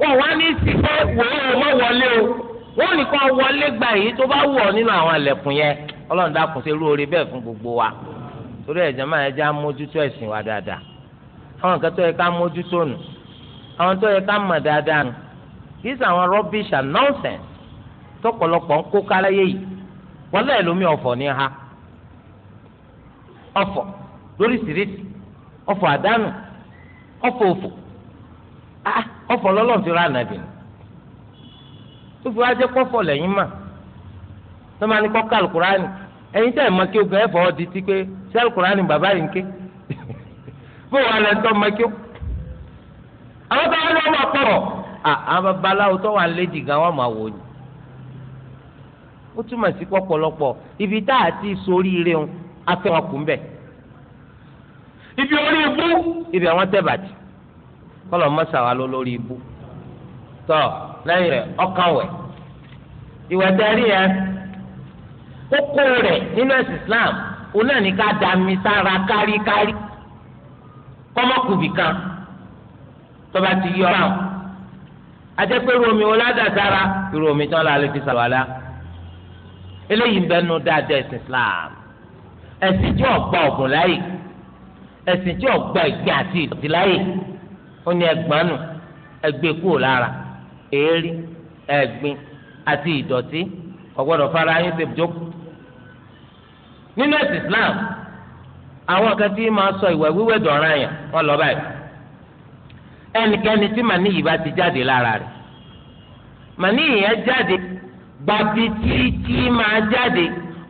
wọn wá ní ṣíṣe wòlé o má wọlé o wọ́n ní kọ́ wọlé gba èyí tó bá wọ̀ nínú àwọn àlẹ̀kùn yẹn ọlọ́run dákun ṣe rú oore bẹ́ẹ̀ fún gbogbo wa. torí ẹ̀jẹ̀ máa ẹ̀jẹ̀ á mójútó ẹ̀sìn wa dáadáa àwọn kan tó yẹ ká mójútó nù àwọn tó yẹ ká mọ̀ dáadáa nù rubbish and nonsense tọ̀pọ̀lọpọ̀ ń kó káláyé yìí ha ọ̀fọ̀ lóríṣiríṣi ọ̀fọ̀ àdánù ọ̀fọ̀ òfò ah, ọ̀fọ̀ lọ́lọ́ fi ra nàbì ni tó fi wá jẹ́ ma lẹ́yìn mà tó máa ní sẹ́ẹ̀lì kùránì bàbá yìí ń ké bó wà lẹ́ńtọ́ máa kí àwọn tó wà ní ọmọ àpọ̀rọ̀ àwọn babaláwo tó wà lédi gan wọn máa wò ni ó túmọ̀ sí pọ̀pọ̀lọpọ̀ ibi tá a ti sórí ire ń afẹ́ wọn kù ń bẹ̀ ibi orí ibú ibi àwọn tẹ̀ bàtì kọlọ̀ mọ́sàwá ló lórí ibú tọ́ lẹ́yìn rẹ̀ ọkàn wẹ̀ ìwà darí yẹn kókó rẹ̀ nínú ẹ̀sìn Islam òun náà ní ká da mi sára káríkárí kọ́mọ́kùbì kan tọ́ba ti yọ ọ́ àjẹpẹ́rù omi wọn ládàá sára irú omi tí wọ́n lálẹ́ fi sàwálà eléyìí ń bẹnu dáadáa ẹ̀sìn Islam ẹ̀sìn tí ọ̀gbà ọ̀gùn láyè ẹ̀sìn tí ọ̀gbà ẹ̀gbẹ́ àti ìdọ̀tí láyè ó ní ẹgbàánu ẹgbẹ́ kúrò lára èérí ẹ̀gbin àti ìdọ̀tí ọ̀gbọ́dọ̀ fara yín ṣe jókòó nínú ẹ̀sìn Islam àwọn kan tí máa sọ ìwẹ̀ wíwẹ̀ dọ̀ràn yẹn wọ́n lọ báyìí ẹnikẹ́ni tí màní yìí bá ti jáde lára rẹ̀ màní yìí yẹn jáde gbàbí tí tí máa jáde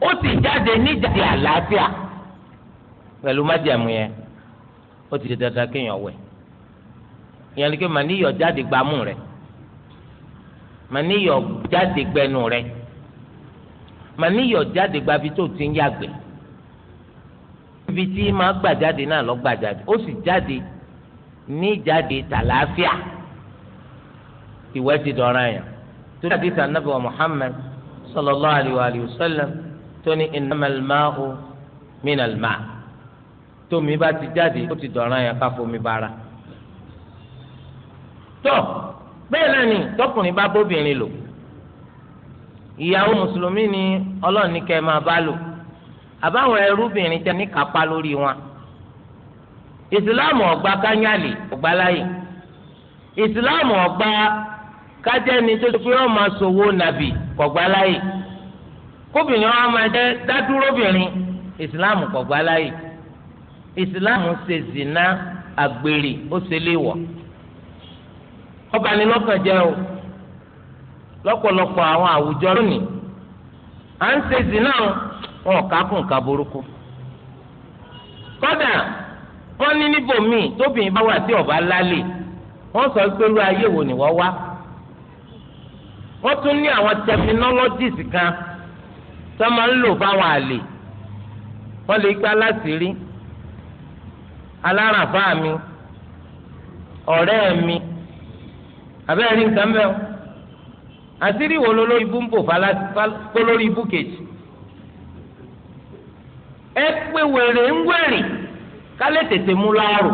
ó ti jáde níjáde àlàáfíà pẹ̀lú májẹ̀mú yẹn ó ti di dandan kéèyàn wẹ̀ ìyẹn ni pé màní yìí jáde gbámú rẹ̀ màní yìí jáde gbẹnu rẹ̀ màníyọ̀ jáde gba ibi tó ti ń yàgbẹ́ ibi tí máa gbà jáde náà lọ gbà jáde ó sì jáde ní jáde tàlàáfíà ìwẹ̀ ti dọ̀ra yẹn tó jáde tà nàbẹ wa Muhammad sallallahu alayhi wa alayhi wa sallam tó ní innamal ma'u minal ma' tómi bá ti jáde ó ti dọ̀ra yẹn káfọmi bára tó bẹ́ẹ̀ náà ni tọkùnrin bá bóbìnrin lò. ìyàwó mùsùlùmí ni ọlọ́run kẹ́ máa bá lò àbáwọn ẹrúbìnrin tẹ ní lórí wọn ìsìláàmù ọgbà kányàlì ọgbà láyè ìsìláàmù ọgbà kájẹni tó fi ọmọ sòwò nàbì kọgbà láyè kóbìnrin wọn máa jẹ dádúróbìnrin ìsìláàmù láyè ìsìláàmù zina àgbèrè ó ṣe lọ́pọ̀lọpọ̀ àwọn àwùjọ lónìí à ń ṣe zina wọn kà á kún nǹkan burúkú kódà wọn ní níbòmíì tóbìnrin bá wà tí ọba lálẹ́ wọn sọ pé ayé wo ni wọ́n wá wọ́n tún ní àwọn terminologies kan tó máa ń lò fáwọn àlè wọ́n lè gbá alárànfà mi ọ̀rẹ́ mi àbẹ́rẹ́ nǹkan mẹ́wọ́ àṣírí wo lórí ibú ń bò kó lórí ibú kejì ẹ wèrè ń wèrè tètè mú láàrò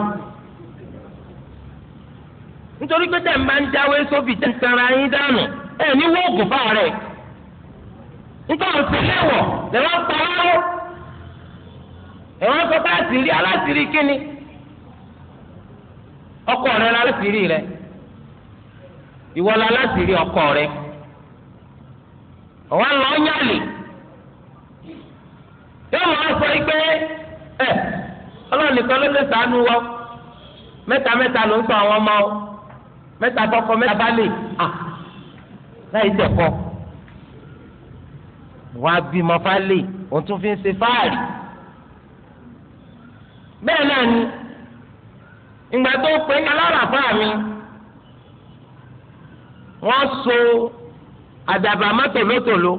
nítorí pé tẹ̀ ń bá ń jáwé sóbì tẹ̀ ń tanra yín dànù ẹ ní wọ́ọ̀gù fáwọn rẹ̀ pa ọkọ rẹ lálásìírí rẹ ìwọ ọkọ ọwọ́ lọ nyàlè yóò máa sọ pé ẹ ọlọ́run nìkan ló lè ṣàánú wọ mẹ́ta mẹ́ta ló ń sọ àwọn ọmọ mẹ́ta kọ́kọ́ mẹ́ta bá lè à láì jẹ̀kọ́ wọ́n á bímọ fálè òun tún fi ń ṣe fáàrí bẹ́ẹ̀ náà ni ìgbà tó pé alára fáà mi wọ́n so àdàbà má tòlótòló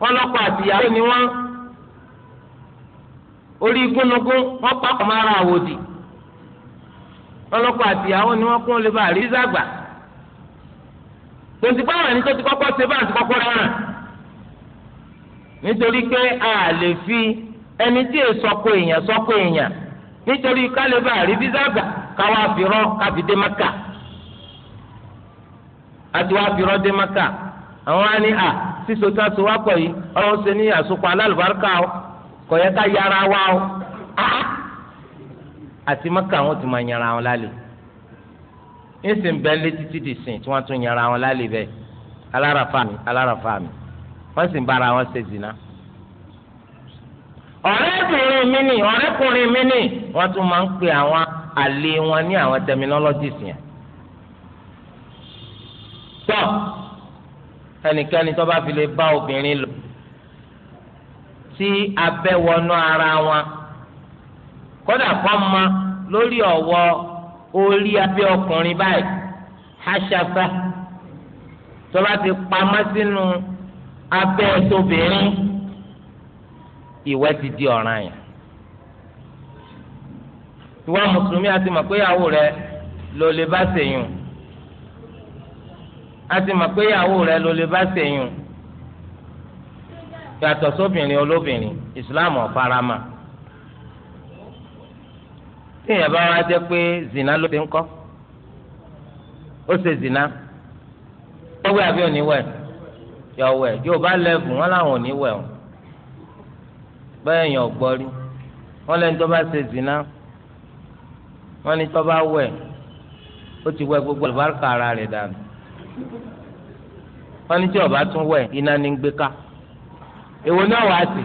wọn lọkọ àtìyàwó ni wọn orí gúnugún wọn papọ̀ mára àwòdì wọn lọkọ àtìyàwó ni wọn kún lè bá rí zàgbà tontìpá àwọn ẹni tó ti kọ́kọ́ ṣe bá àti kọ́kọ́ rárá nítorí pé a lè fi ẹni tí èè sọkọ èèyàn sọkọ èèyàn nítorí kálíbà rí bí zàgbà káwá fi rán káfíńdé mẹ́kà àti wàá fi rọ́dé maka àwọn á ní à sísọ tá a so wá pọ̀ yìí ọlọ́run ṣe ní àsopọ̀ alálùbáríkà o kò yẹ ká yára wa o àti maka àwọn ti máa yàrá wọn lálẹ́ ńsìn bẹ́ẹ̀ lé títí di sìn tí wọ́n tún yàrá wọn lálẹ́ bẹ́ẹ̀ alárafa mi alárafa mi wọ́n sì ń bára wọn ṣe zina ọ̀rẹ́bìnrin mi ni ọ̀rẹ́kùnrin mi ni wọ́n tún máa ń pè àwọn àlè wọn ní àwọn terminologies yẹn tọ́ ẹnikẹ́ni tó bá fi lè ba obìnrin lò tí abẹ́ wọnú ara wọn kódà kọ́ ma lórí ọ̀wọ́ orí abẹ́ ọkùnrin báyìí haṣafa tó bá ti pamọ́ sínú abẹ́ tóbìnrin ìwẹ̀ ti di ọ̀ràn yẹn ìwọ mùsùlùmí àti mọ̀ rẹ ló bá ṣèyún a ti mọ̀ pé ìyàwó rẹ ló lè bá ṣèyún yàtọ̀ sóbìnrin olóbìnrin Islam ọ̀farama tíyẹn bá wá jẹ́ pé zina ló ti ń kọ́ ó ṣe zina ó wẹ̀ àbí òní wẹ̀ yọ wẹ̀ yóò bá lẹ́bùn wọn làwọn òní wẹ̀ o bẹ́ẹ̀ yàn gbọ́ rí lẹ́ni tó bá ṣe zina wọ́n ní tó bá wẹ̀ ó ti wẹ̀ gbogbo àlùbáríkà ara rẹ̀ dànù. wọ́n ní ọba tún wẹ̀ iná ní gbé èwo náà wàá sì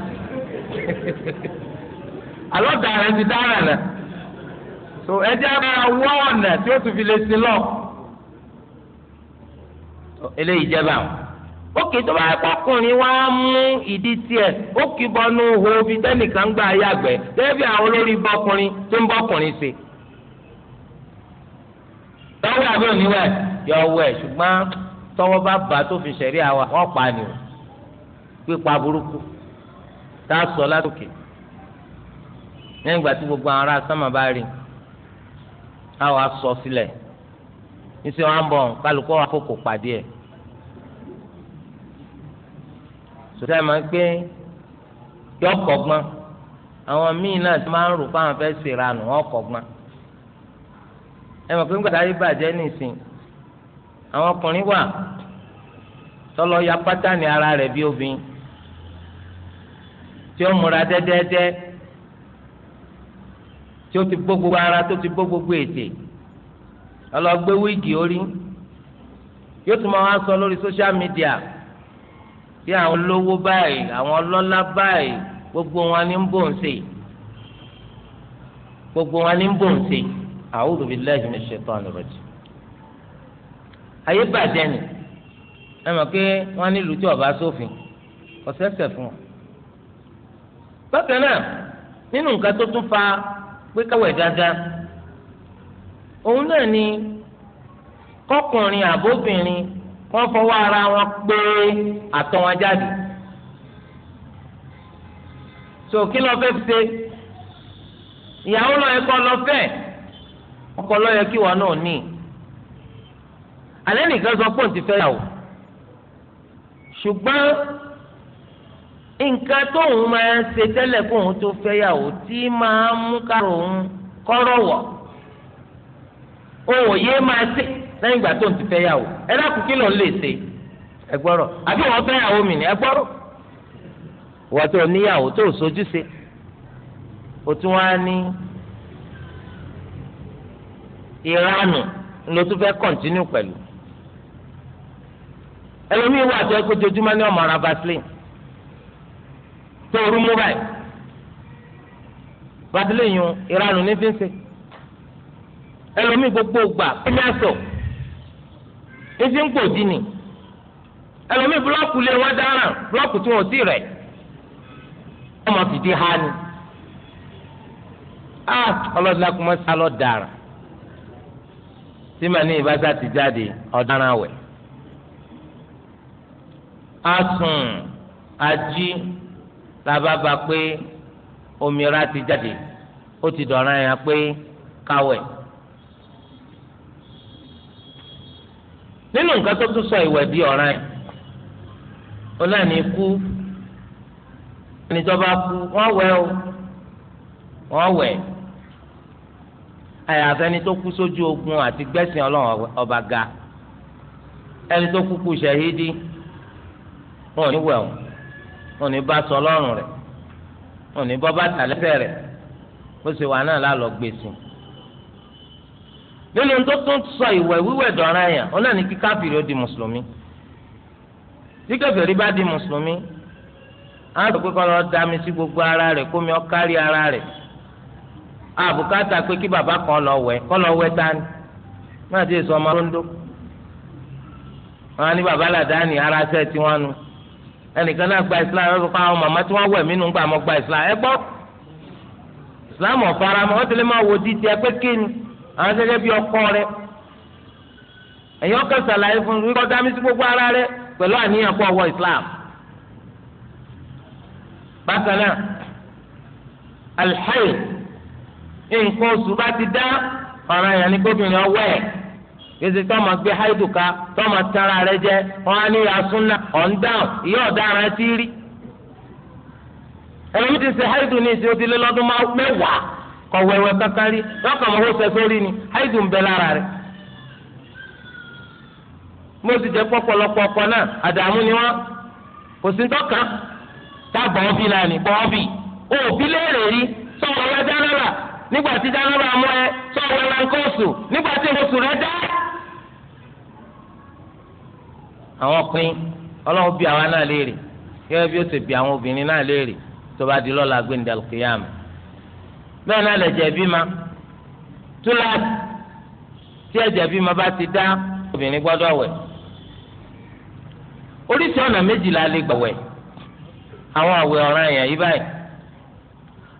alọ́dà nà so ẹjẹ́ abẹ́rẹ́ wọ́ ọ̀nà tí ó tún fi lè sin lọ eléyìí jẹ́ báwọn òkè tó bá kọkùnrin wá mú ìdí tiẹ̀ ó kì bọnú ho bíi tẹ́nìkan gbà yàgbẹ́ gẹ́gẹ́ bí àwọn olórí bọ́kùnrin tó yọ wẹ̀ ṣùgbọ́n tọwọ́ bá bá tó fi ṣẹ̀rí àwa wọ́n pa ni o pípa burúkú tá a sọ látòkè lẹ́yìn ìgbà tí gbogbo àwọn ará sánmà bá rí àwa sọ sílẹ̀ níṣẹ́ wọn bọ̀ kálukọ́ wa kókò pàdé ẹ̀ sọtẹ́ máa ń pé yọkọ̀gbọ́n àwọn míì náà ti máa ń rò fáwọn fẹ́ ṣèrànù ọkọ̀gbọ́n ẹ mọ̀ pé ń gbàdá yí bàjẹ́ nìsín àwọn ọkùnrin wà tọlọ ya pátánì ara rẹ̀ bí obìnrin tí ó múra dẹ́dẹ́dẹ́ tí ó ti gbó gbogbo ara tó ti gbó gbogbo ètè ọlọgbé wíìgì orí yóò tún máa wá sọ lórí social media bí àwọn olówó báyìí àwọn ọlọ́lá báyìí gbogbo wọn ní ń bò ń ṣe gbogbo wọn ní ń bò ń ṣe a'udhu billahi minash shaitani rajim ayé bàjẹ́ ni ẹ mọ̀ pé wọ́n nílùú tí ọba sófin ọ̀sẹ̀sẹ̀ fún wọn. bákan náà nínú nǹkan tó tún fa pé káwẹ̀ dáadáa òun náà ni kọkùnrin àbóbìnrin wọ́n fọwọ́ ara wọn pé àtọ̀ wọn jáde. so kí ló fẹ́ ṣe ìyàwó lọ́yẹ kọ́ lọ fẹ́ ọkọ lọ́yẹ kí wọn náà ní alẹ́ nìkan sọ pé òun ti fẹ́ yàwó ṣùgbọ́n nǹkan tóun máa ń ṣe tẹ́lẹ̀ kó òun tó fẹ́ yàwó tí máa ń mú kárò òun kọ́rọ̀ wọ̀ òun yé máa ṣe lẹ́yìn ìgbà tóun ti fẹ́ yàwó ẹ dákun kí lòun lè ṣe ẹ gbọ́rọ̀ àbí wọ́n fẹ́ yàwó mi ni ẹ gbọ́rọ̀ wọ́n ẹlòmíì wà tó ẹkọ jojúmọ́ ní ọmọ ara vaseline tó o rú mú báyìí vaseline yun ìranù ní fi ń ṣe ẹlòmíì gbogbo gbà ẹni àṣọ ẹsẹ ń gbòdì ni ẹlòmíì búlọ́ọ̀kù lé wọn dáràn búlọ́ọ̀kù tí wọn ò sí rẹ̀ ọmọ fìdí ha ni ah ọlọ́dún akúmọ̀ sálọ̀ dàrà tí màá ní ìbáṣà ti jáde ọ̀daràn wẹ̀ asùn ají làbàbà pé omira ti jáde ó ti dọ̀rọ̀ yẹn pé káwẹ̀. nínú nǹkan tó tún sọ ìwẹ̀ di ọ̀ràn yẹn ó náà ní kú ẹnìjọba kú wọ́n wẹ̀ o wọ́n wẹ̀ àyàfẹ́ni tó kú sójú ogun àti gbẹ̀sìn ọlọ́run ọba ga ẹni tó kú kú ṣẹ̀hídì. wọn ò ní wẹ̀ wọn wọn ò ní bá sọ lọ́rùn rẹ̀ wọn ò ní bọ́ rẹ̀ ó sì wà náà lálọ́ gbèsè. nínú tó tún sọ ìwẹ̀ wíwẹ̀ dọ̀rọ̀ yẹn ó náà ní ó di mùsùlùmí tí kèfèrí bá di mùsùlùmí á sọ pé kọ́ dá mi sí gbogbo ara rẹ̀ kó mi ọ́ kárí ara rẹ̀ àbùkátà pé kí bàbá kan lọ wẹ̀ wẹ̀ ti sọ ọmọ wọn ní bàbá ara ẹnìkan náà gba islam ẹ fọkàn àwọn màmá tí wọ́n wẹ̀ mí nù gbà mọ́ gba islam ẹ gbọ́ islam ọ̀fara mọ́ wọ́n ti lè máa wo dídí ẹ pé kí ni àwọn gẹ́gẹ́ bí ọkọ rẹ ẹ̀yin ọkọ̀ sàlàyé fún mi kọ́ mi sí gbogbo ara rẹ pẹ̀lú àníyàn kó ọwọ́ islam bákan náà alḥayy nǹkan oṣù bá ti dá ọ̀ràn yẹn ní gómìnà ọwọ́ ẹ̀. gbèsè tó ma gbé haidu ká tó ma tẹ́ra rẹ jẹ wọn á ní asúnà ọ̀n dáhùn ìyá ọ̀daràn ti rí ẹlòmíì ti ṣe haidu ní ìṣe òtí lọ́dún mẹ́wàá kọ̀ wẹ̀wẹ̀ kankan rí lọ́kàn mọ́ wọ́sẹ̀ sórí ni haidu ń bẹ lára mo ti jẹ́ pọ̀pọ̀lọpọ̀ ọkọ náà àdààmú ni wọ́n kò sí tọ́kàn tábọ̀ ọ́bì náà ní bọ́ọ̀bì òbí léèrè rí nígbà tí mú àwọn pín ọlọ́run bí àwa náà léèrè gẹ́gẹ́ bí ó ti bí àwọn obìnrin náà léèrè tó bá di lọ́la gbẹ̀ndẹ̀ alqiyam bẹ́ẹ̀ náà lẹ̀jẹ̀ bímọ túláàsì tí ẹ̀jẹ̀ bímọ bá ti dá obìnrin gbọ́dọ̀ wẹ̀ oríṣi ọ̀nà méjìlá lè gbà wẹ̀ àwọn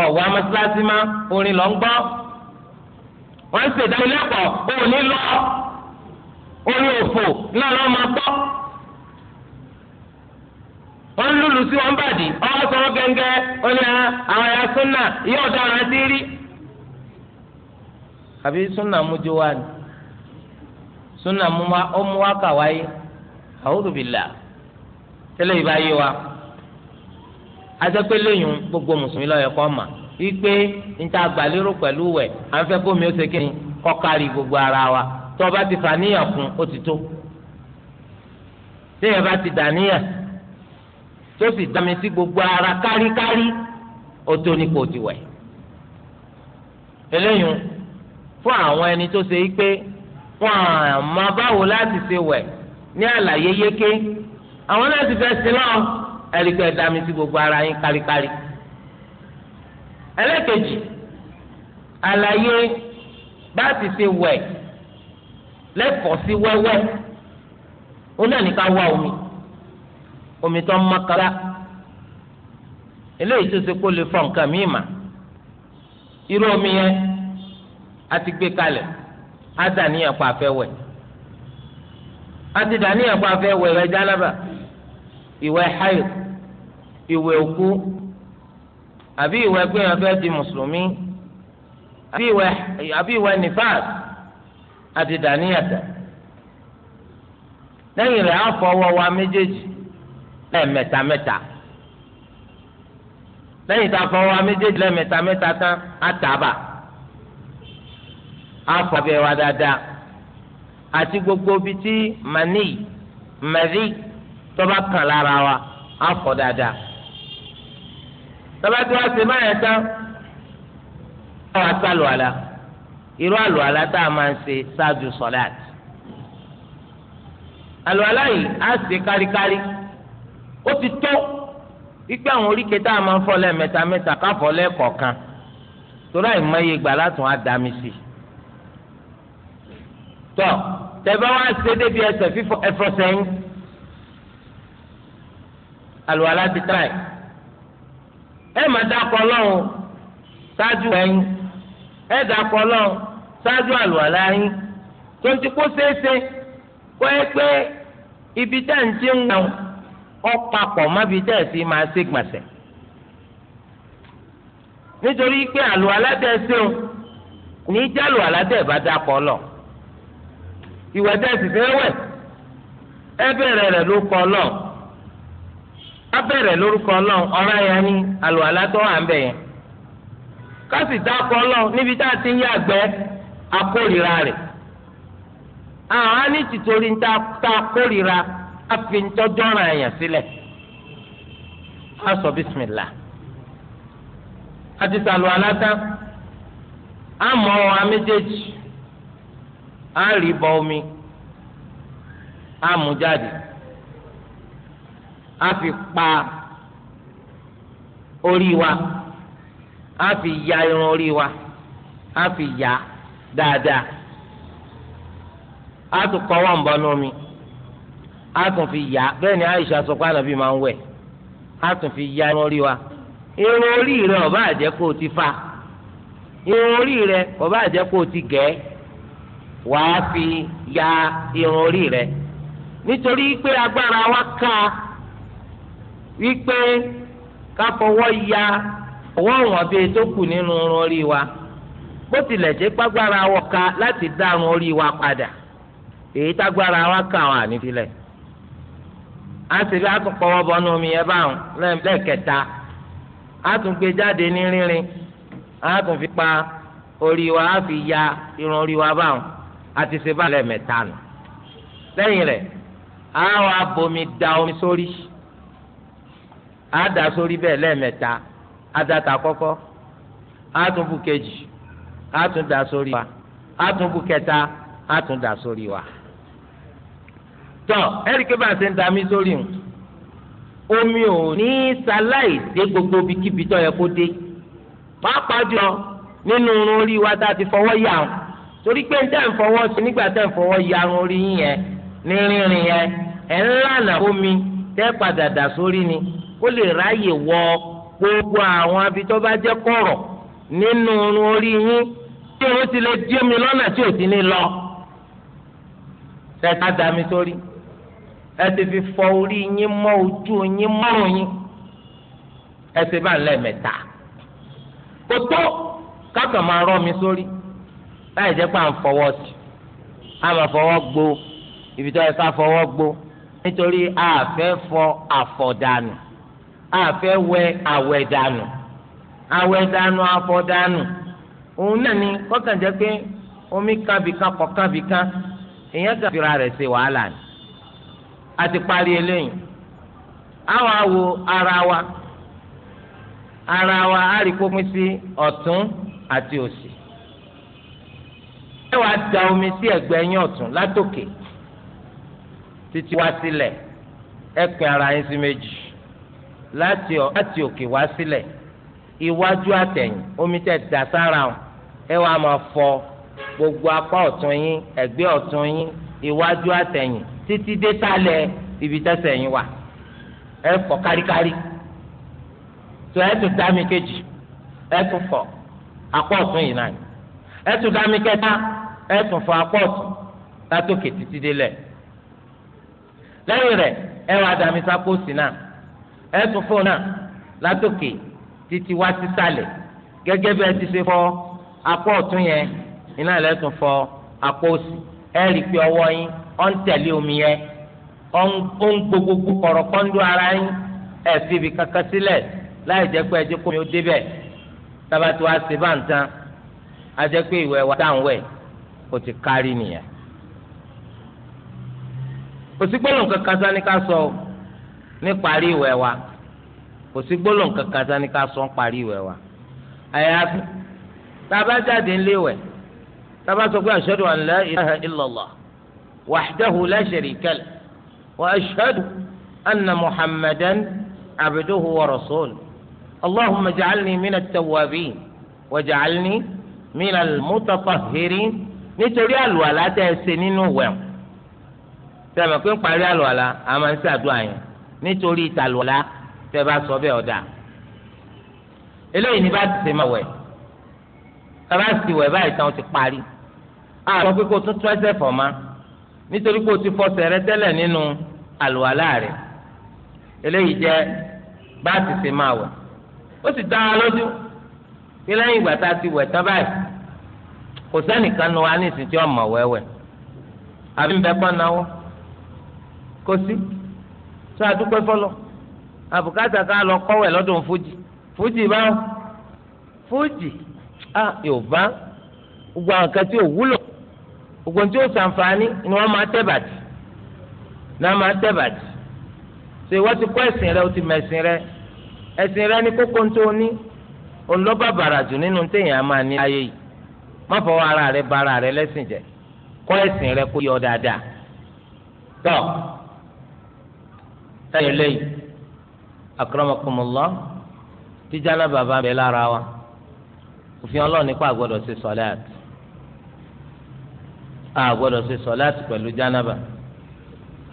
ọ̀wá mọ́sálásí má orin lọ ń gbọ́ wọ́n ń ṣèdánilẹ́kọ̀ọ́ òní lọ orin òfò náà lọ́ọ́ máa gbọ́ wọ́n ń lùlù sí wọn bàdì ọwọ́ sọ̀rọ̀ gẹ́gẹ́ oní ah, àwọn ẹ̀yà súnà ìyá ọ̀daràn ti rí àbí súnà mújú wa ni súnà ọmú wa kà wáyé àwòrán bìlà tẹ́lẹ̀ ìbáyé wa ajẹ́pẹ́ lẹ́yìn gbogbo mùsùlùmí lọ́yẹ̀ kọ́ mà wípé níta àgbàlérò pẹ̀lú wẹ̀ à ń fẹ́ bómi ó ṣe ni kọ́ kárí gbogbo ara wa tó o bá ti fàníyàn kún ó ti tó téèyàn bá ti dàníyàn tó sì dami sí gbogbo ara káríkárí ó tó ní kò ti wẹ̀ eléyìí fún àwọn ẹni tó ṣe wípé wọn àmọ́ báwo láti ṣe wẹ̀ ní àlàyé yéké àwọn láti fẹ́ sí ẹ̀ríkẹ́ dami sí gbogbo ara yín káríkárí. ẹlẹ́kejì àlàyé bá ti ṣe wẹ̀ lẹ́kọ̀ọ́ sí wẹ́wẹ́ ó náà ní ká wá omi omi tó ń mọ́kànlá eléyìí tó ṣe kó lè fọ nǹkan míì mà irú omi yẹn a ti gbé kalẹ̀ a dà pa afẹ́ a ti dà pa afẹ́ wẹ̀ jálábà ìwẹ̀ hayo ìwẹ̀ òkú àbí ìwẹ̀ pé wọn fẹ́ di mùsùlùmí àbí ìwẹ̀ nifas àti dàníyàtà lẹ́yìn rẹ̀ á wa méjèèjì lẹ́ẹ̀mẹ́ta mẹ́ta lẹ́yìn tá a wa méjèèjì lẹ́ẹ̀mẹ́ta mẹ́ta tán á tàbà á fọ abẹ́ wa dáadáa àti gbogbo bíi ti mani mẹ́rì tó bá lára wa á dáadáa tabati wa se báyẹn tán káwa sálù àlá irú àlù àlá tá t'a máa ń ṣe ṣáájú sọláàt àlù àlá yìí á ṣe káríkárí ó ti tó wípé àwọn oríkèé tá a máa ń fọ lẹ́ẹ̀mẹ́ta mẹ́ta káfọ́ lẹ́ẹ̀kọ̀ọ̀kan torí àìmọye ìgbà látún á dá mi sí i tọ tẹ̀bá wá ṣe débi ẹsẹ̀ fífọ ẹfọ sẹ́yìn àlù àlá ti tán yìí. ẹ máa dákọ lọ́hùn ṣáájú ẹyin ẹ dákọ lọ́hùn ṣáájú àlùwàlá yín tó ń ti kó ṣeéṣe kó ẹ pé ibi tá à ń ṣe ń papọ̀ mábi tá ẹ̀ fi máa ṣe gbọ̀nsẹ̀ nítorí pé àlùwàlá tẹ̀ ṣeun ní jálù àládẹ́ bá dákọ lọ sì fẹ́ abẹ́rẹ́ lórúkọ ọlọ́run ọ̀rá yẹn ní àlùwàlá tó wà ń bẹ̀ yẹn dákọ ọlọ́run níbi tá a ti ń yàgbẹ́ akórira rẹ̀ àwọn á ní tìtorí ń ta kórira á fi ń sílẹ̀ á sọ a méjèèjì omi a fi pa orí wa a fi ya irun orí wa a fi ya dáadáa a tún kọ́ wọ́n bọ́ lómi á tún fi ya bẹ́ẹ̀ ni Aisha sọ pé ànábì máa ń wẹ̀ á tún fi ya irun orí wa irun orí rẹ ọba àjẹ kó o ti fa irun orí rẹ ọba àjẹ kó o ti gẹ̀ ẹ́ wàá fi ya irun orí rẹ nítorí pé agbára wa ká wípé ká fọwọ́ ya ọwọ́ wọn bíi tó kù nínú irun orí wa bó tilẹ̀ jẹ́ pàgbára wọ ká láti dá irun orí wa padà èyí tágbára wa kà wọn ànífilẹ̀ a sì rí àtúnkọ́wọ́ bọ́nú omi yẹn báwọn lẹ́ẹ̀kẹta a tún gbé jáde ní rínrin a tún fi pa orí wa a fi ya irun orí wa báwọn a ti ṣe báyìí lẹ́ẹ̀mẹ́ta nù lẹ́yìn rẹ̀ a wá bomi da omi sórí. á dà sórí bẹ́ẹ̀ lẹ́ẹ̀mẹ́ta á dàtà kọ́kọ́ á tún kejì á tún dà sórí wa á tún kẹta á tún sórí wa. tọ́ ẹ̀ríkẹ́ bá a ṣe ń da mí sórí o omi ò ní sáláì dé gbogbo ibikíbi tó yẹ kó dé pàápàá jùlọ nínú irun orí wa tá a ti fọwọ́ yà wọn torí pé tẹ́ ń fọwọ́ sí nígbà tẹ́ ń fọwọ́ ya irun orí yín yẹn ní rínrin yẹn ẹ̀ ń lànà omi tẹ́ padà dà sórí ni kó lè ráyè wọ gbogbo àwọn abi tó bá jẹ́ kọ̀rọ̀ nínú irun orí yín tí òun ti lè dí omi lọ́nà tí ò ti ní lọ. ṣẹ́ta dá mi sórí ẹ ti fi fọ orí yín mọ́ ojú yín mọ́rùn yín ẹ ti bá lẹ́ẹ̀mẹ́ta. kò tó kákan máa rọ́ mi sórí láì jẹ́ pé à ń fọwọ́ sí a máa fọwọ́ gbó ibi tó yẹ ká fọwọ́ gbó nítorí a fẹ́ fọ àfọ̀dànù àfẹ́ wẹ àwẹ̀ dànù àwẹ̀ dànù afọ dànù òun náà ni kọ́kànjẹ́ pé omi kábìkan kọ̀ kábìkan èèyàn kan fira rẹ̀ ṣe wàhálà ni a ti parí eléyìí àwọn awo ara wa ara wa á sí ọ̀tún àti òsì ẹ wàá da omi sí ẹ̀gbẹ́ ẹ̀yìn ọ̀tún látòkè títí wá sílẹ̀ ẹ pín ara yín sí méjì láti láti òkè wá sílẹ̀ iwájú àtẹ̀yìn omi tẹ̀ dà sára o ẹ wàá máa fọ gbogbo apá ọ̀tún yín ẹ̀gbẹ́ ọ̀tún yín iwájú àtẹ̀yìn títí dé sálẹ̀ ibi tẹ̀sẹ̀ yín wà ẹ fọ káríkárí tó ẹ tún dá mi kejì ẹ tún fọ apá ọ̀tún yìí náà ẹ tún dá mi kẹta ẹ tún fọ apá ọ̀tún látòkè títí délẹ̀ lẹ́yìn rẹ̀ ẹ wàá dá mi sápò sí náà. ẹ tún fọ náà látòkè títí wá sísàlẹ̀ gẹ́gẹ́ bí ẹ ti ṣe fọ apá ọ̀tún yẹn iná ẹ tún fọ apá òsì ẹ rí i pé ọwọ́ yín ọ ń omi yẹn ó ń gbogbogbò kọrọ kọ́ńdú ara yín ẹ fi ibi kankan sílẹ̀ láì jẹ́ pé ẹjẹ́ kómi ó débẹ̀ tábàtú wá sí báńtán á jẹ́ pé ìwẹ̀ wa dáhùn wẹ̀ ti kárí nìyẹn. òsì gbọ́dọ̀ kankan sani ká sọ ọ́. ní parí ìwẹ̀ wa kò sí gbólóhùn kankan sani ká sọ ń parí ìwẹ̀ wa àyàfi tába jáde ńlé wẹ̀ tába sọ pé ashhadu an la ilaha illallah wahdahu la sharika lahu wa ashhadu anna muhammadan abduhu wa rasuluhu allahumma ja'alni min at wa ja'alni min al nítorí àlùwàlá tẹ́ ẹ ṣe nínú wẹ̀ sẹ́mi pé ń parí àlùwàlá àmọ́ ń ṣàdúrà yẹn nítorí ìtàlùwọlá tẹ́ bá sọ bẹ́ẹ̀ ọdà eléyìí ni bá ti ṣe máa wẹ̀ bàbá sì wẹ̀ báyìí tán ó ti parí àwọn pé kó tún tún ẹsẹ̀ fọ̀ ma nítorí kó o ti fọsẹ̀ rẹ tẹ́lẹ̀ nínú àlùwàlá rẹ eléyìí jẹ́ bá ti ṣe máa wẹ̀ ó sì dá wa lójú pé lẹ́yìn ìgbà tá a ti wẹ̀ tán báyìí kò sẹ́nìkan nu wa ní ìsìn tí ọmọ wẹ́wẹ́ àbí ń bẹ pọ́n náwó kó sí sọ àdúpẹ́ fọlọ́ àbùkátà ká lọ kọ́wẹ̀ lọ́dún fújì fújì bá fújì a ah, yorùbá gbogbo àwọn kan tí ò wúlò gbogbo tí ó sànfààní ni wọ́n máa tẹ́ bàtì náà máa tẹ́ bàtì ṣe wọ́n ti kọ́ ẹ̀sìn rẹ o ti mẹ̀sìn rẹ ẹ̀sìn rẹ ni kókó tó ní olọ́ba bàrà jù nínú téèyàn máa ní ayé yìí má fọwọ́ ara rẹ bara rẹ lẹ́sìn jẹ kọ́ ẹ̀sìn rẹ kó yọ dáadáa tọ́ lẹ́yìn eléyìí akramakumullah tí jánábà bá bẹ lára wa òfin Ọlọ́run nípa àgbọ́dọ̀ ṣe sọláàtì àgbọ́dọ̀ ṣe sọláàtì pẹ̀lú jánábà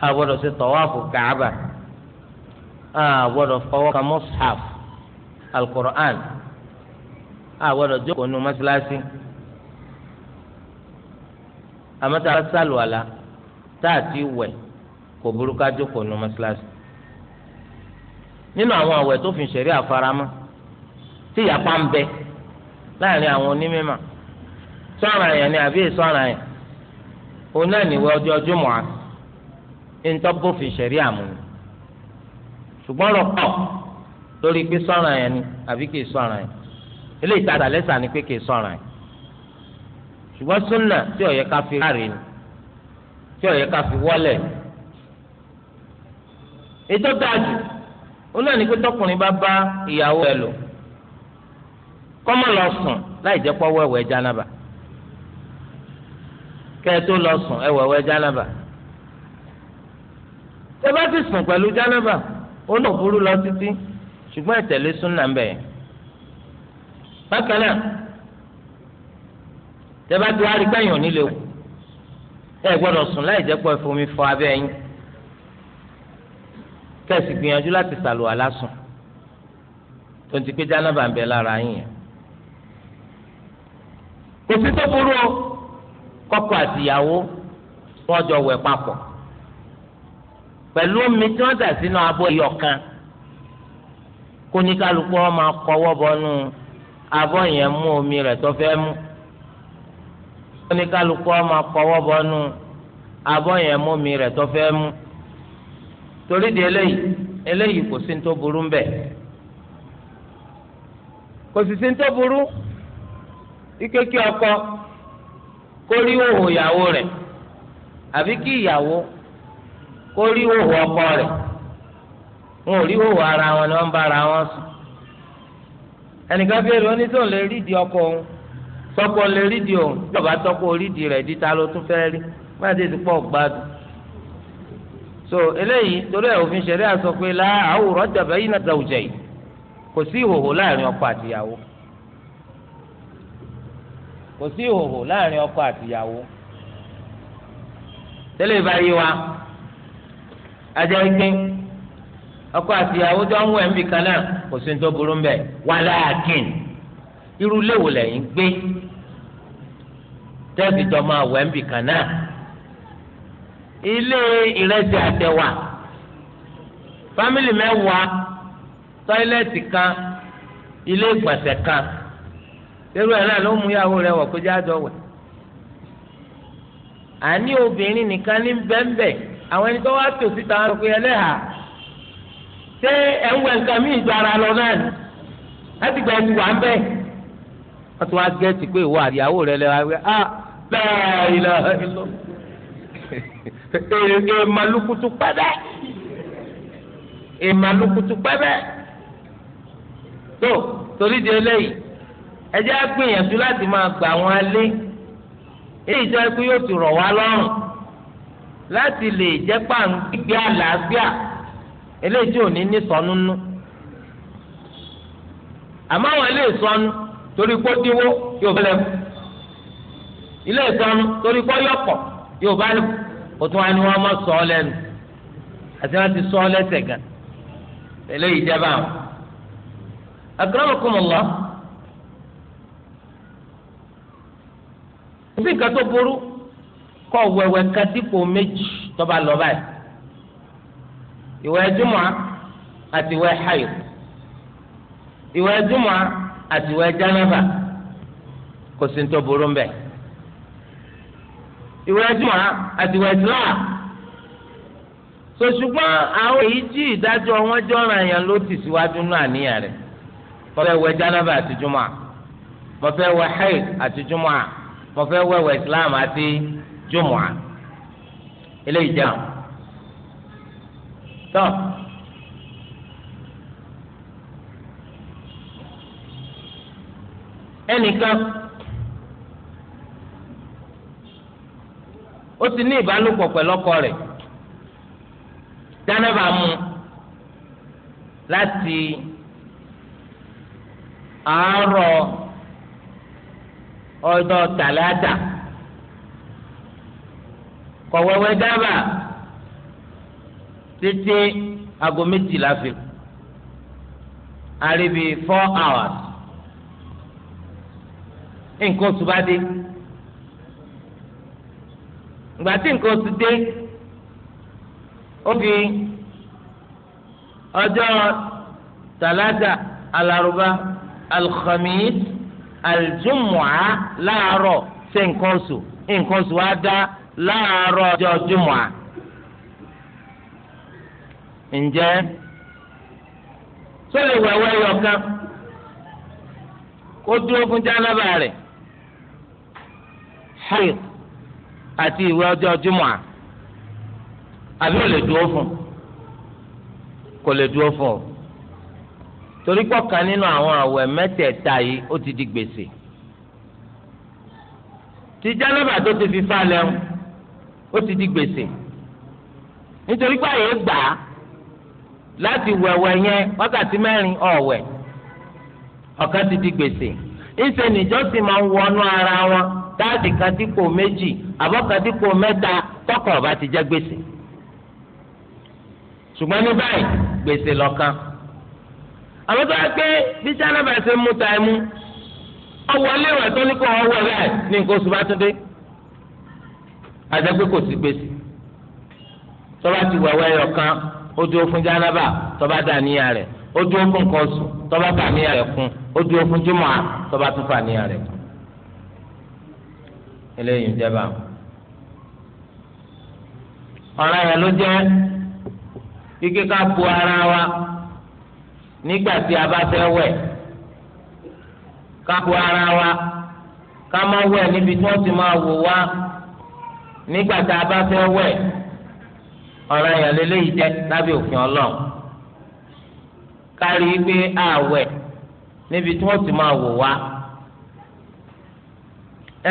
àgbọ́dọ̀ ṣe tọwáàfù káàbà àgbọ́dọ̀ fọwọ́ ka mọ́sáf alukur'an àgbọ́dọ̀ jókòó nu mọ́sálásí àmọ́tà sálùwàlà táàtì wẹ̀ kò burúkú àjókòó nu mọ́sálásí nínú àwọn àwẹ̀ tó fi ṣẹ̀rí àfaramọ́ tí ìyapa ń bẹ láàrin àwọn onímọ̀ sọ̀rọ̀ àyàn ni àbí ìsọ̀rọ̀ àyàn òun náà níwẹ̀ ọjọ́ jùmọ̀ à ń tọ́ bófin ṣẹ̀rí àmúni ṣùgbọ́n ọ̀rọ̀ pọ̀ lórí pé sọ̀rọ̀ àyàn ni àbí kì í sọ̀rọ̀ àyàn eléyìí tá a dàlẹ́sà ni pé kì í sọ̀rọ̀ àyàn ṣùgbọ́n súnà tí ó ká fi ráre ni tí ó ká fi wọ́lẹ̀ ètò dáa ó náà ní pé tọkùnrin bá bá ìyàwó rẹ̀ lò kọ́mọ̀ lọ sùn láì jẹ́ pọ́wọ́ ẹ̀wẹ̀ jánábà kẹ́ ẹ tó lọ sùn ẹ̀wẹ̀ ẹ̀wẹ̀ jánábà tẹ́ bá ti sùn pẹ̀lú jánábà ó náà burú lọ títí ṣùgbọ́n ẹ̀tẹ̀lé súnà ń bẹ̀ bákan náà tẹ́ bá ti wá rí pẹ́yìn òní lè wò ẹ gbọ́dọ̀ sùn láì jẹ́ pọ́ ẹ̀fọ́ mi fọ abẹ́ yín tẹ̀sí gbìyànjú láti sàlùwà lásùn tó ń ti pé jánábà ń bẹ lára yín yẹn. kò sí tó burú o kọ́kọ́ àtìyàwó wọ́n jọ wẹ̀ papọ̀ pẹ̀lú omi tí wọ́n dà sínú abọ́ ẹ̀yọ̀ kan kó ní kálukú wọn máa kọ́wọ́ bọ́nú abọ́ yẹn mú omi rẹ̀ tó fẹ́ mú kó ní kálukú wọn máa kọ́wọ́ bọ́nú abọ́ yẹn mú omi rẹ̀ tó fẹ́ mú torí di eléyìí eléyìí kò sí ní tó burú mbẹ kò sì sí ní tó burú ikeke ọkọ kó rí òhò ìyàwó rẹ̀ àbí kí ìyàwó kó rí òhò ọkọ rẹ̀ wọn ò rí òhò ara wọn ni wọn bá ara wọn sùn ẹnìkan fi èrè onítọ̀ lè rí di ọkọ òun sọkọ lè rí di òun yọba tọkọ orí di rẹ̀ di ta ló tún fẹ́ rí má dé ti pọ̀ gbádùn so eléyìí torí ẹ òfin ṣẹlẹ̀ àsọ pé la àwòrán dàbẹ yìí náà dàwùjẹ yìí kò sí ọkọ àtìyàwó kò sí ìhòhò láàrin ọkọ àtìyàwó tẹ́lẹ̀ báyìí wa ajá ọkọ àtìyàwó tó ń wẹ̀ ń bì kan náà kò sí ní burú ń bẹ̀ irú ilé ìrẹsì àtẹwà fámìlì mẹ́wàá tọ́ílẹ̀tì kan ilé ìgbọ̀nsẹ̀ kan irú ẹ̀ náà ló mú ìyàwó rẹ̀ wọ̀ kó jáde ọ̀wẹ̀ àní obìnrin nìkan ní bẹ́ńbẹ́ àwọn ẹni tó wá tò síta wọn pé ẹlẹ́hà ṣé ẹ̀ ń wẹ̀ lọ náà ni láti gba ẹni wà ń bẹ́ẹ̀ wọ́n ti wá gẹ́ẹ̀tì pé ìwọ àdìyàwó bẹ́ẹ̀ èèmàlúkutu pẹ́bẹ́ èèmàlúkutu pẹ́bẹ́ tó torí di eléyìí ẹjẹ́ á gbìyànjú láti máa gbà wọn alé èyí tó ẹkú yóò ti rọ̀ wá lọ́rùn láti lè jẹ́ pàǹgbé àlàáfíà eléyìí tí ò ní ní sọnù nù àmọ́ àwọn ilé ìsọnù torí kó dínwó yóò bá lẹ́kọ̀ọ́ ilé ìsọnù torí kó yọ̀pọ̀ yóò bá lẹ́kọ̀ọ́ ó tún wá ní wọn sọ lẹ́nu àti ti sọ lẹ́sẹ̀ gan eléyìí jẹ́ báwọn. akramakumullah òfin kan tó burú kọ wẹwẹ kan dípò méjì tó lọ báyìí ìwẹ̀ hayo ìwẹ̀ jùmọ̀ àti ìwẹ̀ jánábà kò sí ní ìwẹ̀ jùmọ̀ àti ìwẹ̀ islam so ṣùgbọ́n àwọn èyí tí ìdájọ́ wọn jọra yẹn ló ti síwájú náà níyà rẹ̀ mo fẹ́ wẹ̀ jánábà àti jùmọ̀ mo fẹ́ wẹ̀ haid àti jùmọ̀ mo fẹ́ wẹ̀ wẹ̀ islam àti jùmọ̀ eléyìí jẹ́ àwọn tọ́. ẹnìkan ó ti ní ìbálòpọ̀ pẹ̀lú ọkọ rẹ̀ jánàbà mú láti àárọ̀ ọjọ́ tàlátà kọ̀wẹ́wẹ́ dábàá títí aago méjìlá fi àríbi four hours nǹkan oṣù bá dé ìgbà tí nǹkan oṣù dé ó fi ọjọ́ tàlátà alárúbá alxamis aljumua láàárọ̀ ṣe nǹkan oṣù nǹkan oṣù wa dá láàárọ̀ ọjọ́ jumua. ǹjẹ́ sọ́lẹ̀ wẹ̀wẹ̀ yọ̀kan kó dúró fún jálábà rẹ̀ àti ìwé ọjọ́ júmọ̀ à àbí ò lè dúró fún kò lè dúró fún o torí pọ̀kan nínú àwọn àwẹ̀ mẹ́tẹ̀ẹ̀ta yìí ó ti di gbèsè tí jálábà tó ti fi falẹ̀ ń ó ti di gbèsè nítorí pé àyè gbà á láti wẹ̀wẹ̀ yẹn wákàtí mẹ́rin ọ̀wẹ̀ ọ̀kan ti di gbèsè ìṣe nìjọ́sìn máa ń wọnú ara wọn táàdì kan dípò méjì àbọ̀ kan dípò mẹ́ta tọkọ̀ ọba ti jẹ́ gbèsè ṣùgbọ́n ní báyìí gbèsè lọ́kàn àwọn tó wá pé bí sálábà ṣe ń mú ta ẹ mú ọwọ́ ilé ìwẹ̀ tó ní kó ọwọ́ ẹ̀ láì ní nǹkan oṣù bá tún dé àjẹpé kò sí gbèsè tọ́ba ti wẹ̀wẹ́ ẹyọ kan ó dúró fún jánábà tọ́ba dà níyà rẹ̀ ó dúró fún nǹkan oṣù tọ́ba fà níyà rẹ̀ kún ó dúró fún jùmọ̀ tọ́ba tún fà níyà rẹ̀ kún. eléyìí ń jẹba ọ̀ràn yẹn ló jẹ́ kíkẹ́ ká bu ara wa nígbà tí a bá fẹ́ wẹ̀ ká bu ara wa ká má wẹ̀ níbi tí wọ́n ti máa wò wá nígbà tí a bá fẹ́ wẹ̀ ọ̀ràn yẹn lélẹ́yìí jẹ́ lábẹ́ òfin ọlọ́run kárí pé àwẹ̀ níbi tí wọ́n ti máa wò wá.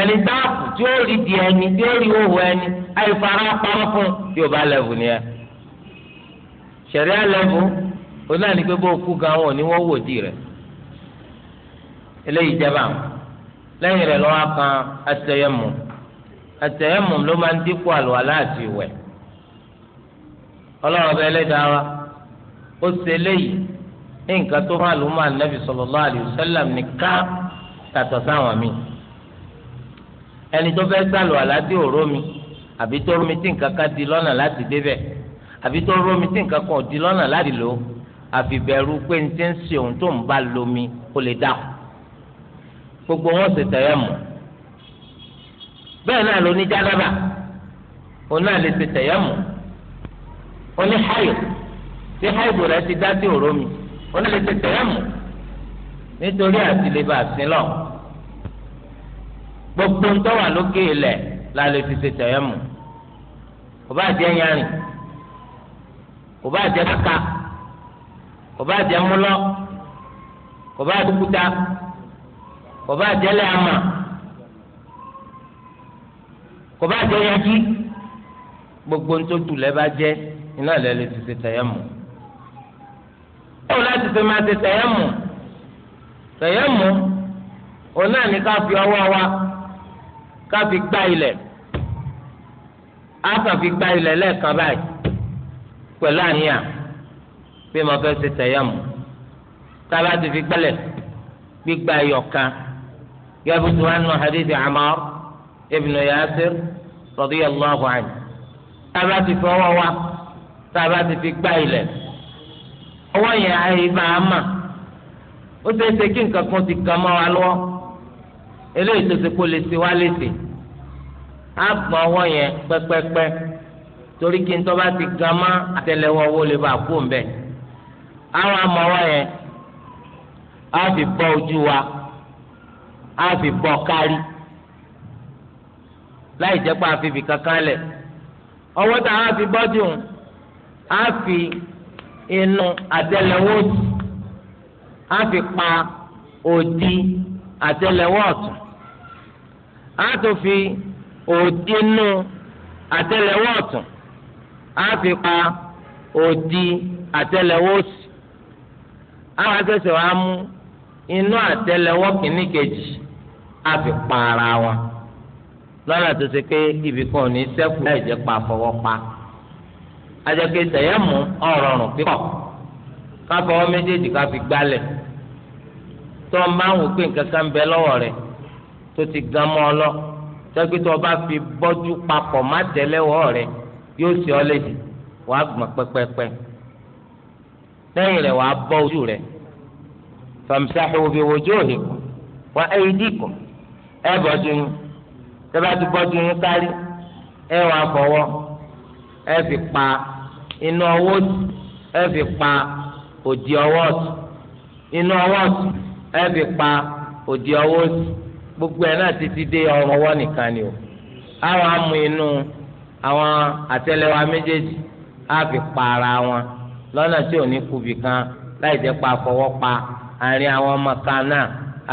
ẹni dáàbò tí ó rí di ẹni tí ó rí òwò ẹni àìfara pamọ́ fún tí o bá lẹ́bù ni ẹ. sẹ̀ríà lẹ́bù ó náà ní pé bó kú gan wọn ni wọ́n wò di rẹ̀ eléyìí jẹba lẹ́yìn rẹ̀ lọ́wọ́ kan atẹ̀yẹmù atẹ̀yẹmù ló máa ń dínkù àlùwàlá àti ìwẹ̀ ọlọ́run ọba ẹlẹ́dàá wa ó ṣe eléyìí ní nǹkan tó hàn lùmọ́ ànábì sallallahu alaihi wasallam nìkan tàtọ̀ sáwọn míì. ẹni tó fẹ́ sálọ oromi òró mi àbí tó rómi tí nǹkan kan di lọ́nà láti débẹ̀ àbí tó rómi tí nǹkan kan di lọ́nà láti lò àfi bẹ̀rù pé ní ti ń se ohun tó ń bá lomi ó lè dáhùn gbogbo wọn sì tẹ̀yẹ̀ mọ́ bẹ́ẹ̀ náà ló ní jádábà òun náà lè ṣe tẹ̀yẹ̀ mọ́ ó ní háyò tí háyò rẹ̀ ti dá sí òró mi ó náà lè ṣe tẹ̀yẹ̀ mọ́ nítorí gbogbo ńtọ́ wà lókè ilẹ̀ la lè fi ṣe tẹ̀yẹ́ mu kò bá jẹ́ yanrìn kò bá jẹ́ kàkà kò bá jẹ́ múlọ́ kò bá jẹ́ kúta kò bá jẹ́ lẹ́àmà kò bá jẹ́ yanjú gbogbo ńtọ́tù lẹ́ bá jẹ́ iná lẹ́ fi ṣe tẹ̀yẹ́ mu báwo láti fi máa ṣe tẹ̀yẹ́ mu tẹ̀yẹ́ mu òun náà ní ká fi ọwọ́ wa. ká fi gbá ilẹ̀ á fi gbá ilẹ̀ lẹ́ẹ̀kan báyìí pẹ̀lú àníyàn bí mo fẹ́ ṣe tẹ̀yàmù tábà ti fi gbálẹ̀ gbígbá ẹyọkan yẹ́bù tó hánú hadith Ammar ibn Yasir radiyallahu anhu tábà ti fi ọwọ́ wa tábà ti fi gbá ilẹ̀ ọwọ́ yẹn àyè bá a mà ó ṣeé ṣe kí nǹkan kan ti kàn mọ́ wa lọ́wọ́. eléyìí tó ti kó lè ṣe wá léṣe á gbọ́n ọwọ́ yẹn pẹ́pẹ́pẹ́ torí kí n tọ́ bá ti gan mọ́ àtẹlẹwọ́ owó lè bá kú mbẹ́ àwọn amọ̀ ọwọ́ yẹn á fi bọ́ ojú wa á fi bọ́ kárí láì jẹ́ pé a fi bì ọwọ́ tá a fi bọ́jú á fi inú àtẹlẹwọ́ á fi pa òdì. àtẹ́lẹwọ́ ọ̀tún á tún fi òdi inú àtẹ́lẹwọ́ pa òdi àtẹ́lẹwọ́ àwọn akẹ́sẹ̀ wa mú inú àtẹ́lẹwọ́ kìíní ara wa lọ́nà tó ṣe pé ibì kan ò ní sẹ́kù pa fọwọ́ pa ajẹ́kẹ́ sẹ̀yẹ́ mú ọ̀rọ̀rùn pípọ̀ ká méjèèjì ká tó ń máa ń wò pé nǹkan kan bẹ lọ́wọ́ rẹ̀ tó ti gan mọ́ ọ lọ tẹ́gbé tó o bá fi bọ́jú papọ̀ má tẹ́lẹ́wọ́ rẹ̀ yóò ṣe ọ léṣe wàá gbọ̀n pẹ́pẹ́pẹ́ lẹ́yìn rẹ̀ wàá bọ́ ojú rẹ̀ famsahu bi wujuhikum wa aydikum ẹ bọ́jú yín tẹ́bá ti bọ́jú yín kárí ẹ wàá fọwọ́ ẹ fi pa inú ọwọ́ ẹ fi pa òdì ọwọ́ inú ọwọ́ ọ̀tún ẹ fi pa òdì ọwọ́ sí gbogbo ẹ̀ náà títí dé ọrùn ọwọ́ nìkan ni o àwọn amú inú àwọn àtẹ́lẹwà méjèèjì á fi pa ara wọn lọ́nà tí ò ní kubi kan láì jẹ́ pa fọwọ́ pa àárín àwọn ọmọ kan náà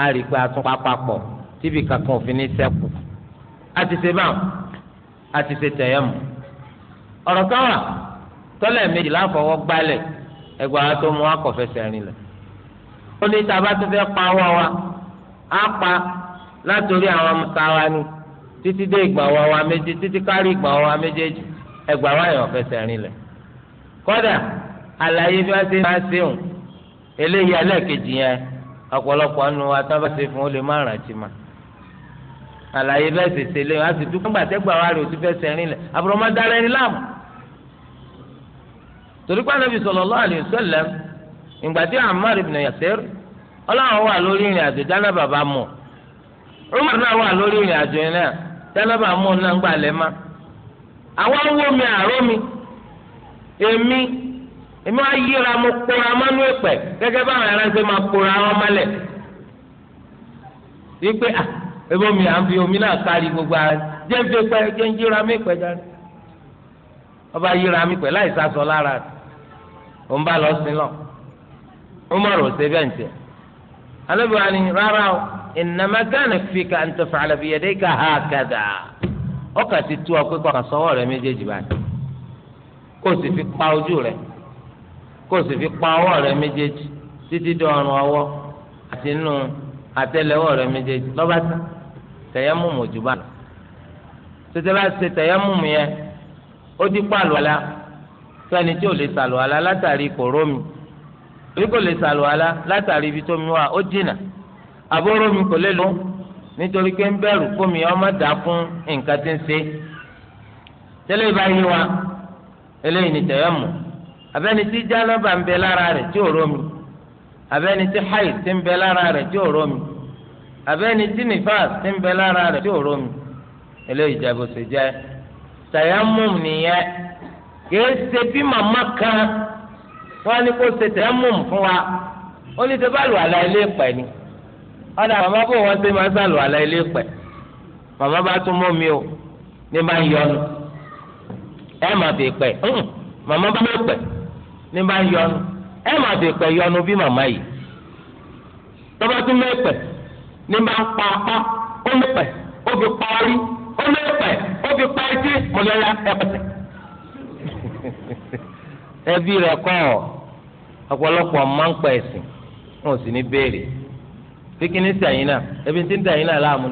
á rí i pé a tún pa papọ̀ tíbi kankan òfin ní sẹ́kù a ṣe báwọn a ṣe tẹ̀yẹ̀ mọ́ ọ̀rọ̀ kan wà tọ́lẹ̀ méjì láfọwọ́ gbálẹ̀ ẹgbàá tó mú akọ̀fẹsẹ̀ rìn lẹ̀ ó ní tá a bá tún fẹ́ pa ọwọ́ wa á pa látòrí àwọn ọmọọta wa ni títí dé ìgbàwọ́ wa méje títí kárí ìgbàwọ́ wa méjèèjì ẹgbàá wa yàn fẹsẹ̀ rìn lẹ̀ kódà àlàyé bí wọ́n ṣe máa ṣe òun eléyìí ẹlẹ́ẹ̀kejì yẹn ọ̀pọ̀lọpọ̀ nu atábàṣe fún ó lè má rántí ma àlàyé bẹ́ẹ̀ sì ṣe lé wọn a sì dúpọ̀ gbàtẹ́gbà wa rè òtún fẹsẹ̀ rìn lẹ̀ àbúrò máa dára ẹni láàmú torí pé Ànábì sallallahu alaihi wasallam ìgbà tí Ammar ibn Yasir ọlọ́run wà lórí ìrìn àjò jánábà bá mọ̀ Umar náà wà lórí ìrìn àjò yẹn náà jánábà mọ̀ náà ń gbà lẹ́ẹ̀ma àwọn wo mi àró mi èmi èmi wá yíra mo kóra mọ́nú ẹ̀pẹ̀ gẹ́gẹ́ báwọn aránsẹ́ máa kóra wọn mọ́lẹ̀ wípé à ebo mi à ń fi omi náà kárí gbogbo ara jẹ́ ń fi pẹ́ jẹ́ ń yíra mi pẹ́ dáná ọba yíra mi pẹ́ láì sásọ lára rẹ̀ òun bá lọ sí lọ alábẹ́ wa rara rárá o innama kana fika an taf'ala ika ha hakadha ọkà ti tú ọ pé kọ́ àsọwọ́ rẹ méjèèjì báyìí kó sì fi pa ojú rẹ kó o sì fi pa ọwọ́ rẹ méjèèjì títí dọ̀rùn ọwọ́ àti nù àtẹ́lẹwọ́ rẹ méjèèjì lọ́ba tán tẹ̀yẹ́mùmù ojú bá lọ tètè bá ṣe tẹ̀yẹ́mùmù yẹn ó dín pàlọ́ la tí lè látàrí kòrómi. torí kò lè sàlùwàlá látàrí ibi tómi wà ó jìnnà àbúrò mi kò lè lò nítorí pé ń bẹ̀rù fómi ọmọ dà fún nǹkan tí ń ṣe tẹ́lẹ̀ ìbáyé wa eléyìí ni tẹ̀yẹ̀mù abẹ́ni tí jánábà ń bẹ lára rẹ̀ tí ò rómi abẹ́ni tí hayi ti ń bẹ lára rẹ̀ tí ò rómi abẹ́ni tí nifas ti ń bẹ lára rẹ̀ tí ò rómi eléyìí jẹ́ bó ṣe jẹ́ tẹ̀yẹ̀mù nìyẹn kìí ṣe bí màmá kan wọ́n á ní kó ṣe tẹ̀mùm fún wa ó ní ṣe bá lù ilé pẹ̀ ni ọ̀dà mama bò wọ́n ṣe máa sàlù àlà ilé pẹ̀ màmá bá tún mọ́ mi o ní máa ń yọnu ẹ má fi pẹ̀ màmá bá mi pẹ̀ ní máa ń yọnu ẹ má fi pẹ̀ yọnu bí màmá yìí tọ́ba tún mẹ́pẹ̀ ní máa ń pa apá ó mẹ́pẹ̀ ó fi pa orí ó mẹ́pẹ̀ ó fi pa etí mọ̀lẹ́lá ẹ̀pẹ̀ ẹbí rẹ̀ kọ́ ọ̀. ọpọlọpọ máa ń pa ẹ̀sìn wọn ò sì ní béèrè bí sí àyín náà ebi ń da àyín náà láàmú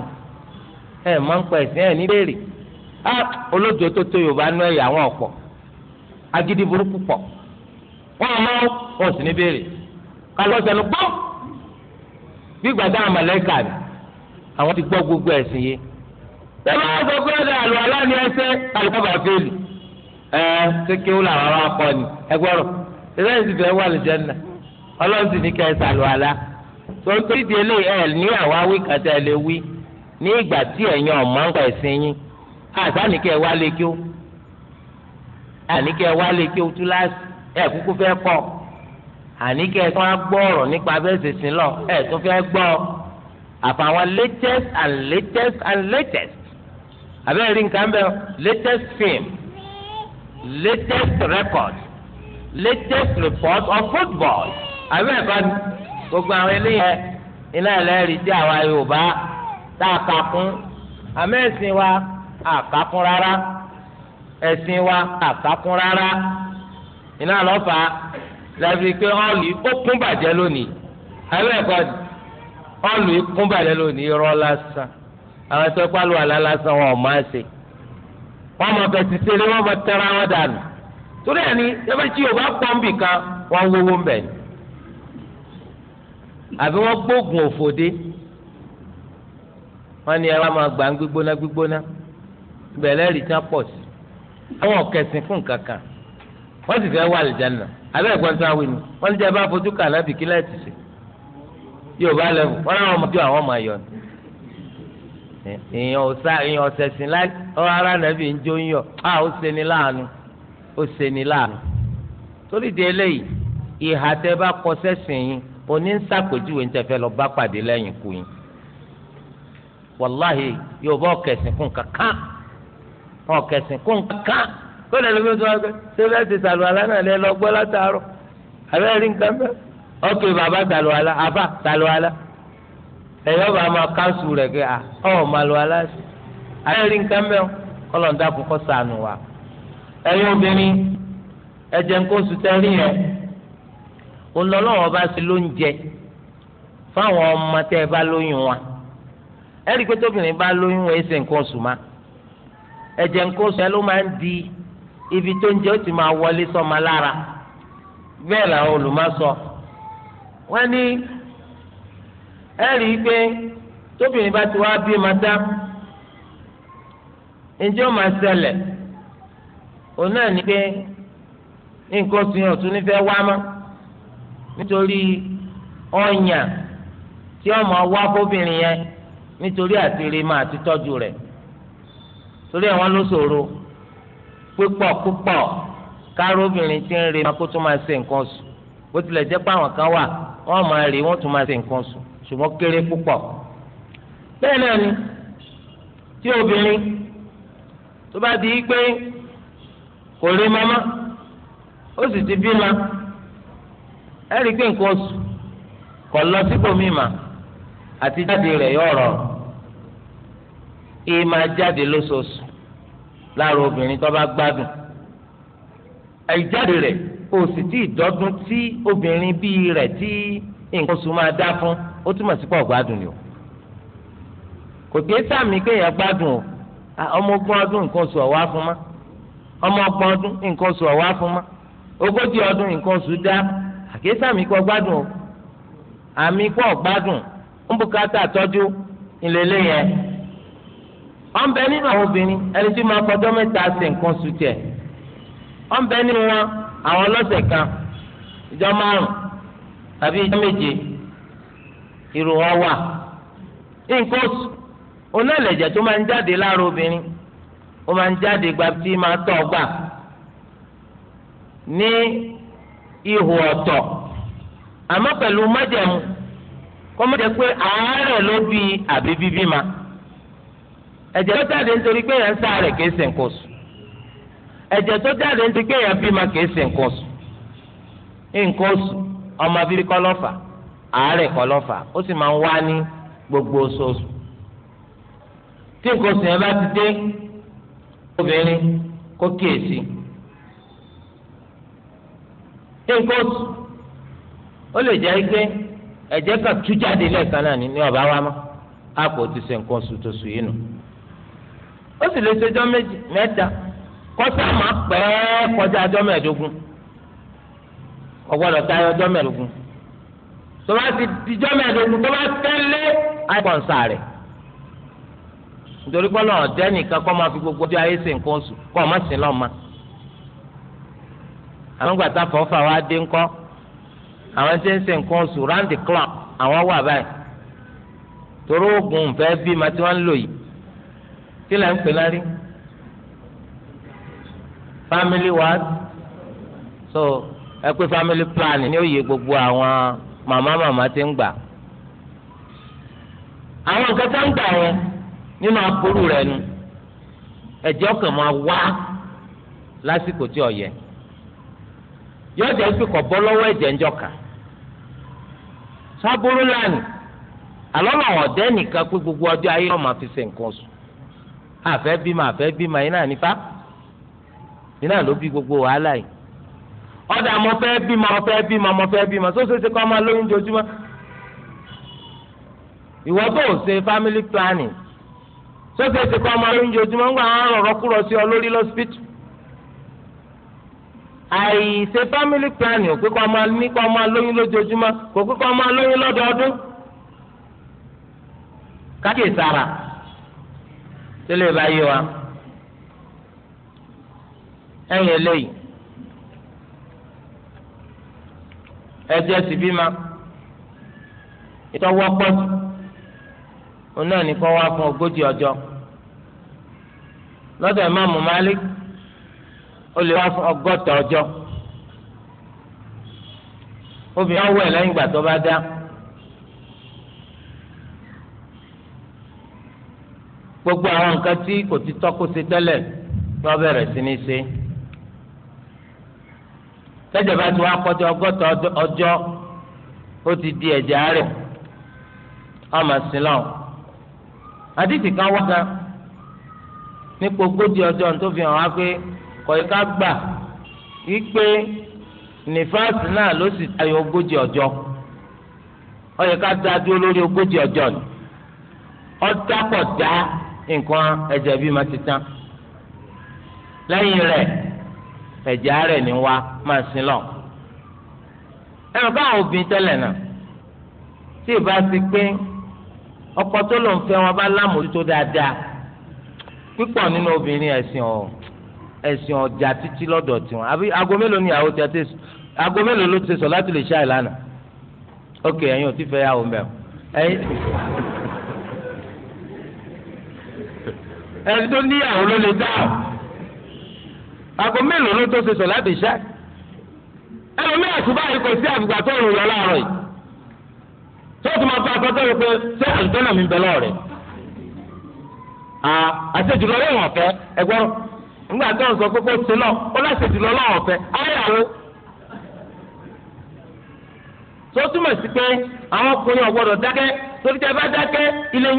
ẹ máa ń pa ẹ ní béèrè á tó tó yorùbá nú ẹ̀yà burúkú wọn ò máa wọn ò sì ní béèrè kálọ̀ sẹ́nu gbọ́ bí àmàlẹ́kà ti gbọ́ gbogbo ẹ̀sìn yìí wọn sọ pé aláàánú ẹsẹ̀ àlùkò ṣé kí làwọn akọni ìrẹ́ ti fẹ́ wà lìjẹ́nà ọlọ́run sì ní kẹ́ ẹ sàlù àlá tó tó ìdí eléyìí ẹ̀ ní àwa wí kàtà ẹ̀ lè wí ní ìgbà tí ẹ̀yin ọ̀mọ́ ń gbà ẹ̀sìn yín àtàní kẹ́ ẹ wá lé kí ó àní kẹ́ ẹ wá lé kí ó tú láti ẹ̀ kúkú fẹ́ kọ́ àní kẹ́ ẹ tó wá gbọ́ ọ̀rọ̀ nípa abẹ́sẹ̀ sí lọ ẹ̀ tó fẹ́ gbọ́ àfàwọn latest and latest and latest abẹ́rẹ́ rí nǹkan bẹ́ẹ̀ latest film latest record latest report of football àbẹ́ ẹ̀fọ́ gbogbo àwọn eléyẹ iná ẹlẹ́rìí tí àwa Yorùbá tá a kà kún àmọ́ ẹ̀sìn wa a kà kún rárá ẹ̀sìn wa a kà kún rárá iná lọ́fà lẹ́bi pé ọ̀lù ó kún bàjẹ́ lónìí àbẹ́ ẹ̀fọ́ ọ̀lù ó kún bàjẹ́ lónìí irọ́ lásán àwọn ẹ̀sọ́ pálọ̀ àlá lásán wọn ò máa ṣe wọ́n mọ̀ fẹ́ ti ṣeré wọ́n mọ̀ tẹ́ra wọn dànù torí ẹ̀ ní ẹbí tí yorùbá pọ̀ ń bì kan wọ́n wọ́wọ́ ń bẹ̀ ni àbí wọ́n gbóògùn òfòdé wọ́n ní ẹwà máa gbà ń gbígbóná gbígbóná bẹ̀rẹ̀ rí tán pọ̀ sí àwọn ọ̀kẹ́sìn fún nǹkan kan wọ́n sì fẹ́ wà àlìjáná abẹ́ ẹ̀gbọ́n tó àwọn ènìyàn wọ́n ní jẹ́ bá fojú kà lábì kí láti ṣe yorùbá lẹ́wọ̀ wọ́n láwọn ọmọdé àwọn ọmọ ayọ̀ ni èèyàn ọ̀sẹ̀sìn láì ọ̀rọ̀ ó ṣe ní láàánú torí di eléyìí ìhà tẹ́ bá kọ sẹ́sìn yín oní ń sàpèjúwe ń fẹ́ lọ bá pàdé lẹ́yìn kú yín wàláhì yóò bá ọ̀kẹ́sìn kún kankan ọ̀kẹ́sìn kún kankan kó lè lóbi tó wá pé ṣé bẹ́ẹ̀ ti sàlùwàlá náà lẹ́ lọ gbọ́ látàárọ̀ àbẹ́rẹ́ rí nǹkan bẹ́ẹ̀ ọ̀kẹ́ bàbá sàlùwàlá àbá sàlùwàlá ẹ̀yọ́ bá máa káńsù rẹ̀ kí ọ̀ sí rí nǹkan bẹ́ẹ̀ kọ́lọ̀ ń dákun kọ́ sànù ẹ̀yin obìnrin ẹ̀jẹ̀ nǹkan oṣù tẹ́rí yẹn olọ́lọ́wọ́ bá sí lóúnjẹ fáwọn ọmọ tẹ́ ẹ bá lóyún wa ẹ̀rí pé tóbìnrin bá lóyún wọn ẹsẹ̀ nǹkan oṣù má ẹ̀jẹ̀ nǹkan oṣù ẹ ló máa ń di ibi tó ń jẹ ó ti máa wọlé lara. lára bẹ́ẹ̀ làwọn olùmọ̀ sọ wọ́n ní ẹ̀rí pé tóbìnrin bá ti wá bí ma dá ǹjẹ́ ó máa ṣẹlẹ̀ òun náà ní pé nǹkan oṣù yẹn ọ̀tún nífẹ̀ẹ́ wá mọ́ nítorí ọ̀yàn tí ọmọ wá fóbìnrin yẹn nítorí àtìrí máa ti tọ́jú rẹ̀ torí ẹ̀ wọ́n ló ṣòro púpọ̀ púpọ̀ kárọ́bìnrin tí ń re máa kó tó máa ṣe nǹkan oṣù bó tilẹ̀ jẹ́ pé àwọn kan wà wọ́n máa rí wọ́n tún máa ṣe nǹkan oṣù ṣùgbọ́n kéré púpọ̀ bẹ́ẹ̀ náà ni di pé kò rí mama ó sì ti bímọ ẹ rí i pé nǹkan oṣù kò lọ síbòmí mà àti jáde rẹ̀ yóò rọrùn ìmà jáde lóṣooṣù lára obìnrin tó bá gbádùn àìjáde rẹ̀ o sì tí ìdọ́dún tí obìnrin bíi rẹ̀ tí nǹkan oṣù máa dá fún ó túmọ̀ sí pé ọ̀gbádùn ni o kò kìí sàmì kéèyàn gbádùn o ọmọ ogún ọdún nǹkan oṣù ọ̀wá fún ma ọmọ ọgbọ̀n ọdún nǹkan oṣù ọ̀wá fún ma ogójì ọdún nǹkan oṣù dá àkíyèsí àmì kọ́ gbádùn o àmì kọ́ gbádùn ń bùkátà tọ́jú ìlélẹ́ yẹn wọ́n bẹ nínú àwọn obìnrin ẹni tí máa kọjọ́ mẹ́ta ṣe nǹkan oṣù tiẹ̀ wọ́n nínú wọn àwọn ọlọ́sẹ̀ kan ìjọ márùn tàbí ìjọ méje ìrù wọn wà nǹkan oṣù onáìlẹ̀jẹ̀ tó máa ń jáde lára obìnrin ó máa ń jáde gba bí máa tọ̀ gbà ní ihò ọ̀tọ̀ àmọ́ pẹ̀lú májẹ̀mú kọ́ mọ́ jẹ́ pé àárẹ̀ ló bí àbí bíbí ma ẹ̀jẹ̀ tó jáde nítorí pé èèyàn ń sáré kìí ṣe nǹkan oṣù ẹ̀jẹ̀ tó jáde nítorí pé èèyàn bímọ kìí ṣe nǹkan oṣù nǹkan oṣù ọmọ abiri kọ́ lọ́fà àárẹ̀ kọ́ lọ́fà ó sì máa ń wá ní gbogbo oṣooṣù tí nǹkan oṣù yẹn bá ti dé obìnrin kó kíyèsí nǹkan ó lè jẹ́ pé ẹ̀jẹ̀ kan tú jáde lẹ́ẹ̀kan náà ní ọ̀bá wa mọ́ àpò ti ṣe nǹkan oṣù tó sùn yìí nù ó sì lè méjì mẹ́ta kọ́sà máa pẹ́ kọjá ọjọ́ mẹ́ẹ̀ẹ́dógún ọgbọ́dọ̀ tayọ ọjọ́ mẹ́ẹ̀ẹ́dógún tó bá ti tó bá tẹ́lẹ̀ nítorí pé ọlọ́run ọ̀dẹ́ nìkan kọ́ máa fi gbogbo ọjọ́ ayé ṣe nǹkan oṣù kọ́ ọ má sìn lọ́ọ́ ma. àwọn gbàtà fọ́fà wa dé ńkọ́ àwọn tí ń ṣe nǹkan oṣù round the clock àwọn wà báyìí torí oògùn nfẹ́ bí ma tí wọ́n ń lò yìí kí lẹ́ ń pè lárí family what so ẹ pé family planning ní òye gbogbo àwọn màmá màmá tí ń gbà àwọn nǹkan tó ń gbà yẹn. nínú aburú rẹ nu ẹ̀jẹ̀ ọkàn máa wá lásìkò tí ọ yẹ yọ jẹ́ pé kò bọ́ lọ́wọ́ ẹ̀jẹ̀ ńjọ kàn sábúrú nìkan pé gbogbo ọjọ́ ayé ọmọ fi ṣe nǹkan sùn àfẹ́ bímọ àfẹ́ bímọ yìí náà nípa yìí náà ló bí gbogbo wàhálà yìí ọ̀dà fẹ́ bímọ fẹ́ bímọ fẹ́ bímọ sóṣèṣe kọ́ lóyún ṣe family planning sọ́sẹ̀ èsì kan máa lóyún ojoojúmọ́ ńgbà wọn rọ̀rọ̀ kúrọ̀ sí ọ lórí lọ́sípítù. àìṣe family planning ò pé kọ́ máa ní kọ́ lójoojúmọ́ kò pé kọ́ máa lọ́dọọdún. lè wa ẹ̀yìn eléyìí bímọ ìtọ́wọ́ òun náà ní wá fún ogójì ọjọ́ lọ́dọ̀ ìmáàmù Malik ó lè wá fún ọgọ́ta ọjọ́ obìnrin awọ ẹ̀ lẹ́yìn ìgbà tó bá gbogbo àwọn nǹkan tí kò ti tọ́kù sí tẹ́lẹ̀ ni wọ́n bẹ̀rẹ̀ sí ní ṣe ti wá kọjá ọgọ́ta ọjọ́ ti di ẹ̀jẹ̀ àárẹ̀ ọmọ àdìsí kan wá gan nípa ogójì ọjọ́ tó fi hàn wá pé kọ̀yíká gbà wípé nífàsì náà ló sì tayọ ogójì ọjọ́ ọyẹ ká dá dúró lórí ogójì ọjọ́ ni ọ̀dàpọ̀dá nǹkan ẹ̀jẹ̀ bí máa ti tán lẹ́yìn rẹ̀ ẹ̀jẹ̀ rẹ̀ ni wá máa sin lọ. ẹ̀rọ káwọn obìnrin tẹ́lẹ̀ náà tí ì bá ti pín ọkọ tó lòun fẹ́ wọn bá lámòójútó dáadáa pípọ̀ nínú obìnrin ẹ̀sìn ọ̀ ẹ̀sìn ọjà títí lọ́dọ̀ tiwọn àbí aago mélòó ni àwọn ọjà tẹ̀sán aago mélòó ló ti sọ láti lè ṣá ìlànà ok ẹ̀yin ò ti fẹ́ yàwó mẹ́rin ẹ̀yin ẹni tó níyàwó ló lè dá ọ aago mélòó ló tó ṣe sọ láti ṣá ẹlòmíràn tó báyìí kò sí àfìgbà tó rò yìí. tí wọ́n ti máa bá aṣọ tó rẹ pé ah, ṣé àlùjọ́nà mi bẹ lọ́ọ̀rẹ́ àṣejùlọ lọ́wọ́ ọ̀fẹ́ ẹgbọ́n nígbà tí wọ́n sọ pé kó ṣe náà ó láṣejùlọ lọ́wọ́ ọ̀fẹ́ ayàwó tó túmọ̀ sí pé àwọn ọkùnrin ọ̀gbọ́dọ̀ dákẹ́ torí tẹ bá dákẹ́ ilé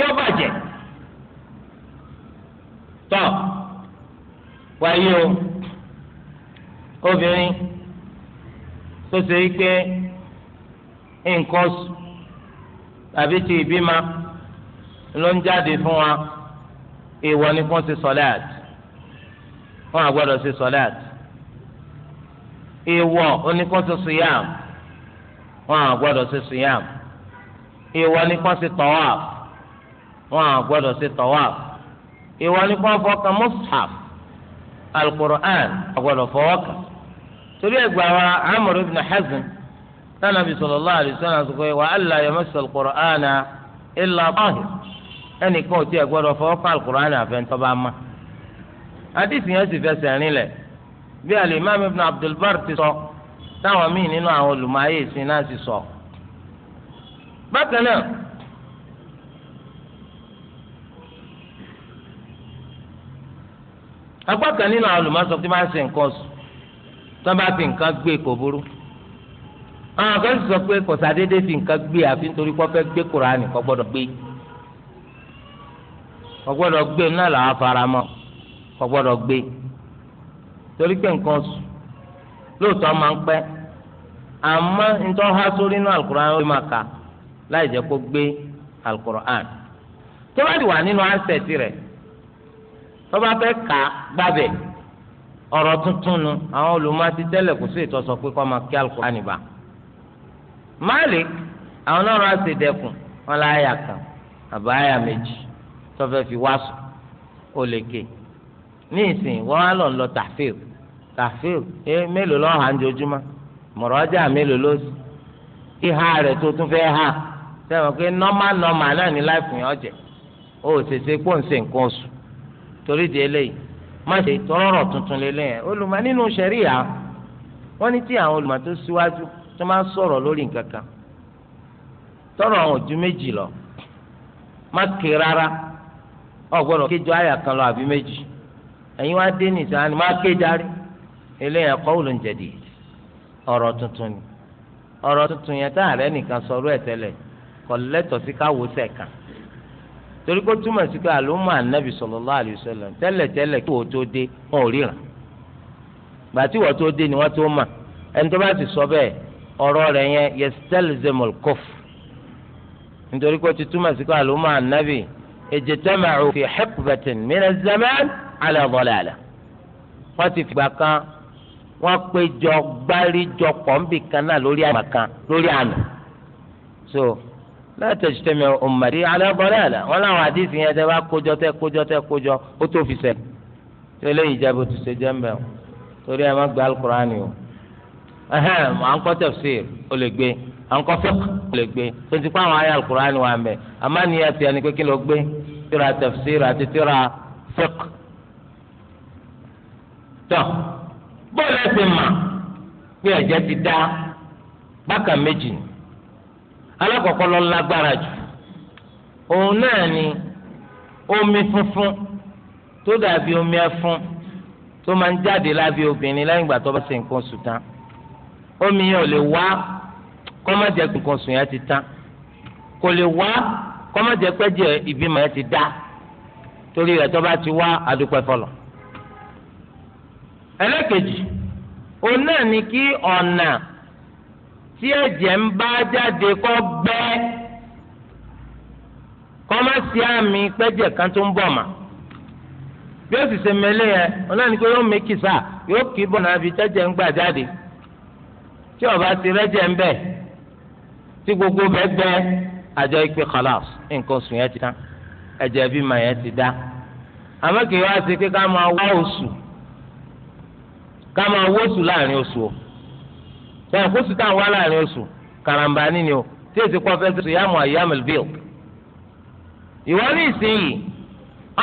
tàbí ti ìbímọ ló ń jáde fún wa èèwọ̀ ni fún ṣe sọláàt wọn àgbọ́dọ̀ ṣe sọláàt èèwọ̀ oníkan ṣe sùyàm wọn àgbọ́dọ̀ ṣe sùyàm èèwọ̀ oníkan ṣe tọwàf wọn àgbọ́dọ̀ ṣe tọwàf èèwọ̀ oníkan fọkàn mùsàf alukur'an àgbọ́dọ̀ fọwọ́kàn torí ẹgbàá wa amúr ibn hazm. sanabi sallallahu alaihi wasallam sọ pé wa alla yamassa al-Qur'ana illa tahir ẹnìkan ò tí ti gbọ́dọ̀ fọwọ́ qurana àfẹnutọ́ bá ma hadith yẹn sì fẹsẹ̀ rinlẹ̀ bí al-Imam Ibn Abdul Barr ti sọ táwọn míì nínú àwọn olùmọ̀ayé ìsìn náà sì sọ. bákan náà apá nínú àwọn olùmọ̀ọ́sọ tí ń àwọn kan sọ pé kọ̀sádédé fi nǹkan gbé àfi nítorí kó fẹ́ gbé kuraani kò gbọ́dọ̀ gbé kò gbọ́dọ̀ gbé náà làwọn faramọ́ kò gbọ́dọ̀ gbé torí pé nǹkan sùn lóòótọ́ máa ń pẹ́ àmọ́ nítorí ha sórí inú alukuraani ó máa kà láì jẹ́ kó gbé alukuraani tó bá ti wà nínú rẹ̀ tó bá fẹ́ kà gbàbẹ̀ ọ̀rọ̀ tuntun nu àwọn olùmọ̀ Malik àwọn náà rà sí dẹkùn wọn lọ àyà kan àbá àyà méjì fi wá sùn ó lè ké ní ìsìn wọn á lọ lọ ẹ mélòó lọ́ọ́ hà ń jojúmọ́ mélòó ló sì ìhà rẹ̀ tó tún fẹ́ hà pé nọ́mà nọ́mà náà ní láìpẹ́ yẹn ọ̀jẹ̀ ó ṣèṣe pò ń ṣe nǹkan oṣù torí tuntun nínú ní tó máa ń sọ̀rọ̀ lórí nǹkan kan tọrọ àwọn ojú méjì lọ má ké rárá ọ gbọ́dọ̀ kéjọ àyà kan lọ àbí méjì ẹ̀yin wá dé nìta ni má ké darí eléyàn qawlun jadid ọ̀rọ̀ tuntun ni ọ̀rọ̀ tuntun yẹn tá àrẹ nìkan sọ̀rọ̀ ẹ̀ tẹ́lẹ̀ kò lẹ́tọ̀ọ́ sí káwọ sẹ̀kan torí kó túmọ̀ sí pé àlùmọ́ ànábì sallallahu alaihi wasallam tẹ́lẹ̀tẹ́lẹ̀ kí wọ́n tó dé wọn wọ́n sọ ọ̀rọ̀ rẹ̀ yẹn yastalzimul kufr nítorí pé ó ti túmọ̀ sí pé àlùmọ́ ànábì ijtama'u fi haqbatin min az-zaman ala dalalah wọ́n ti fìgbà kan wọ́n péjọ gbáríjọ pọ̀nbì kan náà lórí àmà kan lórí àná so la tajtami'u ummati ala dalalah wọ́n láwọn àdìsí yẹn tẹ́ bá kójọ tẹ́ kójọ tẹ́ kójọ ó tó fi sẹ́yìn tẹ́lẹ̀ ìjẹ́bù tó ṣe jẹ́ mbẹ́ torí ẹ má gba alukur'ani ahem à ń kọ́ tafsir ó lè gbé à ń kọ́ fiqh ó lè gbé tó ti kọ́ àwọn ayé al-Qur'ani wà mẹ́ àmọ́ ẹni pé kí gbé tíra tafsir àti tíra tọ́ ti dá bákan méjì alákọ̀ọ́kọ́ lọ lágbára jù òun náà ni omi funfun tó omi ẹfun tó máa ń jáde lábẹ́ obìnrin lẹ́yìn ìgbà tó omi yẹn ò lè wá kọ́mọ̀jẹ́ kankan sùn yẹn ti tán kò lè wá kọ́mọ̀jẹ́ pẹ́jẹ́ ìbímọ yẹn ti dá torí rẹ̀ bá ti wá adúpẹ́ fọlọ̀. ẹlẹ́kejì òun náà ni kí ọ̀nà tí ẹ̀jẹ̀ ń bá jáde kọ́ gbẹ́ kọ́mọ̀sí àmì pẹ́jẹ́ kan tó ń bọ̀ mà bí ó sì ṣe mẹ́lẹ́ yẹn òun náà ni kí mẹ́kì sáà yóò bọ̀ nàbí tí ọba ti rẹ́jẹ̀ ń bẹ̀ tí gbogbo bẹ́ẹ̀ gbẹ́ àjọ ìpè kọlọ́s nǹkan oṣù yẹn ti tán ẹ̀jẹ̀ bí mà yẹn ti dá àmọ́ kì í wá sí pé ká máa wá oṣù ká máa wó oṣù láàrin oṣù o bẹ́ẹ̀ kó oṣù táwọn wá láàrin oṣù karambani ni o tí èsì kọ́ fẹ́ sọ yàmù àyàmù bíl ìwọ ní ìsinyìí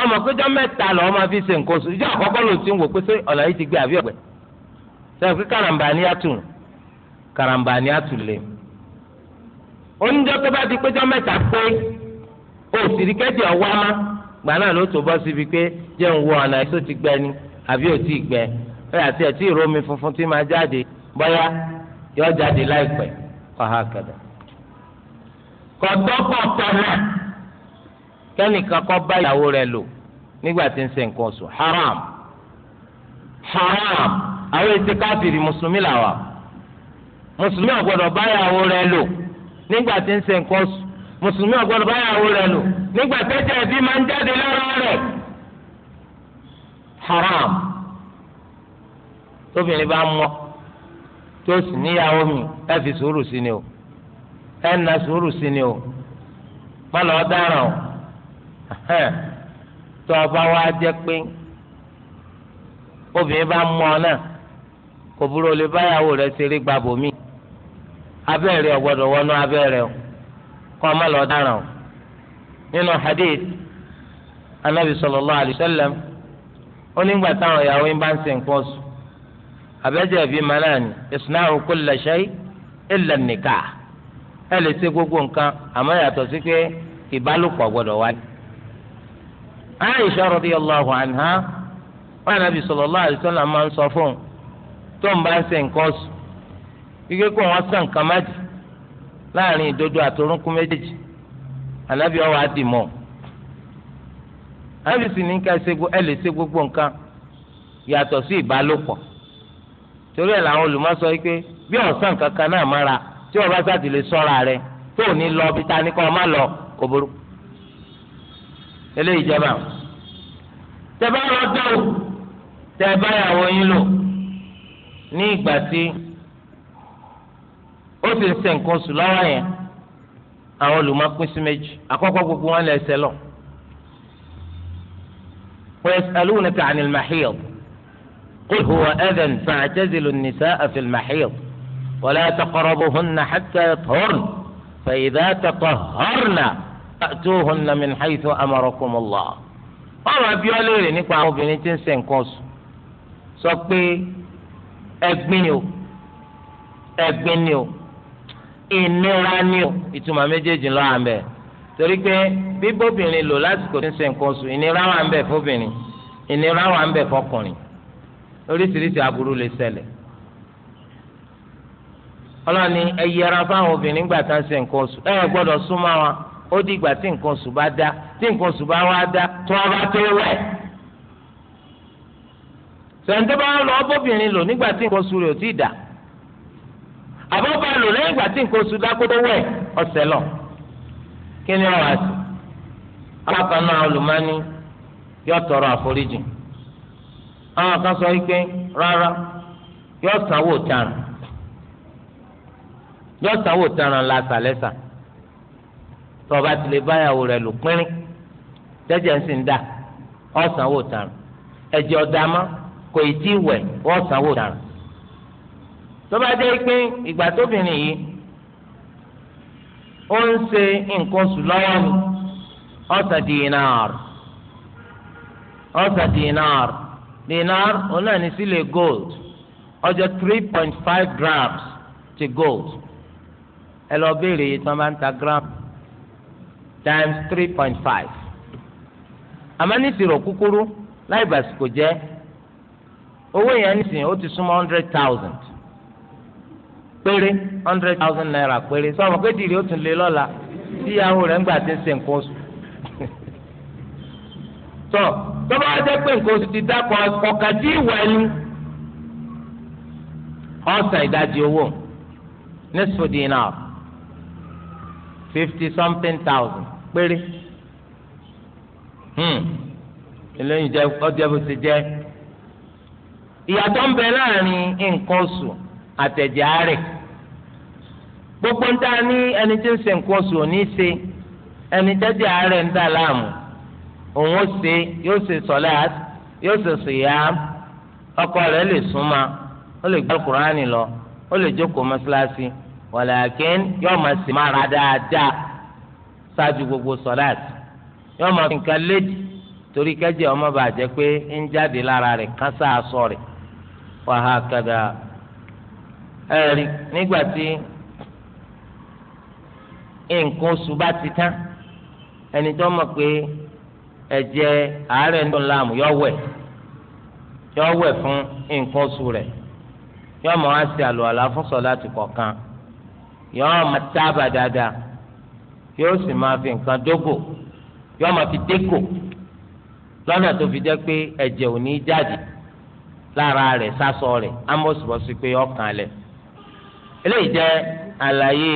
ọmọ péjọ mẹ́ta lọ ọmọ fi ṣe nǹkan oṣù ìjọ àkọ́kọ́ ló ń wò pé ṣé ọ̀là yìí ti gbé àbí ọ̀gbẹ́ sọ pé karambani yàtùn karamba ni atule oníjọ́ tó bá di péjọ́ mẹ́ta pé òsìrí kẹ́jì ọ̀wá má gbà náà ló tó bọ́ síbi pé jẹ́ ń wo ọ̀nà èso ti gbẹ ni àbí ò tí gbẹ ẹ àti ẹ̀tí funfun máa jáde bọ́yá yọ jáde láìpẹ́ ìyàwó rẹ lò nígbà tí ń nǹkan haram haram àwọn káfíìrì mùsùlùmí mùsùlùmí ọ̀gbọ́dọ̀ báyàwó rẹ̀ lò nígbà tí ń ṣe nǹkan oṣù mùsùlùmí ọ̀gbọ́dọ̀ báyàwó rẹ̀ lò nígbà tẹ́tẹ́ ẹ̀bí máa ń jáde lára rẹ̀ haram tóbìnrin bá mọ tó sì níyàwó mi ẹ fi sùúrù sí ni o ẹ na sùúrù sí ni o má lọ dáràn o tó o bá jẹ pé obìnrin bá mọ náà kò burú lè báyàwó rẹ̀ ṣeré gbàbọ míì. abẹ́rẹ́ ọ̀gbọ́dọ̀ wọnú abẹ́rẹ́ o kọ́ ọ má lọ dáràn o nínú hadith anabi sallallahu alayhi wa sallam ó nígbà táwọn ìyàwó yín bá ń ṣe nǹkan oṣù abẹ́jẹ́ bí lè ṣe gbogbo nǹkan àmọ́ yàtọ̀ sí pé ìbálòpọ̀ gbọ́dọ̀ wáyé. Aisha radiyallahu anha wọn anabi sallallahu wa máa ń sọ fún un ike kó wọn sàn kàn má jì láàrin ìdodo àtọrúnkún méjèèjì ànábì ọwọ àdìmọ ànábì sì ní ká ẹ lè ṣe gbogbo nǹkan yàtọ̀ sí ìbálòpọ̀ torí ẹ̀ làwọn olùmọ̀sọ yìí pé bí ọ̀sán kankan náà mára ọba sáàtì lè sọra rẹ tó ní lọ bí ta ni lọ kò burú eléyìí jẹba lọ yín lò ní ìgbà tí. ó sì ń ṣe nǹkan oṣù lọ́wọ́ yẹn àwọn olùmọ̀pín sí méjì àkọ́kọ́ gbogbo wọn lè ṣe lọ. ويسألونك عن المحيض قل هو أذى فاعتزلوا النساء في المحيض ولا تقربهن حتى يطهرن فإذا تطهرن فأتوهن من حيث أمركم الله ọ̀rọ̀ abiola rè nípa àwọn obìnrin tí ń ṣe nǹkan oṣù sọ pé ẹ̀gbin ni o ẹ̀gbin ni o ìnira ni o ìtumọ̀ méjèèjì ló torí pé bíbóbìnrin lò lásìkò tí ń nǹkan oṣù ìnira wà fóbìnrin ìnira wà fọkùnrin oríṣiríṣi aburú lè ṣẹlẹ̀ ọlọ́ni ẹ yẹra fáwọn obìnrin gbà tá ń nǹkan oṣù ẹ gbọ́dọ̀ súnmọ́ tí nǹkan oṣù bá dá tí nǹkan oṣù bá wá dá tó lọ bóbìnrin lò nígbà tí nǹkan oṣù rẹ̀ ò àbọ̀bá lò lẹ́yìn ìgbà tí nǹkan oṣù dákúrò wẹ̀ ọ̀sẹ̀ lọ kí ni ọ̀rọ̀ àti alákan náà olùmọ́ni yóò tọrọ àforíjì àwọn kan sọ wípé rárá yóò sanwó tààrà yóò sanwó tààrà ti báyàwó rẹ̀ lò pínrín tẹ́jẹ̀ ń dà ọ̀sánwó tó bá jẹ́ pé ìgbà tóbìnrin yìí ó ń ṣe nǹkan oṣù lọ́wọ́ ni ọ̀sà dinar ọ̀sà dinar dinar òun náà ní sílẹ̀ gold ọjọ́ three point five grams ti gold ẹ lọ béèrè yìí tí wọ́n bá ń ta gram times three point five àmọ́ ní ìṣirò kúkúrú láì bàsìkò jẹ́ owó yẹn nísìnyí ó ti súnmọ́ hundred thousand péré hundred thousand naira péré so pé dìrì ó tún lé lọ́la tíyàwó rẹ̀ ń gbà tí ń ṣe nǹkan oṣù. tọ́ tọ́ba wá jẹ́ pé nǹkan oṣù ti dákọ̀ ọ̀kà tí ìwà ẹni ọ̀sán ìdajì owó fifty something thousand péré hmm. eléyìí ọjọ́ bó ti jẹ́ ìyàtọ̀ ń bẹ láàrin nǹkan oṣù. àtẹ̀jẹ̀ àárẹ̀ gbogbo ń dáa ní ẹni tí ń ṣe nǹkan oṣù ò ní ṣe ẹni tẹ́jẹ̀ àárẹ̀ ń dà láàmú òun ó ṣe yóò ṣe sọ̀láàt yóò ṣe sìyá ọkọ rẹ̀ lè súnmọ́ ó lè gbọ́ kúránì lọ ó lè jókòó mọ́ṣáláṣí wàlàkín yóò máa sì máa ra dáadáa ṣáájú gbogbo sọ̀láàt yóò máa fi nǹkan lédi torí kẹ́jẹ̀ ọmọ bàjẹ́ pé ń jáde lára rẹ̀ kásá aṣọ wàhálà kàdà. ẹ̀rí nígbà tí nǹkan oṣù bá ti tán ẹni tó mọ̀ pé ẹ̀jẹ̀ àárẹ̀ ń dùn láàmú yọ wẹ̀ yọ wẹ̀ fún nǹkan oṣù rẹ̀ yọ mọ̀ wá sí àlùwàlá fún sọ̀láàtì kọ̀ọ̀kan yọ mọ̀ tábà dáadáa yóò sì máa fi nǹkan dógò yọ mọ̀ fi dégò lọ́nà tó fi jẹ́ pé ẹ̀jẹ̀ ò ní jáde lára rẹ̀ sásọ rẹ̀ amọ̀sibọ̀sí pé ọkàn lẹ̀ eléyìí jẹ́ àlàyé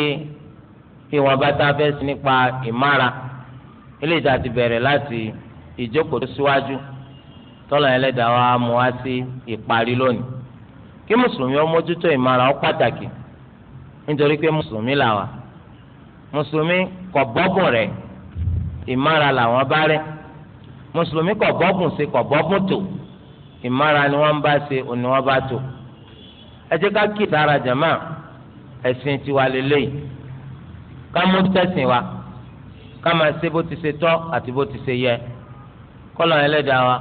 ìwọ̀nba tá a fẹ́ sí nípa ìmára eléyìí tá a ti bẹ̀rẹ̀ láti ìjókòó tó síwájú tọ́lá ẹlẹ́dàá wa mú wá sí ìparí lónìí kí mùsùlùmí ó mójútó ìmára ó pàtàkì nítorí pé mùsùlùmí là wà mùsùlùmí kò bọ́bùn rẹ̀ ìmára làwọn bá rẹ̀ mùsùlùmí kò bọ́bùn sí kò bọ́bùn tó ìmára ni wọ́n bá ṣe òní wọ́n bá tó ẹ jẹ́ ká kí ìtara jàmáà ẹ̀sìn tiwa lélẹ́yìn ká mú tẹ̀sìn wa ká máa ṣe bó ti ṣe tọ́ àti bó ti ṣe yẹ kọ́lọ̀ ẹlẹ́dàá wa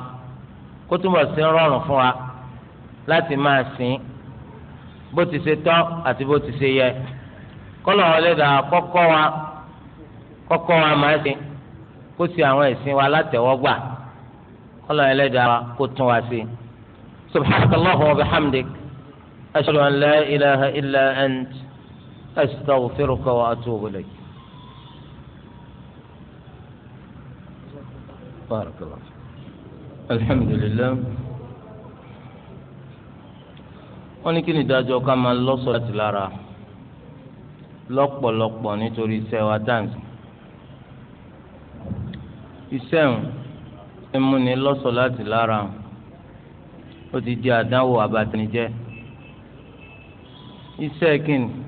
kó túbọ̀ sí rọrùn fún wa láti máa sìn bó ti ṣe tọ́ àti bó ti ṣe yẹ kọ́lọ̀ ẹlẹ́dàá kọ́kọ́ wa kọ́kọ́ wa máa sìn kó sì àwọn ẹ̀sìn wa látẹ̀wọ́gbà kọ́lọ̀ ẹlẹ́dàá wa kó tún wa sí. subhanallahu wa bihamdik ashhadu an la ilaha illa ant astaghfiruka wa atubu ilayk. barakallah alhamdulilayi wọ́n ní kí ni ìdájọ́ ká máa lọ́sọ̀ láti lára lọ́pọ̀lọpọ̀ nítorí iṣẹ́ wa dáǹsì iṣẹ́ ń múni lọ́sọ̀ láti lára ó ti di àdánwò àbàtánijẹ́ iṣẹ́ kìnnì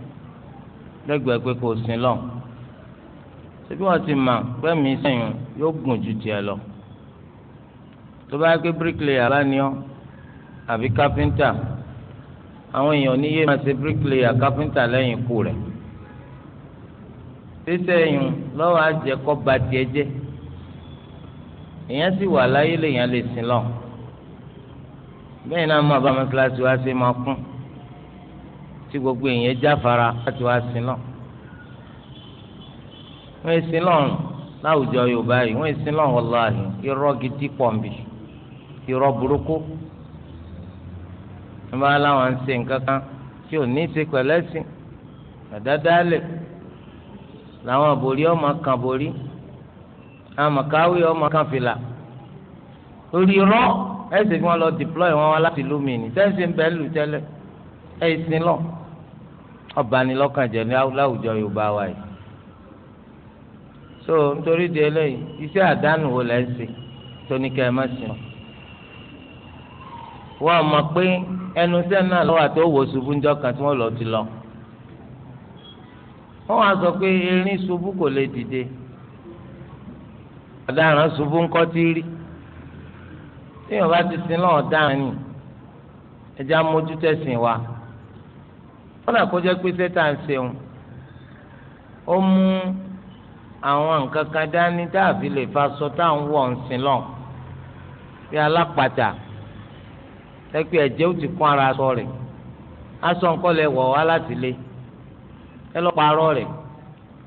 lẹ́gbẹ̀ẹ́ pé kò sin lọ ṣebí wọ́n ti mọ̀ pé mi sẹ́yìn yóò gùn ju tiẹ̀ lọ tó bá yẹ pé bíríkìlẹyà bá ní ọ àbí káfíńtà àwọn èèyàn níyé máa ṣe bíríkìlẹyà káfíńtà lẹ́yìn ikú rẹ̀ sísẹ́yìn lọ́wọ́ àjẹ kọ́ ba tiẹ̀ jẹ́ èèyàn sì wà láyé lèèyàn lè sin lọ bẹ́ẹ̀ náà mo àbá mọ́ kíláàsì wá sí máa kún tí gbogbo èèyàn jáfara láti wá sí náà wọ́n yé sí náà láwùjọ yorùbá yìí wọ́n yé sí náà wàláhì irọ́ gidi pọ̀nbì irọ́ burúkú wọ́n bá láwọn ń ṣe nǹkan kan tí ò ní ṣe pẹ̀lẹ́sìn àdádálẹ̀ làwọn àbòrí ọmọ kan borí àwọn màkàwé ọmọ kan fìlà orí irọ́ ẹ̀sìn fún wọn lọ dìplọ́ì wọn wá láti lómìnì sẹ́ńsì bẹ́ẹ̀ lù tẹ́lẹ̀ ẹ̀sìn náà ọ̀bánilọ́kànjẹ́ ní láwùjọ yorùbá wa yìí so nítorí di eléyìí iṣẹ́ àdánù wo lẹ́ ń ṣe tóní kẹ́ ẹ má sìn wọ́n mọ̀ pé ẹnu sẹ́ni náà lọ́wọ́ àti owó ṣubú ńjọ́ kan tí wọ́n lọ ti lọ wọ́n wá sọ pé erin ṣubú kò lè dìde ọ̀daràn ṣubú ńkọ́ ti rí téèyàn bá ti sin lọ́wọ́ dáhùn ni ẹja mójútẹ́sìn wa kọ́nà kọjá pé sẹ́tà ń ṣeun ó mú àwọn nǹkan kan dání dáàbí lè fa sọ táwọn wọ̀ ń sin lọ bí alápàtà ẹgbẹ́ ẹ̀jẹ̀ ó ti kún ara aṣọ rẹ̀ aṣọ nǹkan lè wọ̀ wá láti lé ẹ lọ́ọ́ parọ́ rẹ̀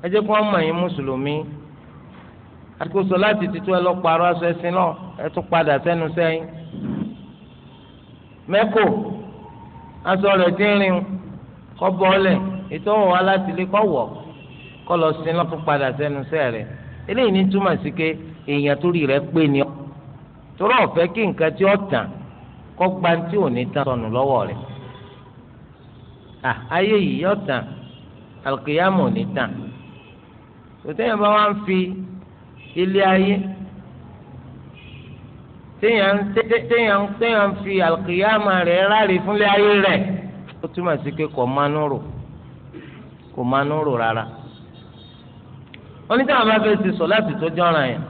ẹ jẹ́ kí wọ́n mọ̀ yín mùsùlùmí àtìkóso láti titun ẹ lọ́ọ́ parọ́ aṣọ ẹ̀sìn náà ẹ tún padà sẹ́nu sẹ́yìn mẹ́kò aṣọ rẹ̀ ti ń rin un kọ́ bọ́ọ̀lẹ̀ ètò ọ̀wọ́ alátìlẹ́ kọ́ wọ̀ kọ́ lọ sí lọ́tún padà sẹ́nu sẹ́ rẹ̀ eléyìí ní túmọ̀ sí pé èèyàn torí rẹ̀ pé ni ọ́ torí ọ̀fẹ́ kí nǹkan tí ó tàn kọ́ gba tí ò ní tán sọnù lọ́wọ́ rẹ̀ ayé yìí yọ tàn àlùkìyàmù ní tàn òtẹ́yìn bá wá ń fi ilé ayé téèyàn ń fi àlùkìyàmù rẹ̀ ráre fúnlé ayé rẹ̀ ó túmọ̀ sí pé kò mánú rò kò mánú rò rárá oníjà máa fẹ́ ti sọ láti tó jọ́ràn yẹn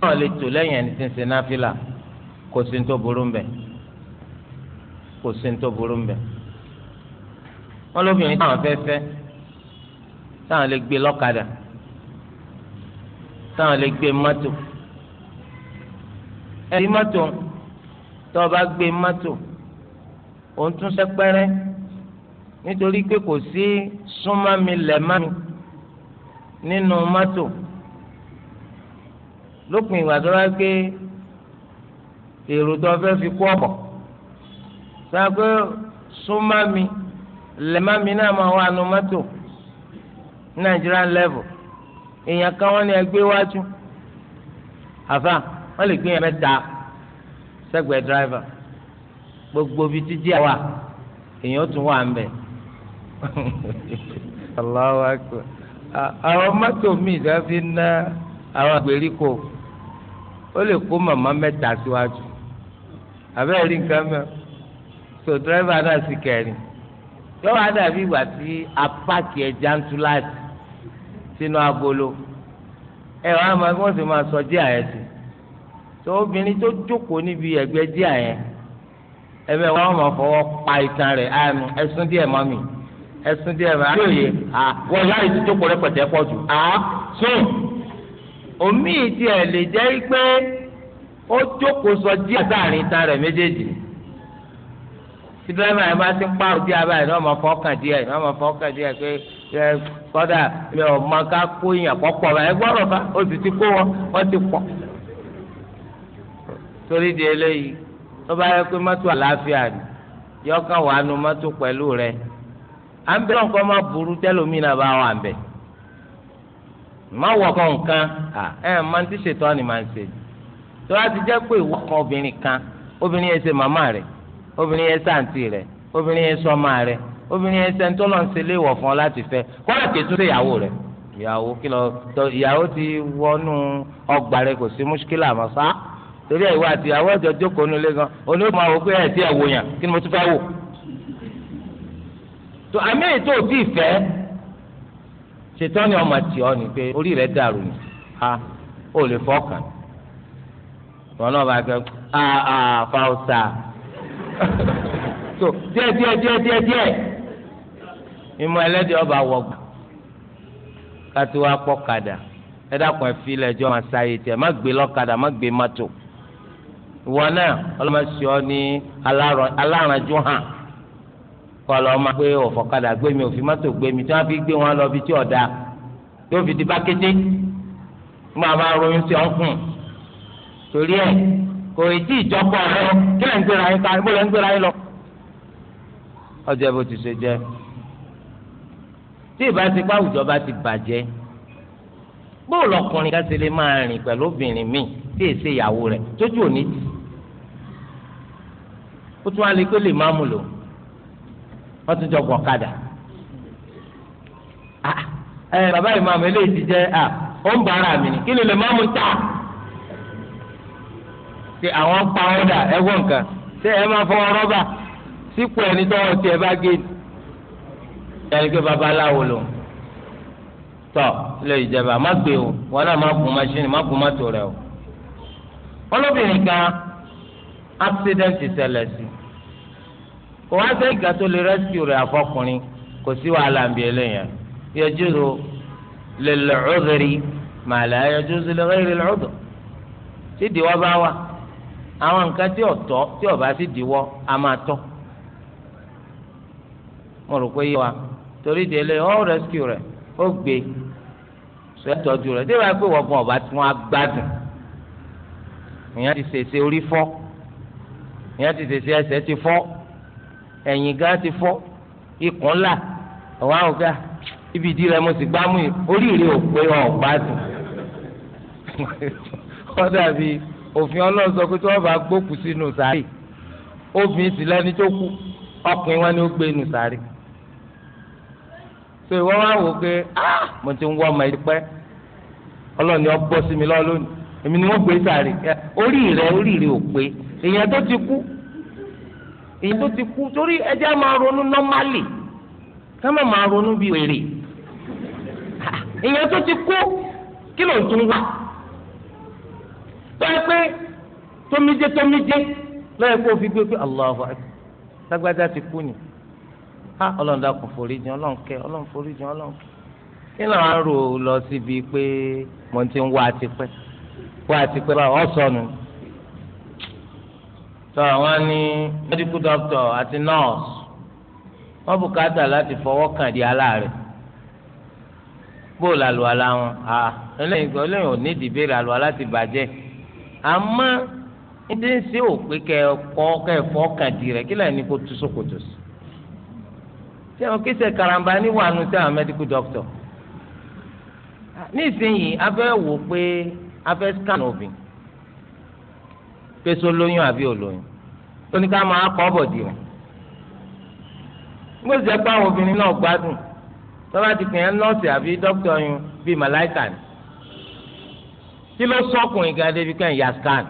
náà lè tò lẹ́yìn ẹni tí ń ṣe náfìlà kò sí ní tó burú mbẹ kò sí ní tó burú mbẹ wọn lóbìnrin táwọn fẹ́ fẹ́ táwọn lè gbé lọ́kadà táwọn lè gbé mọ́tò ẹ̀rí mọ́tò tó o bá gbé mọ́tò. òun tún sẹpẹrẹ nítorí pé kò sí súnmọ́mi lẹ́mọ́mi nínú mọ́tò lópin ìgbà tó bá gbé èrò tó fẹ́ fi kú ọ̀bọ̀ sọ pé súnmọ́mi lẹ́mọ́mi náà máa wà nù mọ́tò Nàìjíríà level èèyàn kan wọ́n ní ẹgbẹ́ wájú àfa wọ́n lè gbé yẹn mẹ́ta sẹ́gbẹ̀ẹ́ dráìvà. gbogbo bíi títí àwa èèyàn tún wà ń bẹ. àwọn mọ́tò míì dá fi ná àwọn àgbèríko ó lè kó màmá mẹ́ta síwájú àbẹ́rẹ́ rí nǹkan mẹ́ so dírẹ́fà náà sì kẹrin yọ wá dàbí ìgbà tí apáàkì ẹja ń tú láti sínú agolo ẹ wàá máa wọ́n sì máa sọ díà yẹn sí so obìnrin tó jókòó níbi ẹ̀gbẹ́ díà yẹn ẹbẹ wọn mọ fọwọ́ pa ìtàn rẹ̀ ẹsùn díẹ̀ mọ mi ẹsùn díẹ̀ mọ mi àyè wọn yára ti jókòó rẹpẹtẹ pọ̀ jù so. omi lè jẹ́ pé ó sọ díẹ̀ sáàrin ìtàn méjèèjì tí dírẹ́mà bá ti ń pààrọ̀ díẹ̀ abáyé ní ọmọ díẹ̀ ní ọmọ díẹ̀ pé ẹ kọ́dà mi ò ká kó èèyàn pọ̀pọ̀ rẹ̀ ẹ gbọ́dọ̀ bá ó sì ti kó wọn wọ́n ti pọ̀ torí di tó bá yẹ pé mọ́tò àlàáfíà ni yọ kàn wà nu mọ́tò pẹ̀lú rẹ̀ à ń bẹ náà kọ́ máa burú tẹ́lómìnà bá wà bẹ̀ má wọkọ̀ nǹkan ẹ̀ máa ti ṣètò àná máa ń ṣe tó bá ti jẹ́ pé ìwọkọ̀ obìnrin kan obìnrin yẹn ṣe màmá rẹ̀ obìnrin yẹn ṣàǹtì rẹ̀ obìnrin yẹn sọ́mà rẹ̀ obìnrin yẹn sẹ́ni tó lọ́n ṣe léèwọ̀ fún ọ láti fẹ́ kọ́lá kẹtù sí ìyàwó rẹ̀ ìyàwó kìlọ̀ ìyàwó ti wọnú ọgbà rẹ̀ kò sí mùṣkílà àmọ́ sáà torí ẹ̀ wá àti àwọn ọ̀jọ̀ jókòó nulẹ̀ gan olóòtú máa wò pé ẹ̀ tí ẹ̀ wò yàn kí ni mo tún fẹ́ wò. tó àmì ètò òbí ìfẹ́ ṣètọ́ ni ọmọ àti ọ ni pé orí rẹ̀ dàrú ni a ò lè fọkàn wọn náà bá fẹ́ a fausa so díẹ̀ díẹ̀ díẹ̀ díẹ̀ díẹ̀ ìmọ̀ ẹlẹ́dẹ̀ẹ́ ọba wọ̀gbà kátó wa pọ̀ kadà ẹ dákun ẹ fi lẹ́jọ́ máa sáyé má gbé lọ́kadà má gbé mọ́tò ìwọ náà ọlọmọsí ọ ní aláranjú hàn kọ lọ máa gbé ọ̀fọ̀kadà gbé mi òfin mọ́tò gbé mi tí wọ́n fi gbé wọn lọ bí tí ọ̀dà yóò fi di bákété nígbà máa ronú sí ọ̀hún torí ẹ̀ kò tí ì jọpọ ọ̀rẹ́ kí lẹ ń gbéra yín ká bó lẹ ń gbéra yín lọ. ọjọ́ bó ti ṣe jẹ́ tí ìbá ti pa àwùjọ bá ti bàjẹ́ bóòlù ọkùnrin ká ṣe lè máa rìn pẹ̀lú obìnrin míì tí èsè ìyàwó rẹ̀ tójú òní ti ó tún wá lè pé lè máa mú lò wọ́n tún jọ gbọ̀n kadà ah, ẹ bàbá ìmáàmù eléyìí ti jẹ́ à ah, ó ń bára mi ni kí ni lè máa mú ta ṣe àwọn pa ọ́dà ẹ̀wọ̀n nǹkan ṣé ẹ máa fọwọ́ rọ́bà sípò ẹni tọ́wọ́ tiẹ̀ bá gé ẹni pé babaláwo lòun tọ ilé ìjẹba má gbé o wọn náà má gun maṣíìnì má gun mọ́tò rẹ o. olóbìnrin kan accident ṣẹlẹ̀ sí kò wá sẹ́ ìgbà tó lè rescue rẹ̀ àfọkùnrin kò sí wàhálà ń bí eléyàn yajuzu lil-'udhri ma la yajuzu li ghayri al-'udhr tí ìdíwọ́ bá wà àwọn nǹkan tí ò tí ò sì díwọ́ a máa tọ́ mo rò pé yé wa torí de lé ọ rescue rẹ̀ ó gbé sọ ìtọ́jú rẹ̀ débà pé wọ́n gan ọba tí wọ́n á gbádùn ìyẹn ti ṣèṣe orí fọ́ ìyẹn ti tètè ẹsẹ̀ ti fọ́ ẹ̀yìn gan ti fọ́ ikùn là ọ̀wá ọ̀gá ah, ibi ìdí rẹ mo sì gbámú yìí orí ìrè ò pé ọ̀gbá dùn ó dàbí òfin ọlọ́run pé tí wọ́n bá gbókùú sínú sáré obìnrin sì lẹ́ni tó kú ọkùnrin wọn ni ó gbé inú sáré so ìwọ wá wò pé ah, mo ti ń wọ ọmọ yìí pẹ́ ọlọ́run ni bọ́ sí mi lọ́ọ́ lónìí èmi ni wọ́n gbé sáré orí rẹ ò pé èèyàn tó ti kú èèyàn tó ti kú torí ẹjẹ́ máa ronú nọ́málì ká má máa ronú bíi wèrè èèyàn tó ti kú kí ló ń tún wá tọ́yẹ pé tómijé tómijé lọ́yẹ gbé pé ha ọlọ́run dàkún forí jìn ọlọ́run kẹ ọlọ́run forí ọlọ́run kẹ kí ló ń rò lọ síbi pé mo ti ń wá àtipẹ́ tó àwọn ní medical doctor àti nurse wọ́n bùkátà láti fọwọ́ kàn di aláàrẹ̀ bóòlù àlùwàlá wọn à ẹlẹ́yìn gbọ́ ẹlẹ́yìn ò ní ìdìbèrè àlùwàlá ti bàjẹ́ àmọ́ ndé ń ṣe òpè kẹ kọ́ kẹ fọ́ kàn di rẹ̀ kí lẹ́yìn ní kó tú sókòtò sí ṣé wọn kí sẹ karamba ní wàánu sí àwọn medical doctor nísìnyí a fẹ́ wò pé a fẹ́ scan obìnrin pé sọ lóyún àbí olóyún ó ní ká máa kọ́ bọ̀dì rẹ̀ nígbà tó jẹ́ pé àwọn obìnrin náà gbádùn tọ́lá ti pè é nọ́ọ̀sì àbí dókítà yun bíi màláìkà ni kí ló sọkùnrin gan débi kan ya scan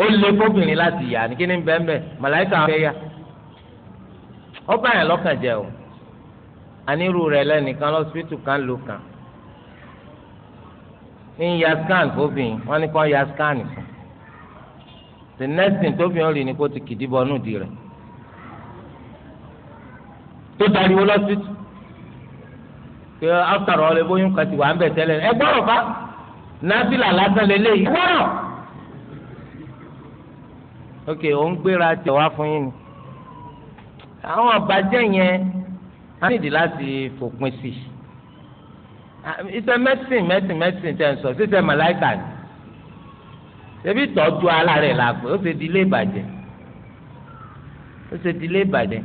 ó lé fóbìnrin láti yà ní kíni bẹ́ẹ̀nbẹ́ẹ̀ màláìkà fẹ́ yà ọba yẹn lọ́kàn jẹ́ o ànírú rẹ̀ lẹ́nìkan lọ́sibítù kan ló kàn ń ya scan fóbìn wọn ní kó ya scan fún the next thing tóbìn ó rí ni kó ti kìdí bọnú di rẹ tó dariwo lọ́sítù pé after all ẹ bóyún kan ti wà ń bẹ̀ tẹ́lẹ̀ ẹ gbọ́dọ̀ fa nàbìlà lásán lélẹ́yìí gbọ́dọ̀ ok òun gbéra tẹ̀ wá fún yín ni àwọn àbájẹ́ yẹn á nídìí láti fòpin sí i iṣẹ́ mẹ́dísìn mẹ́dísìn mẹ́dísìn tẹ̀ ń sọ ṣíṣẹ́ màláìkà ni ṣebí tọ́jú ara rẹ̀ la pé ó ṣe di ilé ìbàjẹ́ ó ṣe di ilé ìbàjẹ́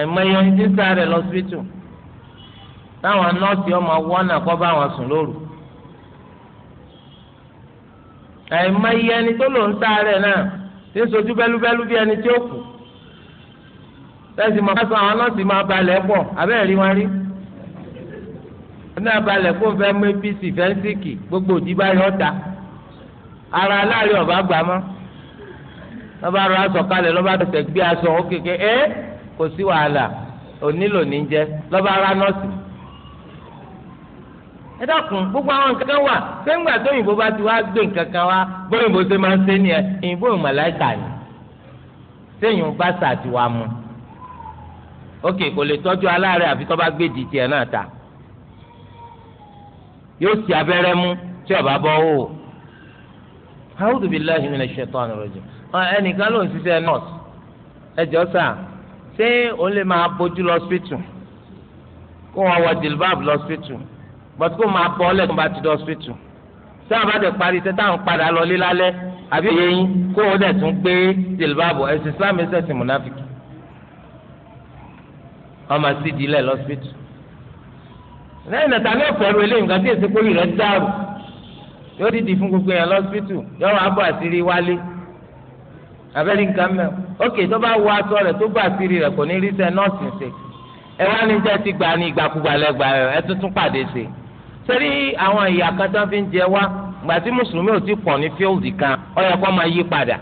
ẹ̀mọ iye ohun tí ń sáré lọ síbítù táwọn nọ́ọ̀sì ọmọ wọ́nà kọ́ bá wọn sùn lóru ẹ̀mọ iye ẹni tó lò ń sáré náà tí ń sojú bẹ́lúbẹ́lú bí ẹni tí ó kù tẹ́sí mọ́ fásitì àwọn nọ́ọ̀sì máa balẹ̀ pọ̀ abẹ́rẹ́ rí wọn rí náà balẹ̀ kó fẹ́ mú apc fẹ́ǹsìkì gbogbo òdì báyìí ọ̀tá ara aláàrẹ ọ̀bá gbà mọ́ lọ́ba rọ aṣọ kalẹ̀ lọ́ba tẹ̀sẹ̀ gbé aṣọ ó kéke ẹ́ kò sí wàhálà onílò ní jẹ lọ́ba ara nọ́ọ̀sì. ẹ dákun gbogbo àwọn nǹkan kan wà sẹ́ńgbà tó òyìnbó bá ti wá gbé nǹkan kan wá bóyìnbó ṣe máa ń ṣe ni ẹ òyìnbó màláìkà ni sẹ́yìn bá ṣàtiwá mu. ókè kò lè tọ́jú aláàrẹ àfi tó bá gbé dìtì ẹ̀ náà ta yóò sì abẹ́rẹ́ mú tí ọba bọ́ wò. A'udhu billahi minash shaitani rajim. ẹnìkan ló ń ṣiṣẹ́ nọ́ọ̀sì ẹjọ́ sà ṣé òun lè máa bójú lọ hospital kó wọn wọ jìlbáàbù lọ hospital bọ́tú kó máa bọ́ lẹ́kùn bá ti dọ́ hospital ṣé àwọn bá dẹ̀ parí iṣẹ́ táwọn padà lọ lé lálẹ́ àbí òye yín kó wọn dẹ̀ tún gbé jìlbáàbù ẹ̀sìn Islam ẹ̀sìn mùnáfíkì ọmọ sídìí lẹ̀ lọ́spítù lẹ́yìn náà tani ọ̀fẹ́ ru eléyìí nǹkan tí èsì kórì rẹ̀ dàrú yóò dìdì fún gbogbo yẹn lọ́sípítù yóò wá bọ̀ àṣírí wálé abẹ́rẹ́ nǹkan mẹ́rin ókè tó bá wọ aṣọ rẹ̀ tó bọ̀ àṣírí rẹ̀ kò ní rí sẹ́ nọ́ọ̀sì ṣe ẹ wá ní jẹ́ ti gbà ní ìgbàkúgbà lẹ́gbàá rẹ̀ ẹ tuntun pàdé ṣe sẹ́rí àwọn ìyá kan tó fi ń jẹ wá gbà tí mùsùlùmí ò ti pọ̀ ní fíldì kan ó yẹ kó máa yí padà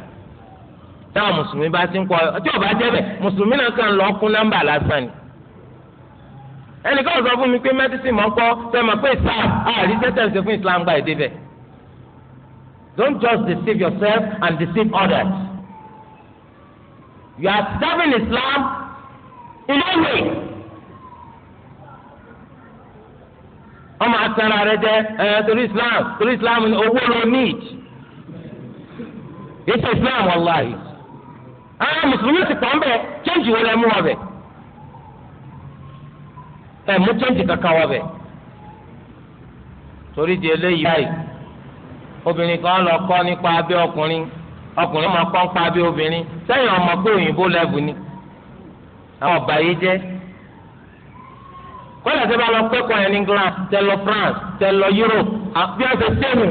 táwọn mùsùlùmí bá ti ń kọ ọjọ́ bá jẹ́ bẹ́ẹ̀ mùsùlùmí náà kàn lọ́ọ́ nọ́mbà lásán ni ẹnìkan sọ fún mi pé mẹdísìn mọ̀ ń kọ́ sẹ́mi pé islam àárín tẹ́tẹ̀ ń ṣe fún islam gba èdè bẹ̀. don't just deceive yourself and deceive others. you are serving islam in no way. ọmọ asara rẹ jẹ ẹ torí islam torí islam ni owó ló need. kì í ṣe islam wàláyé. àwọn mùsùlùmí ti pọ̀ ń bẹ̀ change wo lẹ mú wa bẹ̀ ẹ mú chẹ́ǹtì kankan wọ bẹ̀. torí di eléyìí báyìí obìnrin kan lọ kọ́ nípa abẹ́ ọkùnrin ọkùnrin máa kọ́ nípa abẹ́ obìnrin sẹ́yìn ọmọ pé òyìnbó lẹ́bù ni àwọn ọba yìí jẹ́ kọ́lá tẹ́ bá lọ kẹ́kọ̀ọ́ yẹn ní England tẹ́ lọ France tẹ́ lọ Europe bí wọ́n ṣe sẹ́nu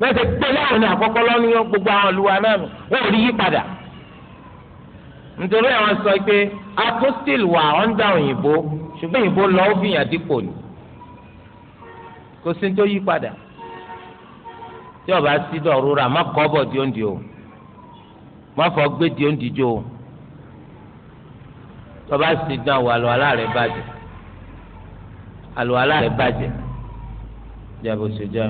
bẹ́ẹ̀ ṣe pé láàrin àkọ́kọ́ lọ́nìyàn gbogbo àwọn olùwà náà wọ́n rí yípadà nítorí àwọn sọ pé apostille wà ọ̀ndà òyìnbó ṣùgbọ́n òyìnbó lọ ó fìyàn dípò ni kò sí tó yí padà tí ọba sí dọ̀rúra má kọ́ bọ̀ diondi o má fọ gbé diondi jo o tọba sì dán wọ àlùwàlá rẹ bàjẹ́ àlùwàlá rẹ bàjẹ́ jàbọ sójà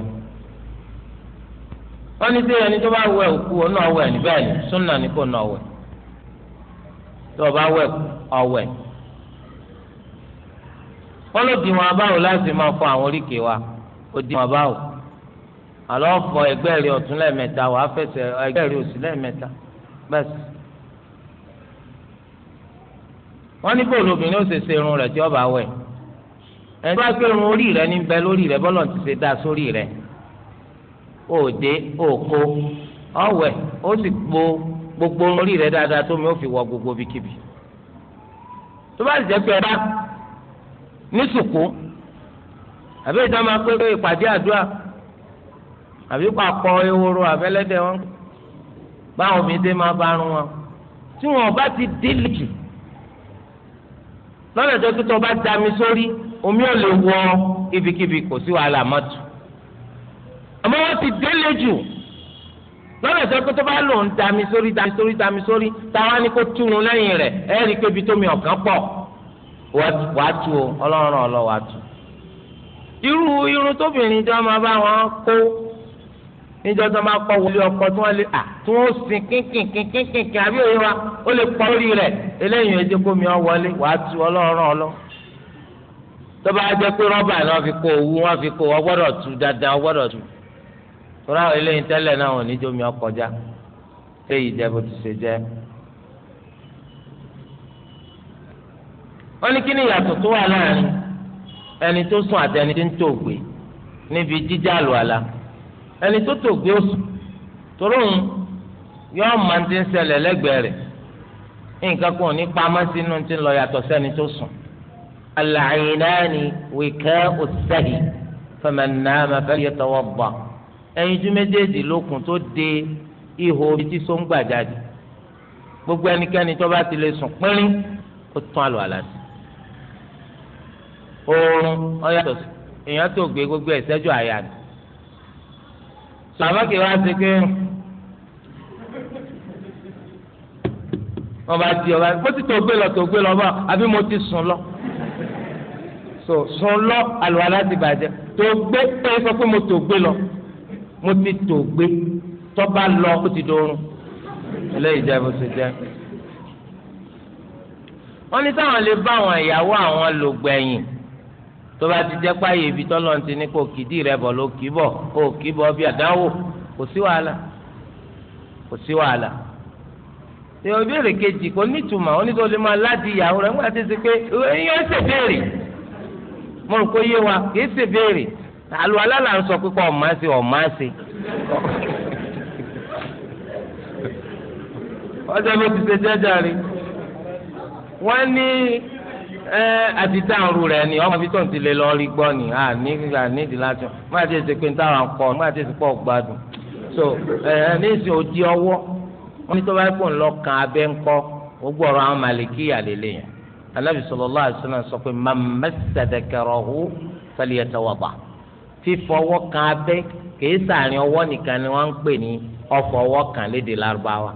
wọn ní sẹyìn ẹni tó bá wẹ òkú ọ náà wẹ ní bẹ́ẹ̀ ni súnà ní kò náà wẹ tí o bá wẹ̀ ọ̀wẹ̀ wọ́n ló di wọn abáwò láti máa fọ àwọn oríkèé wa ó di wọn abáwò àlọ́ fọ ẹgbẹ́ rẹ ọ̀tún lẹ́ẹ̀mẹ́ta wàá fẹsẹ̀ ẹgbẹ́ rẹ òsì lẹ́ẹ̀mẹ́ta bẹ́ẹ̀ wọ́n ní bóòlù obìnrin ó ṣe ṣe irun rẹ̀ tí ó wẹ̀ ẹni tó bá pé irun orí rẹ̀ ní bẹ lórí rẹ̀ bọ́lọ̀ ti ṣe dá sórí rẹ̀ òde òkó ọ̀wẹ̀ ó sì po gbogbo orí rẹ dáadáa tó mi ó fi wọ gbogbo bíkíbi tó bá jẹ́ pé ẹ bá ní sùkú àbí ìta máa pé ìpàdé àdúrà àbí pàpọ̀ ehoro àbẹ́lẹ́dẹ̀ wọn báwọn mi dé máa bá rún wọn tí wọn bá ti délé jù lọ́nà tó kí tó bá da mi sórí omi ò lè wọ ibikíbi kò sí wàhálà mọ́tò àmọ́ wọ́n ti délé jù lọ́nà ìjọ pé tó bá lò ń dami sórí dami sórí dami sórí táwa ni kó túrun lẹ́yìn rẹ̀ ẹ rí i pé ibi tómi ọ̀kan pọ̀ wàá tu o ọlọ́run ọlọ́ wàá tu. irú irun tóbìnrin tí wọ́n máa bá wọn kó níjọ́ tó máa kọ́ wọlé ọkọ tí wọ́n lè à tí wọ́n sin kínkìnkìnkìnkìn àbí òye wa ó lè pọ́ orí rẹ̀ eléyìí ẹ kó mi wọlé wàá tu ọlọ́run ọlọ́ tó bá jẹ́ pé rọ́bà ni fi kó owó wọ́n fi kó ọ gbọ́dọ̀ tu dáadáa ọ gbọ́dọ̀ tu. tóra àwọn eléyìí na náà wọn níjó mi ọkọjá léyìí jẹ́ bó ti ṣe jẹ́. wọ́n ní kí ni ìyàtọ̀ tó wà láàrin ẹni tó sùn àti ẹni tó ń níbi jíjá ẹni tó ó sùn máa ti ń ṣẹlẹ̀ lẹ́gbẹ̀ẹ́ rẹ̀ nǹkan kan ní pamọ́ sínú ti ń lọ yàtọ̀ sẹ́ni tó sùn. العينان وكاء السهي ẹyinjú méjèèjì lókun tó de ihò omi tí so ń gbà jáde gbogbo ẹnikẹ́ni tó bá ti lè sùn pínrín ó tún àlọ́ àlàsì oorun ọ̀yàtọ̀ èèyàn tó gbé gbogbo ìṣẹ́jú àyà ni sàmọ́kì wá sí pé wọ́n bá di ọba bó ti tó gbé lọ tó gbé lọ bá àbí mo ti sùn lọ so sùn lọ àlọ́ àlàsì bàjẹ́ tó gbé pé sọ pé mo tó gbé lọ. So, mo ti tò gbé tọ́ba lọ ó ti dorun eléyìí jẹ́ bó ṣe jẹ́. wọ́n ní sáwọn lè bá àwọn ìyàwó àwọn lò gbẹ̀yìn tó bá ti jẹ́ páyé ibi tọ́lọ́ ti ní kò kìdí rẹ bọ̀ ló kì í bọ̀ kò kì í bọ̀ bí àdánwò kò sí wàhálà kò sí wàhálà ṣe ìbéèrè kejì kò nítumọ̀ oníṣòwò lè máa láti ìyàwó rẹ̀ ńgbà tí ó ti pé ẹ̀yin ẹ̀ ṣèbéèrè mo rò pé yé wa kì í ṣèbéèrè àlùwalá là ń sọ pípa ọ̀másí ọ̀másí ọjọ́ ló ti ṣe jẹ́jà wọ́n ní àtìtà ni ọmọ fi tó ń ti lọ rí gbọ́ ni à ní à ní ìdí má ti ṣe akọ má ti ṣe pọ̀ gbádùn so ní ìsìn òdi ọwọ́ wọ́n ní tó bá pò ń kan abẹ́ ńkọ́ gbogbo ọ̀rọ̀ àwọn yẹn alábìsọ̀lọ́lá sọ pé fífọwọ́ kan abẹ́ kìí sàárín ọwọ́ nìkan ni wọ́n ń pè ní ọfọwọ́ kan lédè lárúbáwá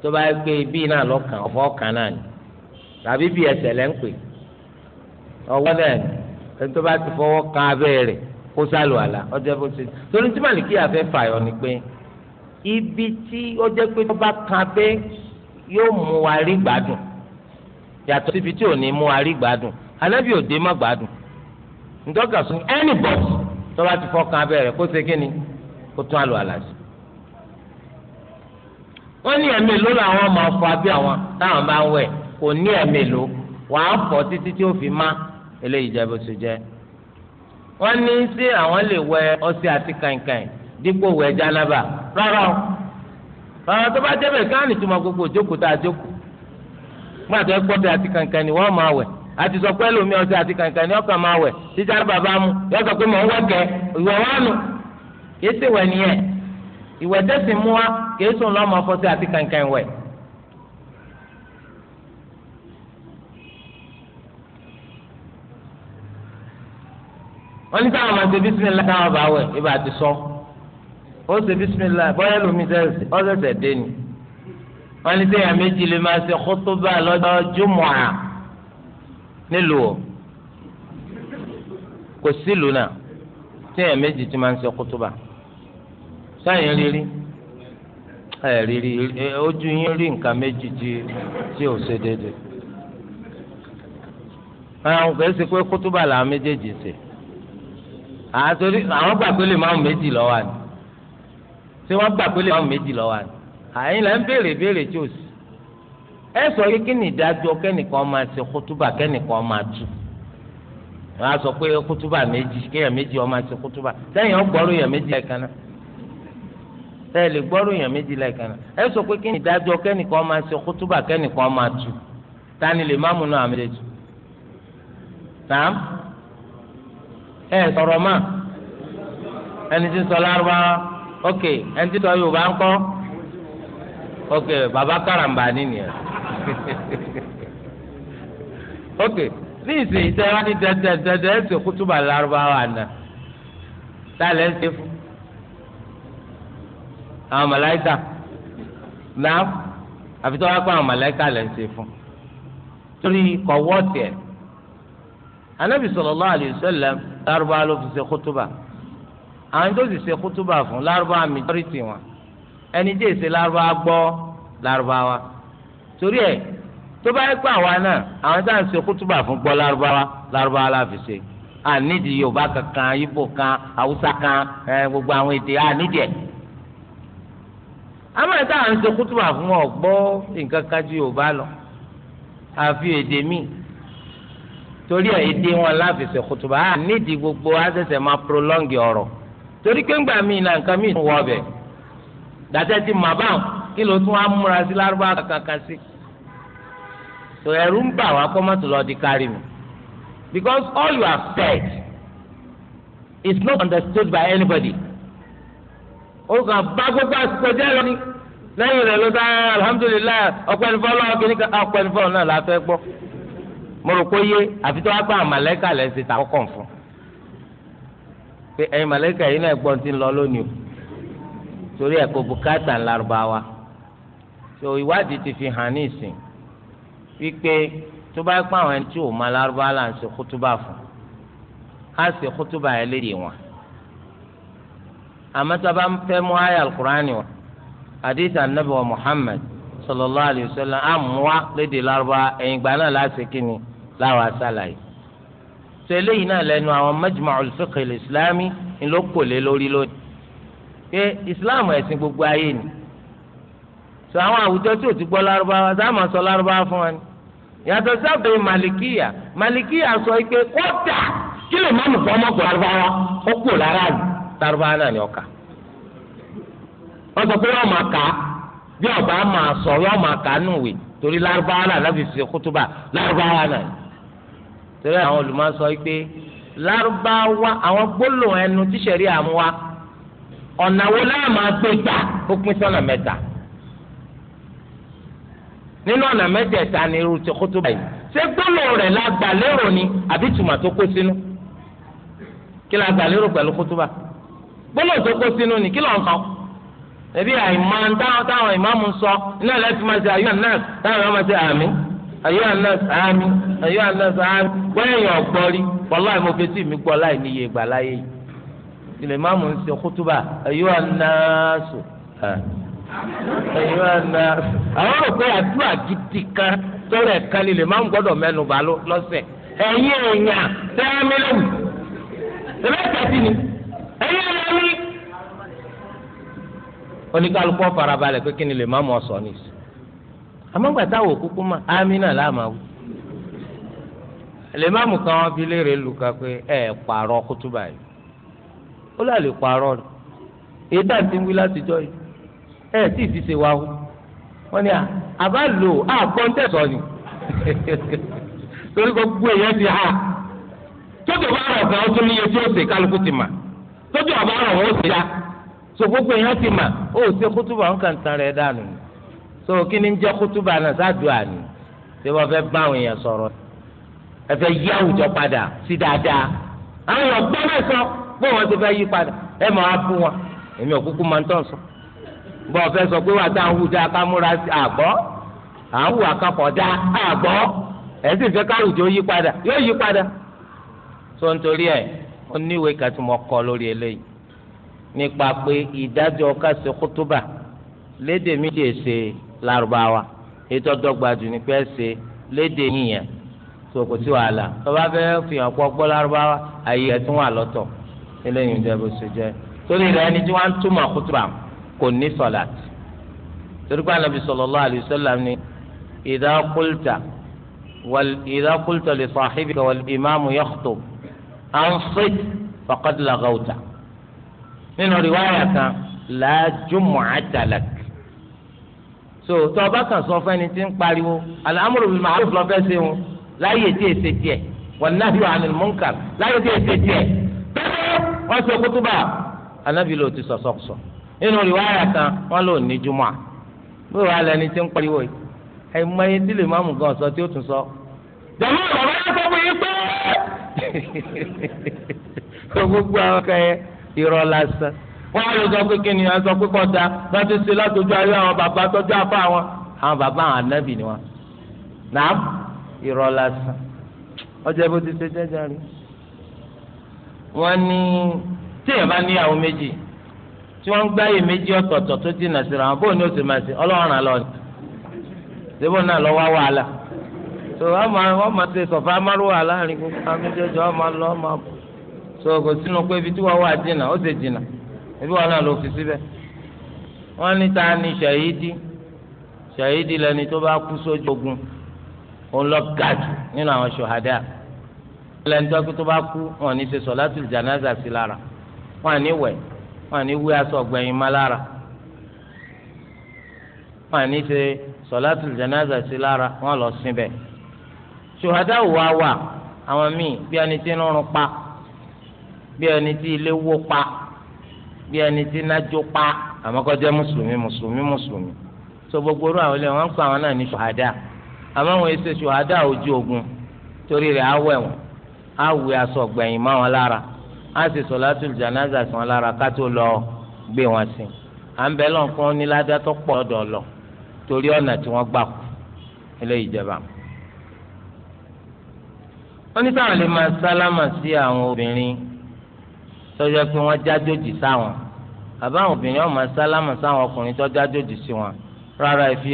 tó bá gbé pé ibi náà lọ́kàn ọfọ́ kan náà ni tàbí bí ẹsẹ̀ lẹ́ ń pè ọwọ́ náà ni ẹni tó bá ti fọwọ́ kan abẹ́ rẹ̀ kó sálù àlà ọjọ́ bó ṣe torí tí màlìkí àfẹ́ fàyọ ni pé ibi tí ó jẹ́ pé tó bá kan abẹ́ yóò mú wa rí gbádùn yàtọ̀ síbi tí ò ní mú wa rí gbádùn anábì òde má gbádùn tó bá ti fọkàn abẹ́rẹ́ kó ṣe kíni kó tún àlọ́ àlàsì. wọ́n ní ẹ̀mí ló làwọn máa fọ abẹ́ àwọn táwọn máa ń wẹ̀ kò ní ẹ̀mí ló wàá fọ títí tí ó fi má eléyìí jẹ́ bó ṣe jẹ́. wọ́n ní sí àwọn lè wẹ ọṣẹ àti kàìnkàìn dípò wẹ̀ jánábà rárá o rárá tó bá jẹ́ bẹ́ẹ̀ káàní tó gbogbo òjókòó tá a jókòó gbàtọ́ ẹgbọ́dọ̀ àti kàìnkàìn ni wọ́n máa wẹ̀ àti sọ pé lómi ọṣẹ àti kànkàn ní ọkàn máa wẹ̀ títí bàbá mu yọ sọ pé mò ń wẹ̀kẹ́ ìwọ wà nù kìí sì wẹ̀ nìyẹn ìwẹ̀ tẹ̀sí mú wa kìí sùn lọ́mọ fọṣẹ àti kànkàn wẹ̀. wọ́n ní sáwọn máa ṣe bísímìlá káwọn bá wẹ̀ ibà ti sọ ó ṣe bísímìlá bọ́yá lómi ọ̀sẹ̀sẹ̀ dé ni wọ́n ní sẹ́yà méjì lè máa ṣe kótó bá lọ́jọ́ jùmọ̀ à. nílùú o kò sílùú náà téèyàn méjì tí máa ń ṣe kútúbà sáyẹn rírí ẹ rírí ojú yín rí nǹkan méjì tí tí ò ṣe déédéé àwọn kò ṣe pé kútúbà làwọn méjèèjì ṣe àtòrí àwọn gbà pé lè máa méjì lọ́wọ́ àná tí wọ́n gbà pé lè máa méjì lọ́wọ́ ẹ sọ yìí kí ni ìdájọ́ kẹ́nìkan máa ṣe kútúbà kẹ́nìkan máa tú wọn á sọ pé kútúbà méjì kéèyàn méjì ó máa ṣe kútúbà sẹ́yìn ọgbọ́rò èèyàn méjì lẹ́ẹ̀kan náà sẹ́yìn lè gbọ́rò èèyàn méjì lẹ́ẹ̀kan náà ẹ sọ pé kí ni ìdájọ́ kẹ́nìkan máa ṣe kútúbà kẹ́nìkan máa tú tani lè má múná àmì lè tú tàám ẹ sọ̀rọ̀ máa ẹni tí ń sọ lárúbáwá ok ẹni tí ń sọ yorùbá ńkọ́ ok baba karamba nìyẹn ok ní ìsìn ìtẹ́ wá ní dẹ́dẹ́dẹ́dẹ́ ẹ̀ sọ kútùbà lárúbáwá àná tá a lẹ́ ń ṣe fún àwọn màláìka náà àfi tó wá pé àwọn màláìka lẹ́ ń ṣe fún torí kọ̀ wọ́ọ̀tì ẹ̀ anabi sallallahu alayhi wa sallam lárúbáwá ló fi ṣe kútùbà àwọn tó sì ṣe kútùbà fún lárúbáwá mi jọ́rìtì wọn ẹni tí èsè lárúbáwá gbọ́ lárúbáwá torí ẹ̀ tó bá yẹ pé àwa náà àwọn tá à ń ṣe kútùbà fún gbọ́ lárúbáwá lárúbáwá la fi ṣe ànídìí yorùbá kankan ibo kan haúsá kan gbogbo àwọn èdè ànídìí ẹ̀ àmọ́ tá à ń ṣe kútùbà fún ọ gbọ́ nǹkan kan ju yorùbá lọ àfi èdè míì torí ẹ̀ èdè wọn láfi ṣe kútùbà ànídìí gbogbo á máa prolonge ọ̀rọ̀ torí pé ńgbà míì nǹkan míì tún wọ ọbẹ̀ gbàtẹ́ ti mà báwọn kí ló tún wá múra sí lárúbá kankan sí tó ẹrú ń bà wá kọ́ di kárí mi because all you have is not understood by anybody ó kàn bá gbogbo àsìkò jẹ́ lọ ní lẹ́yìn rẹ̀ ló dáa alhamdulilayi ọ̀pẹ̀ lọ́wọ́ kìíní ká ọ̀pẹ̀ náà la fẹ́ gbọ́ mo rò pé yé àfi tó wá àmàlẹ́kà lẹ́sìn fún pé ẹ̀yin màlẹ́kà yìí náà ti lọ o. torí ẹ̀kọ́ bùkátà ńlárúbáwá so ìwádìí ti fi hàn ní ìsìn wípé tó bá pa àwọn ẹni tí ò máa lárúbáwá là ń ṣe kútúbà fún á ṣe kútúbà yẹn lédè wọn àmọ́ tó bá ń fẹ́ mú àyà alukur'ani wọn àdìsí anabi wa muhammed sallallahu alayhi wa sallam àmúwá lédè lárúbáwá ẹ̀yìn gbà náà láti kíni láwọn aṣáláyé so eléyìí náà lẹ́nu àwọn majma'ul fiqh al-islami ńlọkọlẹ lórí lónìí pé islam ẹ̀sìn gbogbo ayé ni sọ àwọn àwùjọ tí ò ti gbọ́ lárúbáwá sáàmà sọ lárúbáwá fún wa ni yàtọ̀ sábẹ́ màlìkíyà màlìkíyà sọ pé kódà kí lè má mú fún ọmọ gbọ́ lárúbáwá ó kú lára àlù lárúbáwá náà ni ọkà wọ́n sọ pé yọ́ọ́ máa kà á bí ọba máa sọ yọ́ọ́ máa kà á nùwèé torí lárúbáwá náà lábì fi kútúbà lárúbáwá náà torí àwọn olùmọ̀ sọ pé lárúbáwá àwọn gbólóhùn ẹnu tíṣẹ̀rí àmúwá ọ̀nà wo láà máa gbé gbà ó pín sọ́nà mẹ́ta nínú ọ̀nà mẹ́tẹ̀ẹ̀ta ni irú ti kótó báyìí ṣé rẹ̀ la gbà ni àbí tùmà tó kó sínú kí la gbà lérò pẹ̀lú kótó bá tó kó sínú ni kí lọ́n ẹbí táwọn táwọn ìmáàmù sọ iná ẹlẹ́tì máa ṣe àyọ̀ náà táwọn ìmáàmù ṣe àmì àyọ̀ náà àmì àyọ̀ náà àmì ọ̀gbọ́rí mo mi gbọ́ láì níye ilẹ̀ máàmù ń ṣe kútúbà ẹ̀yọ́ anáàsù ẹ̀yọ́ anáàsù. àwọn rò pé àdúrà gidi kan tọrọ ẹ̀ka ni ilẹ̀ máàmù gbọ́dọ̀ mẹ́nu bá lọ́sẹ̀ ẹ̀yin èèyàn tẹ́lẹ̀ mílíọ̀nù ẹ̀rẹ́ tẹ̀sí ni ẹ̀yin èèyàn ní. oníkálukú farabalẹ̀ pé kí ni ilẹ̀ máàmù ọ̀sọ̀ ni àmọ́gbàtà wò kúkú mà ámínà láàmà wò lè máàmù kan wọn fi léèrè lù pé ẹ̀ ó là lè parọ́ rẹ̀ èyí dà ti ń wí látijọ́ yìí ẹ̀ tí ì fi ṣe wa wọ́n ní àbá lò àgbọ̀n tẹ̀sọ̀ ni torí gbogbo èèyàn ti hà tóbi ọba rọ̀ kan ó tún níye tí ó ṣe kálukú ti mà tóbi ọba rọ̀ wọn ó ṣe ya so gbogbo èèyàn ti mà ó ṣe kútùbà ń kàn tán rẹ̀ dànù so kí ni ń jẹ́ kútùbà náà sáàdù àná ṣé wọ́n fẹ́ bá àwọn èèyàn sọ̀rọ̀ ẹ fẹ́ yí àwùjọ padà sí dáadáa àwọn èèyàn náà sọ bó wọn ti fẹ́ yí padà ẹ máa bú wọn èmi ò kúkú máa ń tọ̀ sọ bọ́ ọ fẹ́ sọ pé wàá dáhùn wúdà ká múra sí àgbọ́ à ń wà kakọ̀ dá àgbọ́ ẹ̀ sì fẹ́ káwùjọ yí padà yóò yí padà tó ń torí ẹ̀ ó níwèé kàtí mo kọ lórí eléyìí nípa pé ìdájọ́ kásì kútúbà lédè méjì ṣe lárúbáwá ètò ọdọgbàdù ni pé ṣe lédè yìnyẹn tó kò sí wàhálà tó bá fẹ́ fi hàn pọ́ gbọ́ lárúbáwá àyè ẹ̀ tún wà lọ́tọ̀ eléyìí jẹ́ bó ṣe jẹ́ torí rẹ̀ ẹni tí wọ́n á túmọ̀ kútùbà kò ní sọ̀làtì torí pé anabi sallallahu alayhi wa sallam ni idha qulta wal idha qulta li sahibika wal imamu yakhtub ansit faqad laghawta nínú riwaya kan la jumu'ata so tó o bá kàn sọ fún ẹni tí ń pariwo al-amru bil ma'ruf lọ wọn láyé tí èsè tiẹ̀ wan nahyu 'anil munkar láyé tí èsè tiẹ̀ wọ́n sọ kútúbà anábì ló ti sọ̀sọ̀sọ nínú rìwáyà kan wọ́n lò ní jùmọ̀ bí wàá lẹni tí ń pariwo yìí ẹ̀ mọ ẹyin tí lè gan sọ tí ó tún sọ. jọ̀wọ́ bàbá yẹn sọ fún yín pé gbogbo àwọn kan yẹn irọ́ lásán wọ́n á lọ sọ pé kí ni wọ́n sọ pé kọ́ta wọ́n ti ṣe látọjú ayé àwọn bàbá tọ́jú àwọn bàbá àwọn ni wọn. nàá wọ́n ní téèyàn bá níyàwó méjì tí wọ́n ń gbáyè méjì ọ̀tọ̀ọ̀tọ̀ tó dínà síra wọn bóun ni o sì máa ṣe ọlọ́run àlọ́ ni síbò náà lọ wàhálà tó wọ́n máa wọ́n máa ṣe sọ̀fà máa máa bọ̀ tó kò sínú pé ibi tí wà ó sì ibi wọn náà fi síbẹ̀ ní ta bá kú ogun lẹ́ńtọ́ pé tó bá kú wọn ní ṣe sọ̀látù jànáza sí lára wọn ní wẹ̀ wọn ní wí aṣọ ọ̀gbẹ̀yìn má lára wọn ní ṣe sọ̀látù jànáza sí lára wọn lọ sin bẹ́ẹ̀. ṣùhádà wà wà àwọn míì bí ẹni tí ń pa bí ẹni tí ilé wó pa bí ẹni tí nájó pa àmọ́ kó jẹ́ mùsùlùmí mùsùlùmí mùsùlùmí so gbogbo orú àwọn ilé wọn ń pa àwọn náà ní ṣùhádà àmọ́ wọn ṣe ṣùhádà ojú ogun torí rẹ̀ á wẹ̀ wọn á wé aṣọ gbẹ̀yìn mọ́ wọn lára á sì sọ̀látùl jánásà sí wọn lára ká tó lọ gbé wọn sí à ń bẹ lọ́n fún níládá tó pọ̀ ọ̀dọ̀ lọ torí ọ̀nà tí wọ́n gbà kú eléyìí jẹba. wọ́n ní sáwọn lè máa sálámà sí àwọn obìnrin tọ́jọ́ pé wọ́n jájòjì sáwọn àbá àwọn obìnrin ọ̀ máa sálámà sáwọn ọkùnrin tó jájòjì sí wọn rárá ẹ fi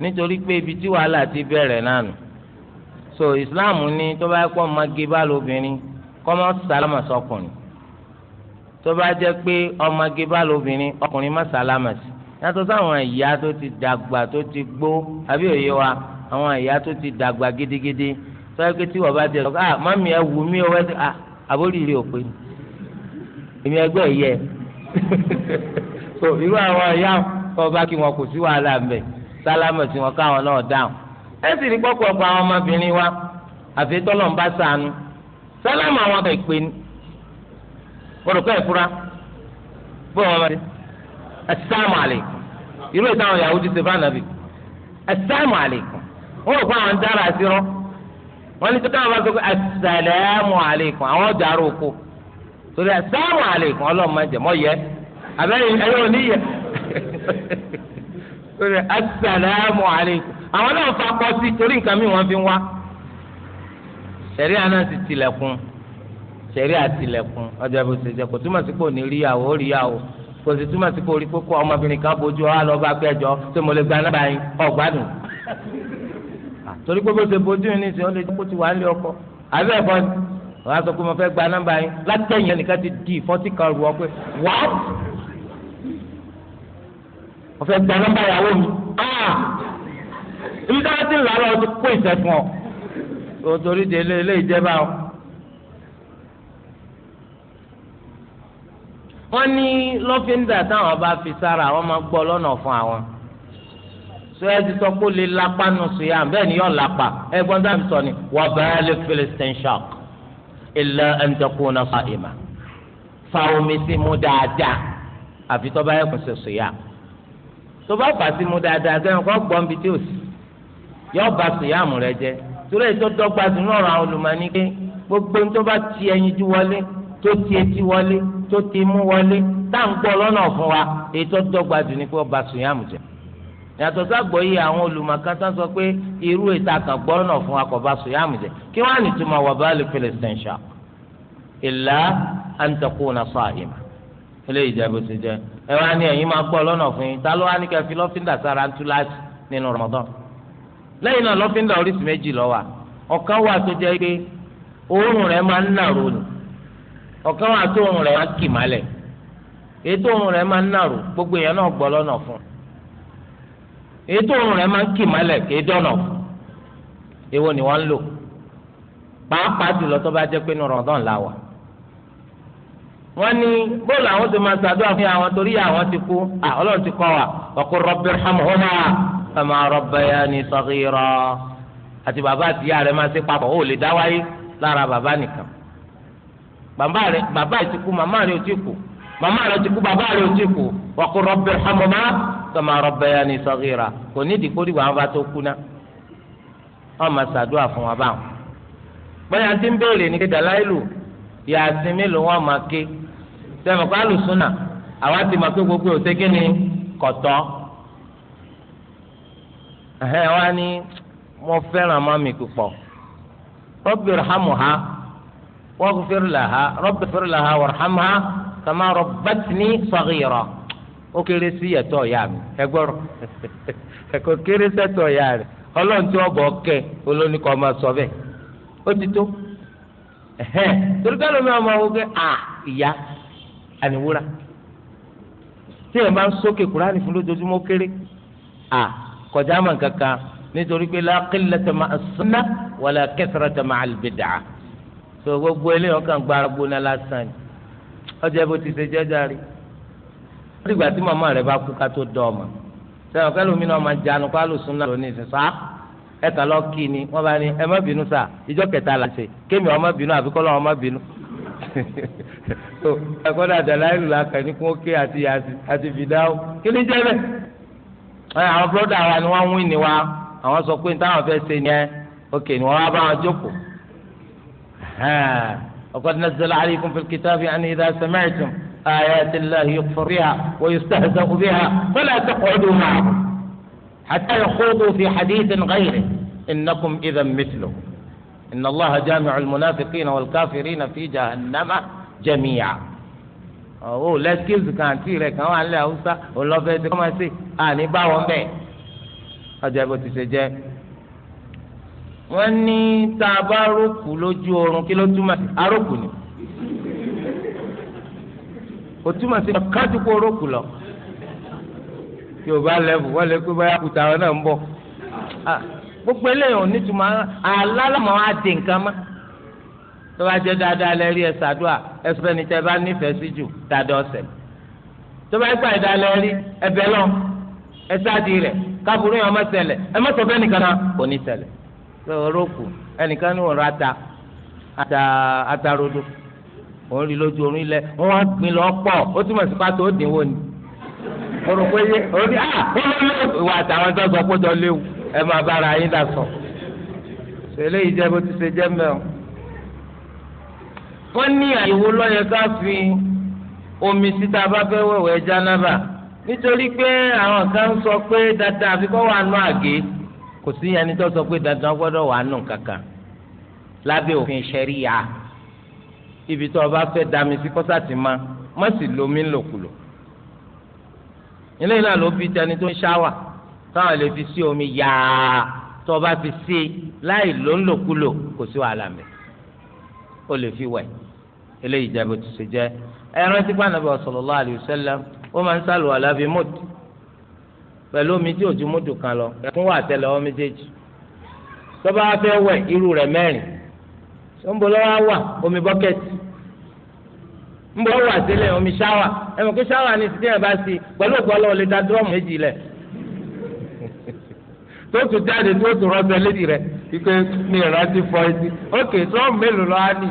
nítorí pé ibi tí wàhálà ti bẹ̀rẹ̀ náà so islam ní tó bá pọ̀ magi bá lóbìnrin kọ́mọ́ sálámà sọkùnrin tó bá jẹ́ pé ọmọge bá lóbìnrin ọkùnrin má sálámà sí yàtọ̀ sáwọn ìyá tó ti dàgbà tó ti gbó àbí òye wa àwọn ìyá tó ti dàgbà gidigidi sọ pé tí wọ́n bá jẹ ọ̀gá ah mami ẹ wù mí ọwọ́ ẹ ah, àbóríire òpin èmi ẹgbẹ́ ẹ̀yẹ so irú àwọn ìyá wọn bá kí wọn kò sí wàhálà mbẹ sálámà sí wọn káwọn náà dáhùn ẹ sì rí pọ́pọ́pọ́ àwọn ọmọbìnrin wa àfi tọ́lọ̀ ń bá sànù sálámù àwọn ọmọ ìpè ìfura irú ti wọn rò pé àwọn ń dára àṣírọ́ wọn ní sọ́kà bá sọ pé assalamu alaikum àwọn ọjà àrò oko torí assalamu alaikum ọlọ́mọ ẹ̀jẹ̀ mọ́ yẹ ẹ̀yọ́ ní yẹ àwọn náà fa kọ sí torí nǹkan mi wọ́n fi ń wá sẹ̀ríà náà ti tilẹ̀kùn sẹ̀ríà tilẹ̀kùn ọjọ́ ìbò ṣèjọ kò túmọ̀ sí pé òní rí yàwó rí yàwó kò sì túmọ̀ sí pé orí kókó ọmọbìnrin kan bójú ọ lọ bá gbẹjọ ṣé mo lè gba náà báyìí ọgbádùn torí pé bó ṣe bójú ní ìsìn ó lè kó ti wà á lé ọkọ àbí ẹ̀kọ́ ni wọ́n á sọ pé mo fẹ́ gba nọ́mbà yín látẹ̀yìn ẹnìkan ti di ìfọ́tí kan rù ọ pé wọ́n mo fẹ́ gba nọ́mbà ìyàwó ibi tí wọ́n ti là lọ ti kó ìṣẹ́ fún ọ torí de ilé ilé ìjẹba o. wọ́n ní lọ́fíńdà táwọn bá fi sára wọ́n máa gbọ́ lọ́nà fún àwọn sọ ẹ ti sọ pé ó lè lapa nù sí yá bẹ́ẹ̀ ni yóò lápá ẹgbọ́n dáa mi sọ ni wà bẹ́ẹ̀ lè philistine shock ilẹ̀ ẹ̀ńtẹ̀kùn náà fa ìmà fa omi sí mu dáadáa àfi tọ́ bá yẹ kó ṣe sọ yá tó bá fà sí mu dáadáa gẹ́gẹ́ kó gbọ́n bi tí ò sí yọ ba sèyàmù rẹ jẹ torí ètò dọ́gba sí lọ́rọ̀ àwọn olùmọ̀ọ́ni pé gbogbo tó bá ti ẹyinjú wọlé tó ti etí ti mú wọlé tá à ń gbọ́ lọ́nà fún wa ètò dọ́gba sí ni pé ọba sèyàmù jẹ yàtọ̀ sàgbọ́ yìí àwọn olùmọ̀kátà sọ pé irú ètò àkàgbọ́ fún wa kò bá sèyàmù jẹ kí wọ́n á wà bá lè fẹlẹ̀ sẹ́ńṣà ìlà sọ bó ti jẹ ẹ wá ní máa gbọ́ lọ́nà fún ta ló lẹ́yìn náà lọ́fíńdà oríṣìí méjì lọ wa ọ̀kan wà tó jẹ́ pé oorun rẹ̀ máa ń nàró ni ọ̀kan wà tó rẹ̀ máa ń kì ètò òórùn rẹ̀ máa gbogbo èèyàn náà gbọ́ lọ́nà fún ètò òórùn rẹ̀ máa ń kì málẹ̀ kì í dọ̀nà fún èwo ni wọ́n ń lò pàápàá jùlọ ní rọ̀dán la wà wọ́n ní bóòlù àwọn tó máa ṣàdúrà fún àwọn torí àwọn ti kú Ọlọ́run ti kọ́ kama rabbayani saghira àti bàbá àti ìyá rẹ máa ṣe papọ̀ ó lè dá wáyé lára bàbá nìkan bàbá rẹ bàbá ti kú màmá rẹ ò ti kú màmá rẹ ti kú bàbá rẹ ò ti kú wa qur rabbi irhamhuma kama rabbayani saghira kò ní ìdí kórìí wàá bá tó kú ná wọn máa ṣàdúrà fún wa báwọn. bóyá ti ń béèrè ní kéde aláìlú yàtí mélòó wọn máa ké sẹ́mi kọ́ àlùsùn náà àwa ti máa ké gbogbo òṣèké ni kọ̀tọ́ ẹ̀hẹ́n wá ní mo fẹ́ràn mami púpọ̀ rọ́bì rahamu ha wọ́gùfẹ́rù là ha rọ́bì fẹ́rù là ha wọ̀rọ̀hamu ha kàmá rọ́bàtìní sọ̀gìrọ̀ ó kéré sí ẹ̀tọ́ ìyá mi ẹgbọ́rọ̀ ẹ̀kọ́ kéré sẹ́tọ̀ ìyá rẹ̀ ọlọ́run tí wọ́n bọ̀ kẹ́ olóní kọ́ máa sọ bẹ́ẹ̀ ó ti tó ẹ̀hẹ́n torí ká ọmọ wọn pé à ìyá àníwúrà tí ẹ̀ máa ń sókè kúránì fún lójoojúmọ́ kéré à kọjá mọ̀ kankan nítorí pé la qillata ma'a sunnah wala kathrata ma'al bid'ah so gbogbo eléyìí ọkàn gbára gbóná lásán ni ọjọ́ ibo ti ṣe jẹ́jàre nígbà tí màmá rẹ̀ bá kú ká tó dọ̀ ọmọ sẹ́wọ̀n kẹ́lómi náà máa jánu kó alùsùn náà lónìí sísá ẹ̀ka lọ kí ni wọ́n bá ní ẹ má bínú sá ìjọ kẹta là ṣe kémi ọmọ bínú àbí kọ́ ọmọ bínú ẹ̀kọ́ dàdà láìlú làkàn ní kún ókè àti àti àwọn broda wa ni wọ́n ń wíni wa àwọn sọ pé táwọn fẹ́ ṣe ni ẹ ok ni wọ́n wá bá wọn jókòó ọkọ̀dé náà zọlá alaykum fil kitabi àni idha sami'tum ayati llahi yukfar biha wa yustahza'u biha fala taqudu ma'ahum hatta yakhudu fi hadithin ghayrihi innakum idhan mithluhum inna allaha jami'ul munafiqina wal kafirina fi jahannama jami'a. ó oh, lẹ́skíìsì kan àti rẹ̀ kan wà nílẹ̀ haúsá ọlọ́fẹ́ ti kọ́ máa ṣe àní bá wọn bẹ̀. ọjà bó ti ṣe jẹ́. wọ́n ní tá a bá rókù lójú oorun kí ló túmọ̀ sí arókù ni. kò túmọ̀ sí kájú kó rókù lọ. tí o bá lẹ́bù wọ́n lè pé báyà kùtà wọn náà ń bọ̀. Ah, gbogbo eléyìí ò ní túmọ̀ alálàmọ́ á nǹkan mọ́ tó bá jẹ́ dáadáa lẹ́rí ẹ ṣàdúà ẹ sọ fẹ́ni tẹ́ bá nífẹ̀ẹ́ sí jù dáadáa ọ̀sẹ̀ tó bá gbà ìdá lẹ́rí ẹbẹ̀ lọ ẹ sáàdì rẹ̀ káburú yẹn ọmọ ṣẹlẹ̀ nìkan kò ní ṣẹlẹ̀ lọ rókù ẹnìkan ní òun rata ata atarodo òun rí lójú orun ilẹ̀ wọ́n gbin lọ pọ̀ ó túmọ̀ sí pàtó ó dínwó ni orò pé yé orò ní ah ìwà àtàwọn tó sọ pé jọ léwu ẹ máa bára yín dà sọ. ṣèléyìí jẹ́ bó ti ṣe jẹ́ mẹ́rin wọ́n ní àyẹ̀wò lọ́yẹ ká fi omi síta bá fẹ́ wẹ̀wẹ̀ jánábà nítorí pé àwọn kan sọ pé dandan àfi kọ́ wà nù àgé kò sí ẹni tó sọ pé dandan gbọ́dọ̀ wà nù kankan lábẹ́ òfin ṣẹ̀ríya ibi tó o bá fẹ́ dami sí kọ́sà ti ma má sì lomi ńlòkulò ilé náà ló tẹni tó ń ṣáwà táwọn lè fi sí omi yáa tó o bá fi sí láì lóńlòkulò kò sí wàhálà mẹ́ta ó lè fi wẹ̀ eléyìí jẹ́ bó ti ṣe jẹ́ ẹran tí bá nàbẹ̀ sallallahu alayhi wa sallam ó máa ń sálù àlàbí mọ́tò pẹ̀lú omi tí òjò mọ́tò kan lọ ẹ̀kún wà tẹ́lẹ̀ ọmọ méjèèjì tó bá fẹ́ wẹ̀ irú rẹ̀ mẹ́rin ńbọ lọ́wọ́ wà omi bọ́kẹ́tì ńbọ wà sílẹ̀ omi ṣáwà ẹ̀mọ̀ kí ṣáwà ni ti díẹ̀ bá sí pẹ̀lú ọ̀pọ̀lọ́ ò lè da dúrọ́ọ̀mù méjì lẹ̀ tó tún jáde tó tún rọ́ọ̀bẹ kíkẹ́ ní ìrántí fọ etí ókè sọ́ọ̀mù mélòó lọ́wọ́ á nì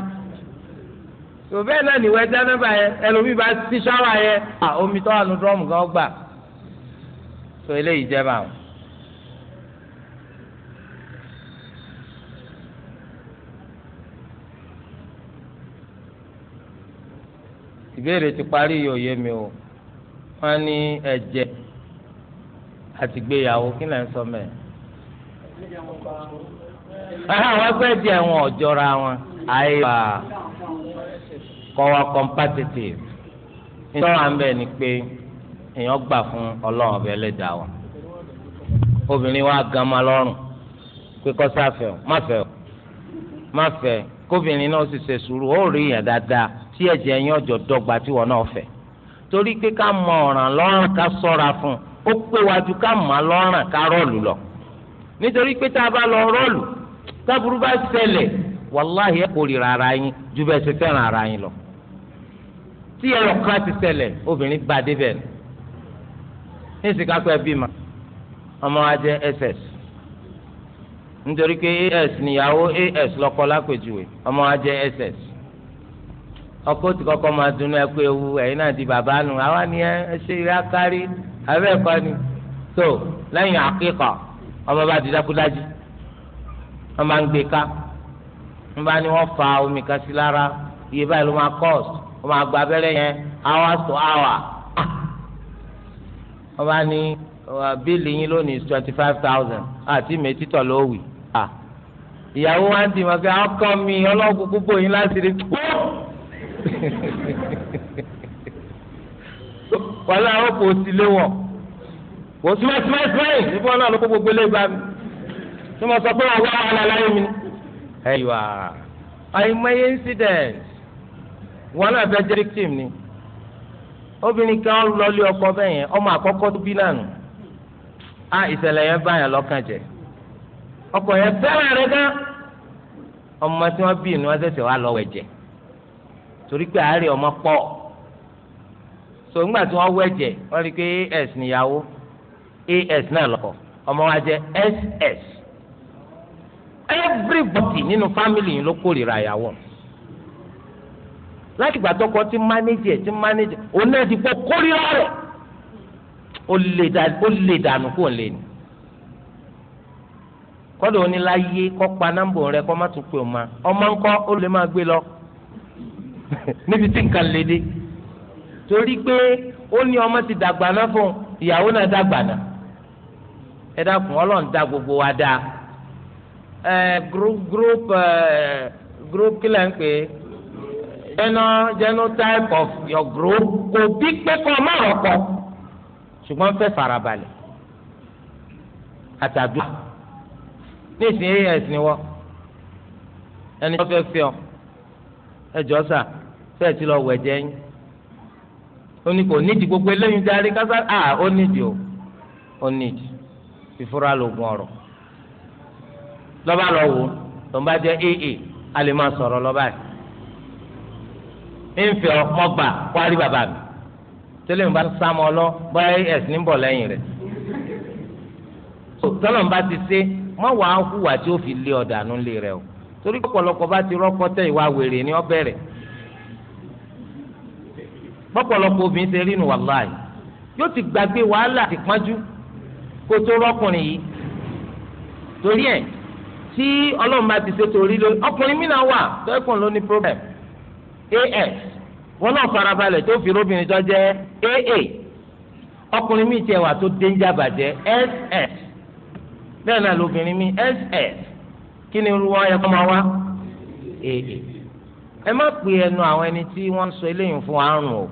tòbẹ́ náà níwẹ̀ jánábà ẹlòmíì bá ti ṣáwà yẹn à omi tó wà ní dúrọ́mù gan gbà tó eléyìí o. ìbéèrè ti parí oye mi o wọ́n ní ẹ̀jẹ̀ àtìgbéyàwó kí lẹ ń sọ mẹ́ẹ̀. àwọn ẹgbẹ́ díẹ̀ wọn ò jọra wọn àyè wà kọ́ wa competitive nítorí à ń ni pé èèyàn gbà fún ọlọ́run ọbẹ̀ ẹlẹ́dàá wa ma pé o má o má kóbìnrin náà sì ṣe sùúrù ó rí yàn dáadáa tí ẹ̀jẹ̀ yẹn ọjọ́ dọ́gba fún ó pé wájú ká lọ́rùn ká lọ nítorí pé tá a bá lọ táburú bá ṣẹlẹ̀ wàláhì ẹ kórìíra ara yín ju bẹ́ẹ̀ ṣe fẹ́ràn ara yín lọ tí ẹ̀rọ kan ti ṣẹlẹ̀ obìnrin bá débẹ̀ ní ìsìnká pẹ́ bímọ ọmọ wa jẹ́ ss nítorí pé as níyàwó as lọ́kọ lápèjúwe ọmọ wa jẹ́ ss ọkọ tí kọ́kọ́ máa dunu ẹ pé ewu ẹ̀yin náà di bàbá nù àwa ni ẹ ṣe ìrẹ́ akárí abẹ́ ni so lẹ́yìn àkíkà ọmọ bá di dákúdájí wọ́n máa ń gbé ká wọ́n bá ní wọ́n fa omi kan sí lára iye báyìí ló máa cost wọ́n máa gba abẹ́rẹ́ yẹn hours to hour wọ́n bá ní bíìlì yín lónìí twenty five thousand àti mẹ́títọ̀ ló wì ìyàwó wa ń dì mọ́ pé ọkọ mi ọlọ́ọ̀kú púpọ̀ yín láti rí kú. wọ́n lọ́wọ́ kò sí léwọ̀n kò sí mẹ́sìmẹ́sìmẹ́ ìbí náà ló kó gbogbo lé gbà mí. tí mo sọ pé wọn wá wàhálà láyé mi. ẹ̀yọ́ àìmọye incident wọn náà fẹ́ jẹ́ victim ni obìnrin kan lọlé ọkọ bẹ́ẹ̀ yẹn ọmọ àkọ́kọ́ tó bí nànú a ìṣẹ̀lẹ̀ yẹn bá yẹn ọkọ yẹn fẹ́ràn rẹ̀ gan ọmọ tí wọ́n bí inú wọn torí pé ọmọ so ńgbà tí rí i pé as níyàwó as náà ọmọ wa ss everybody nínú family yìí ló kórìíra ìyàwó láti ìgbà tó kọ tí ẹ tí mánéjì òun ti kórìíra rẹ̀ ó lè dànù kó lè ní kọ́dọ̀ òní láyé kọ́ pa nọ́mbà rẹ kọ́ má tún pè ọ́ ma ọmọ ńkọ́ ó lè ma gbé lọ níbi tí nǹkan lè dé torí pé ó ní ọmọ ti dàgbà náà fún ìyàwó náà dàgbà náà ẹ dákun ọlọ́run dá gbogbo wa Eh, group group eh, group kí lẹ̀ ń pè é general type of your group kò bí pé kọ́ má rọ̀pọ̀ ṣùgbọ́n fẹ́ farabalẹ̀ àtàdúrà ní ìsìn as ni wọ́n ẹni tó fẹ́ fi ọ ẹjọ́ sà fẹ́ẹ̀ ti lọ wẹ̀ jẹ́ yín ó ní kò nídìí gbogbo eléyìí darí kásá à ó nídìí o ó nídìí ìfúra lògùn ọ̀rọ̀ lọ́ba lọ wò tó ń bá jẹ́ aa a lè máa sọ̀rọ̀ lọ́ba yìí ń fẹ́ ọmọ gbà kwari bàbá mi tẹ́lẹ̀ ń bá sámọ́ lọ bóyá as ní bọ̀ lẹ́yìn rẹ̀ tọ́lọ̀ ń ti ṣe mọ́ wàá hùwà tí ó fi lé ọ̀dànù lé rẹ̀ o torí pọ̀pọ̀lọpọ̀ bá ti rọ́kọ́ tẹ̀ ìwà wèrè ní ọbẹ̀rẹ̀ pọ̀pọ̀lọpọ̀ obìnrin ṣe rí nu wàláì yóò ti gbàgbé wàhálà àti pọ́njú kó tó rọ́kùnrin yìí torí ẹ̀ tí ọlọ́run bá ti ṣètò orí lórí ọkùnrin mi náà wà tẹ́kùn ló ní problem as wọn náà farabalẹ̀ tó fi lóbìnrin tó jẹ́ aa ọkùnrin mi tiẹ̀ wà tó dénjà ss bẹ́ẹ̀ náà lóbìnrin mi ss kí ni irú yẹ wá aa ẹ má pè ẹnu àwọn ẹni tí wọ́n sọ eléyìí fún àrùn o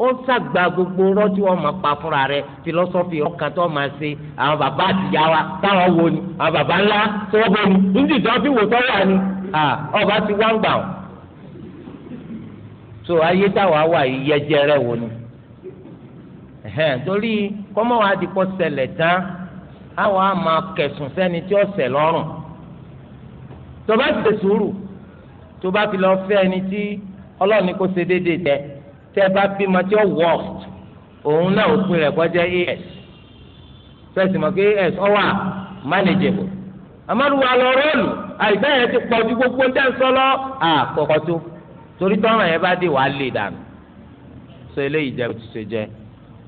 ó ṣàgbà gbogbo rọ́jú ọmọ pa fúnra rẹ̀ fìlọ́sọ́fì ọkàn tó máa ṣe àwọn bàbá àtìyá wa táwọn wo ni àwọn bàbá ńlá tó wọ́n bọ̀ ni níbi ìjọ fi wò tọ́wọ́ ni ọba ti wá ń gbà ọ́. so ayé táwa wà yìí yẹjẹrẹ wo ni torí kọ́mọ́ wa ti kọ́ ṣẹlẹ̀ tán àwa máa kẹ̀sùn sẹ́ni tí ó ṣẹ̀ lọ́rùn tó bá ti sùúrù tó bá fi lọ fẹ́ ẹni tí ọlọ́run ní kó ṣe déédéé tẹ́ tẹ́ bá bímọ tí ó worst òun náà òpin rẹ̀ kọjá as fẹsí mọ̀ pé as ọ wà manageable amadu wa lọ rọọlù àìsàn yẹn ti pọ̀ ju gbogbo ń tẹ́ sọ́lọ́ àkọ́kọ́ tó torí tọ́ràn yẹn bá dé wàá lè dànù sọ eléyìí jẹ́ bó ti ṣe jẹ́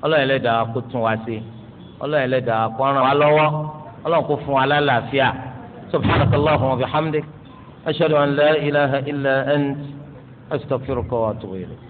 ọlọ́yìn lẹ́dàá kó tún wá sí ọlọ́yìn lẹ́dàá kó ràn wá lọ́wọ́ ọlọ́run kó fún wa lálàáfíà subhanakallahumma wa bihamdik ashhadu an la ilaha illa ant astaghfiruka wa atubu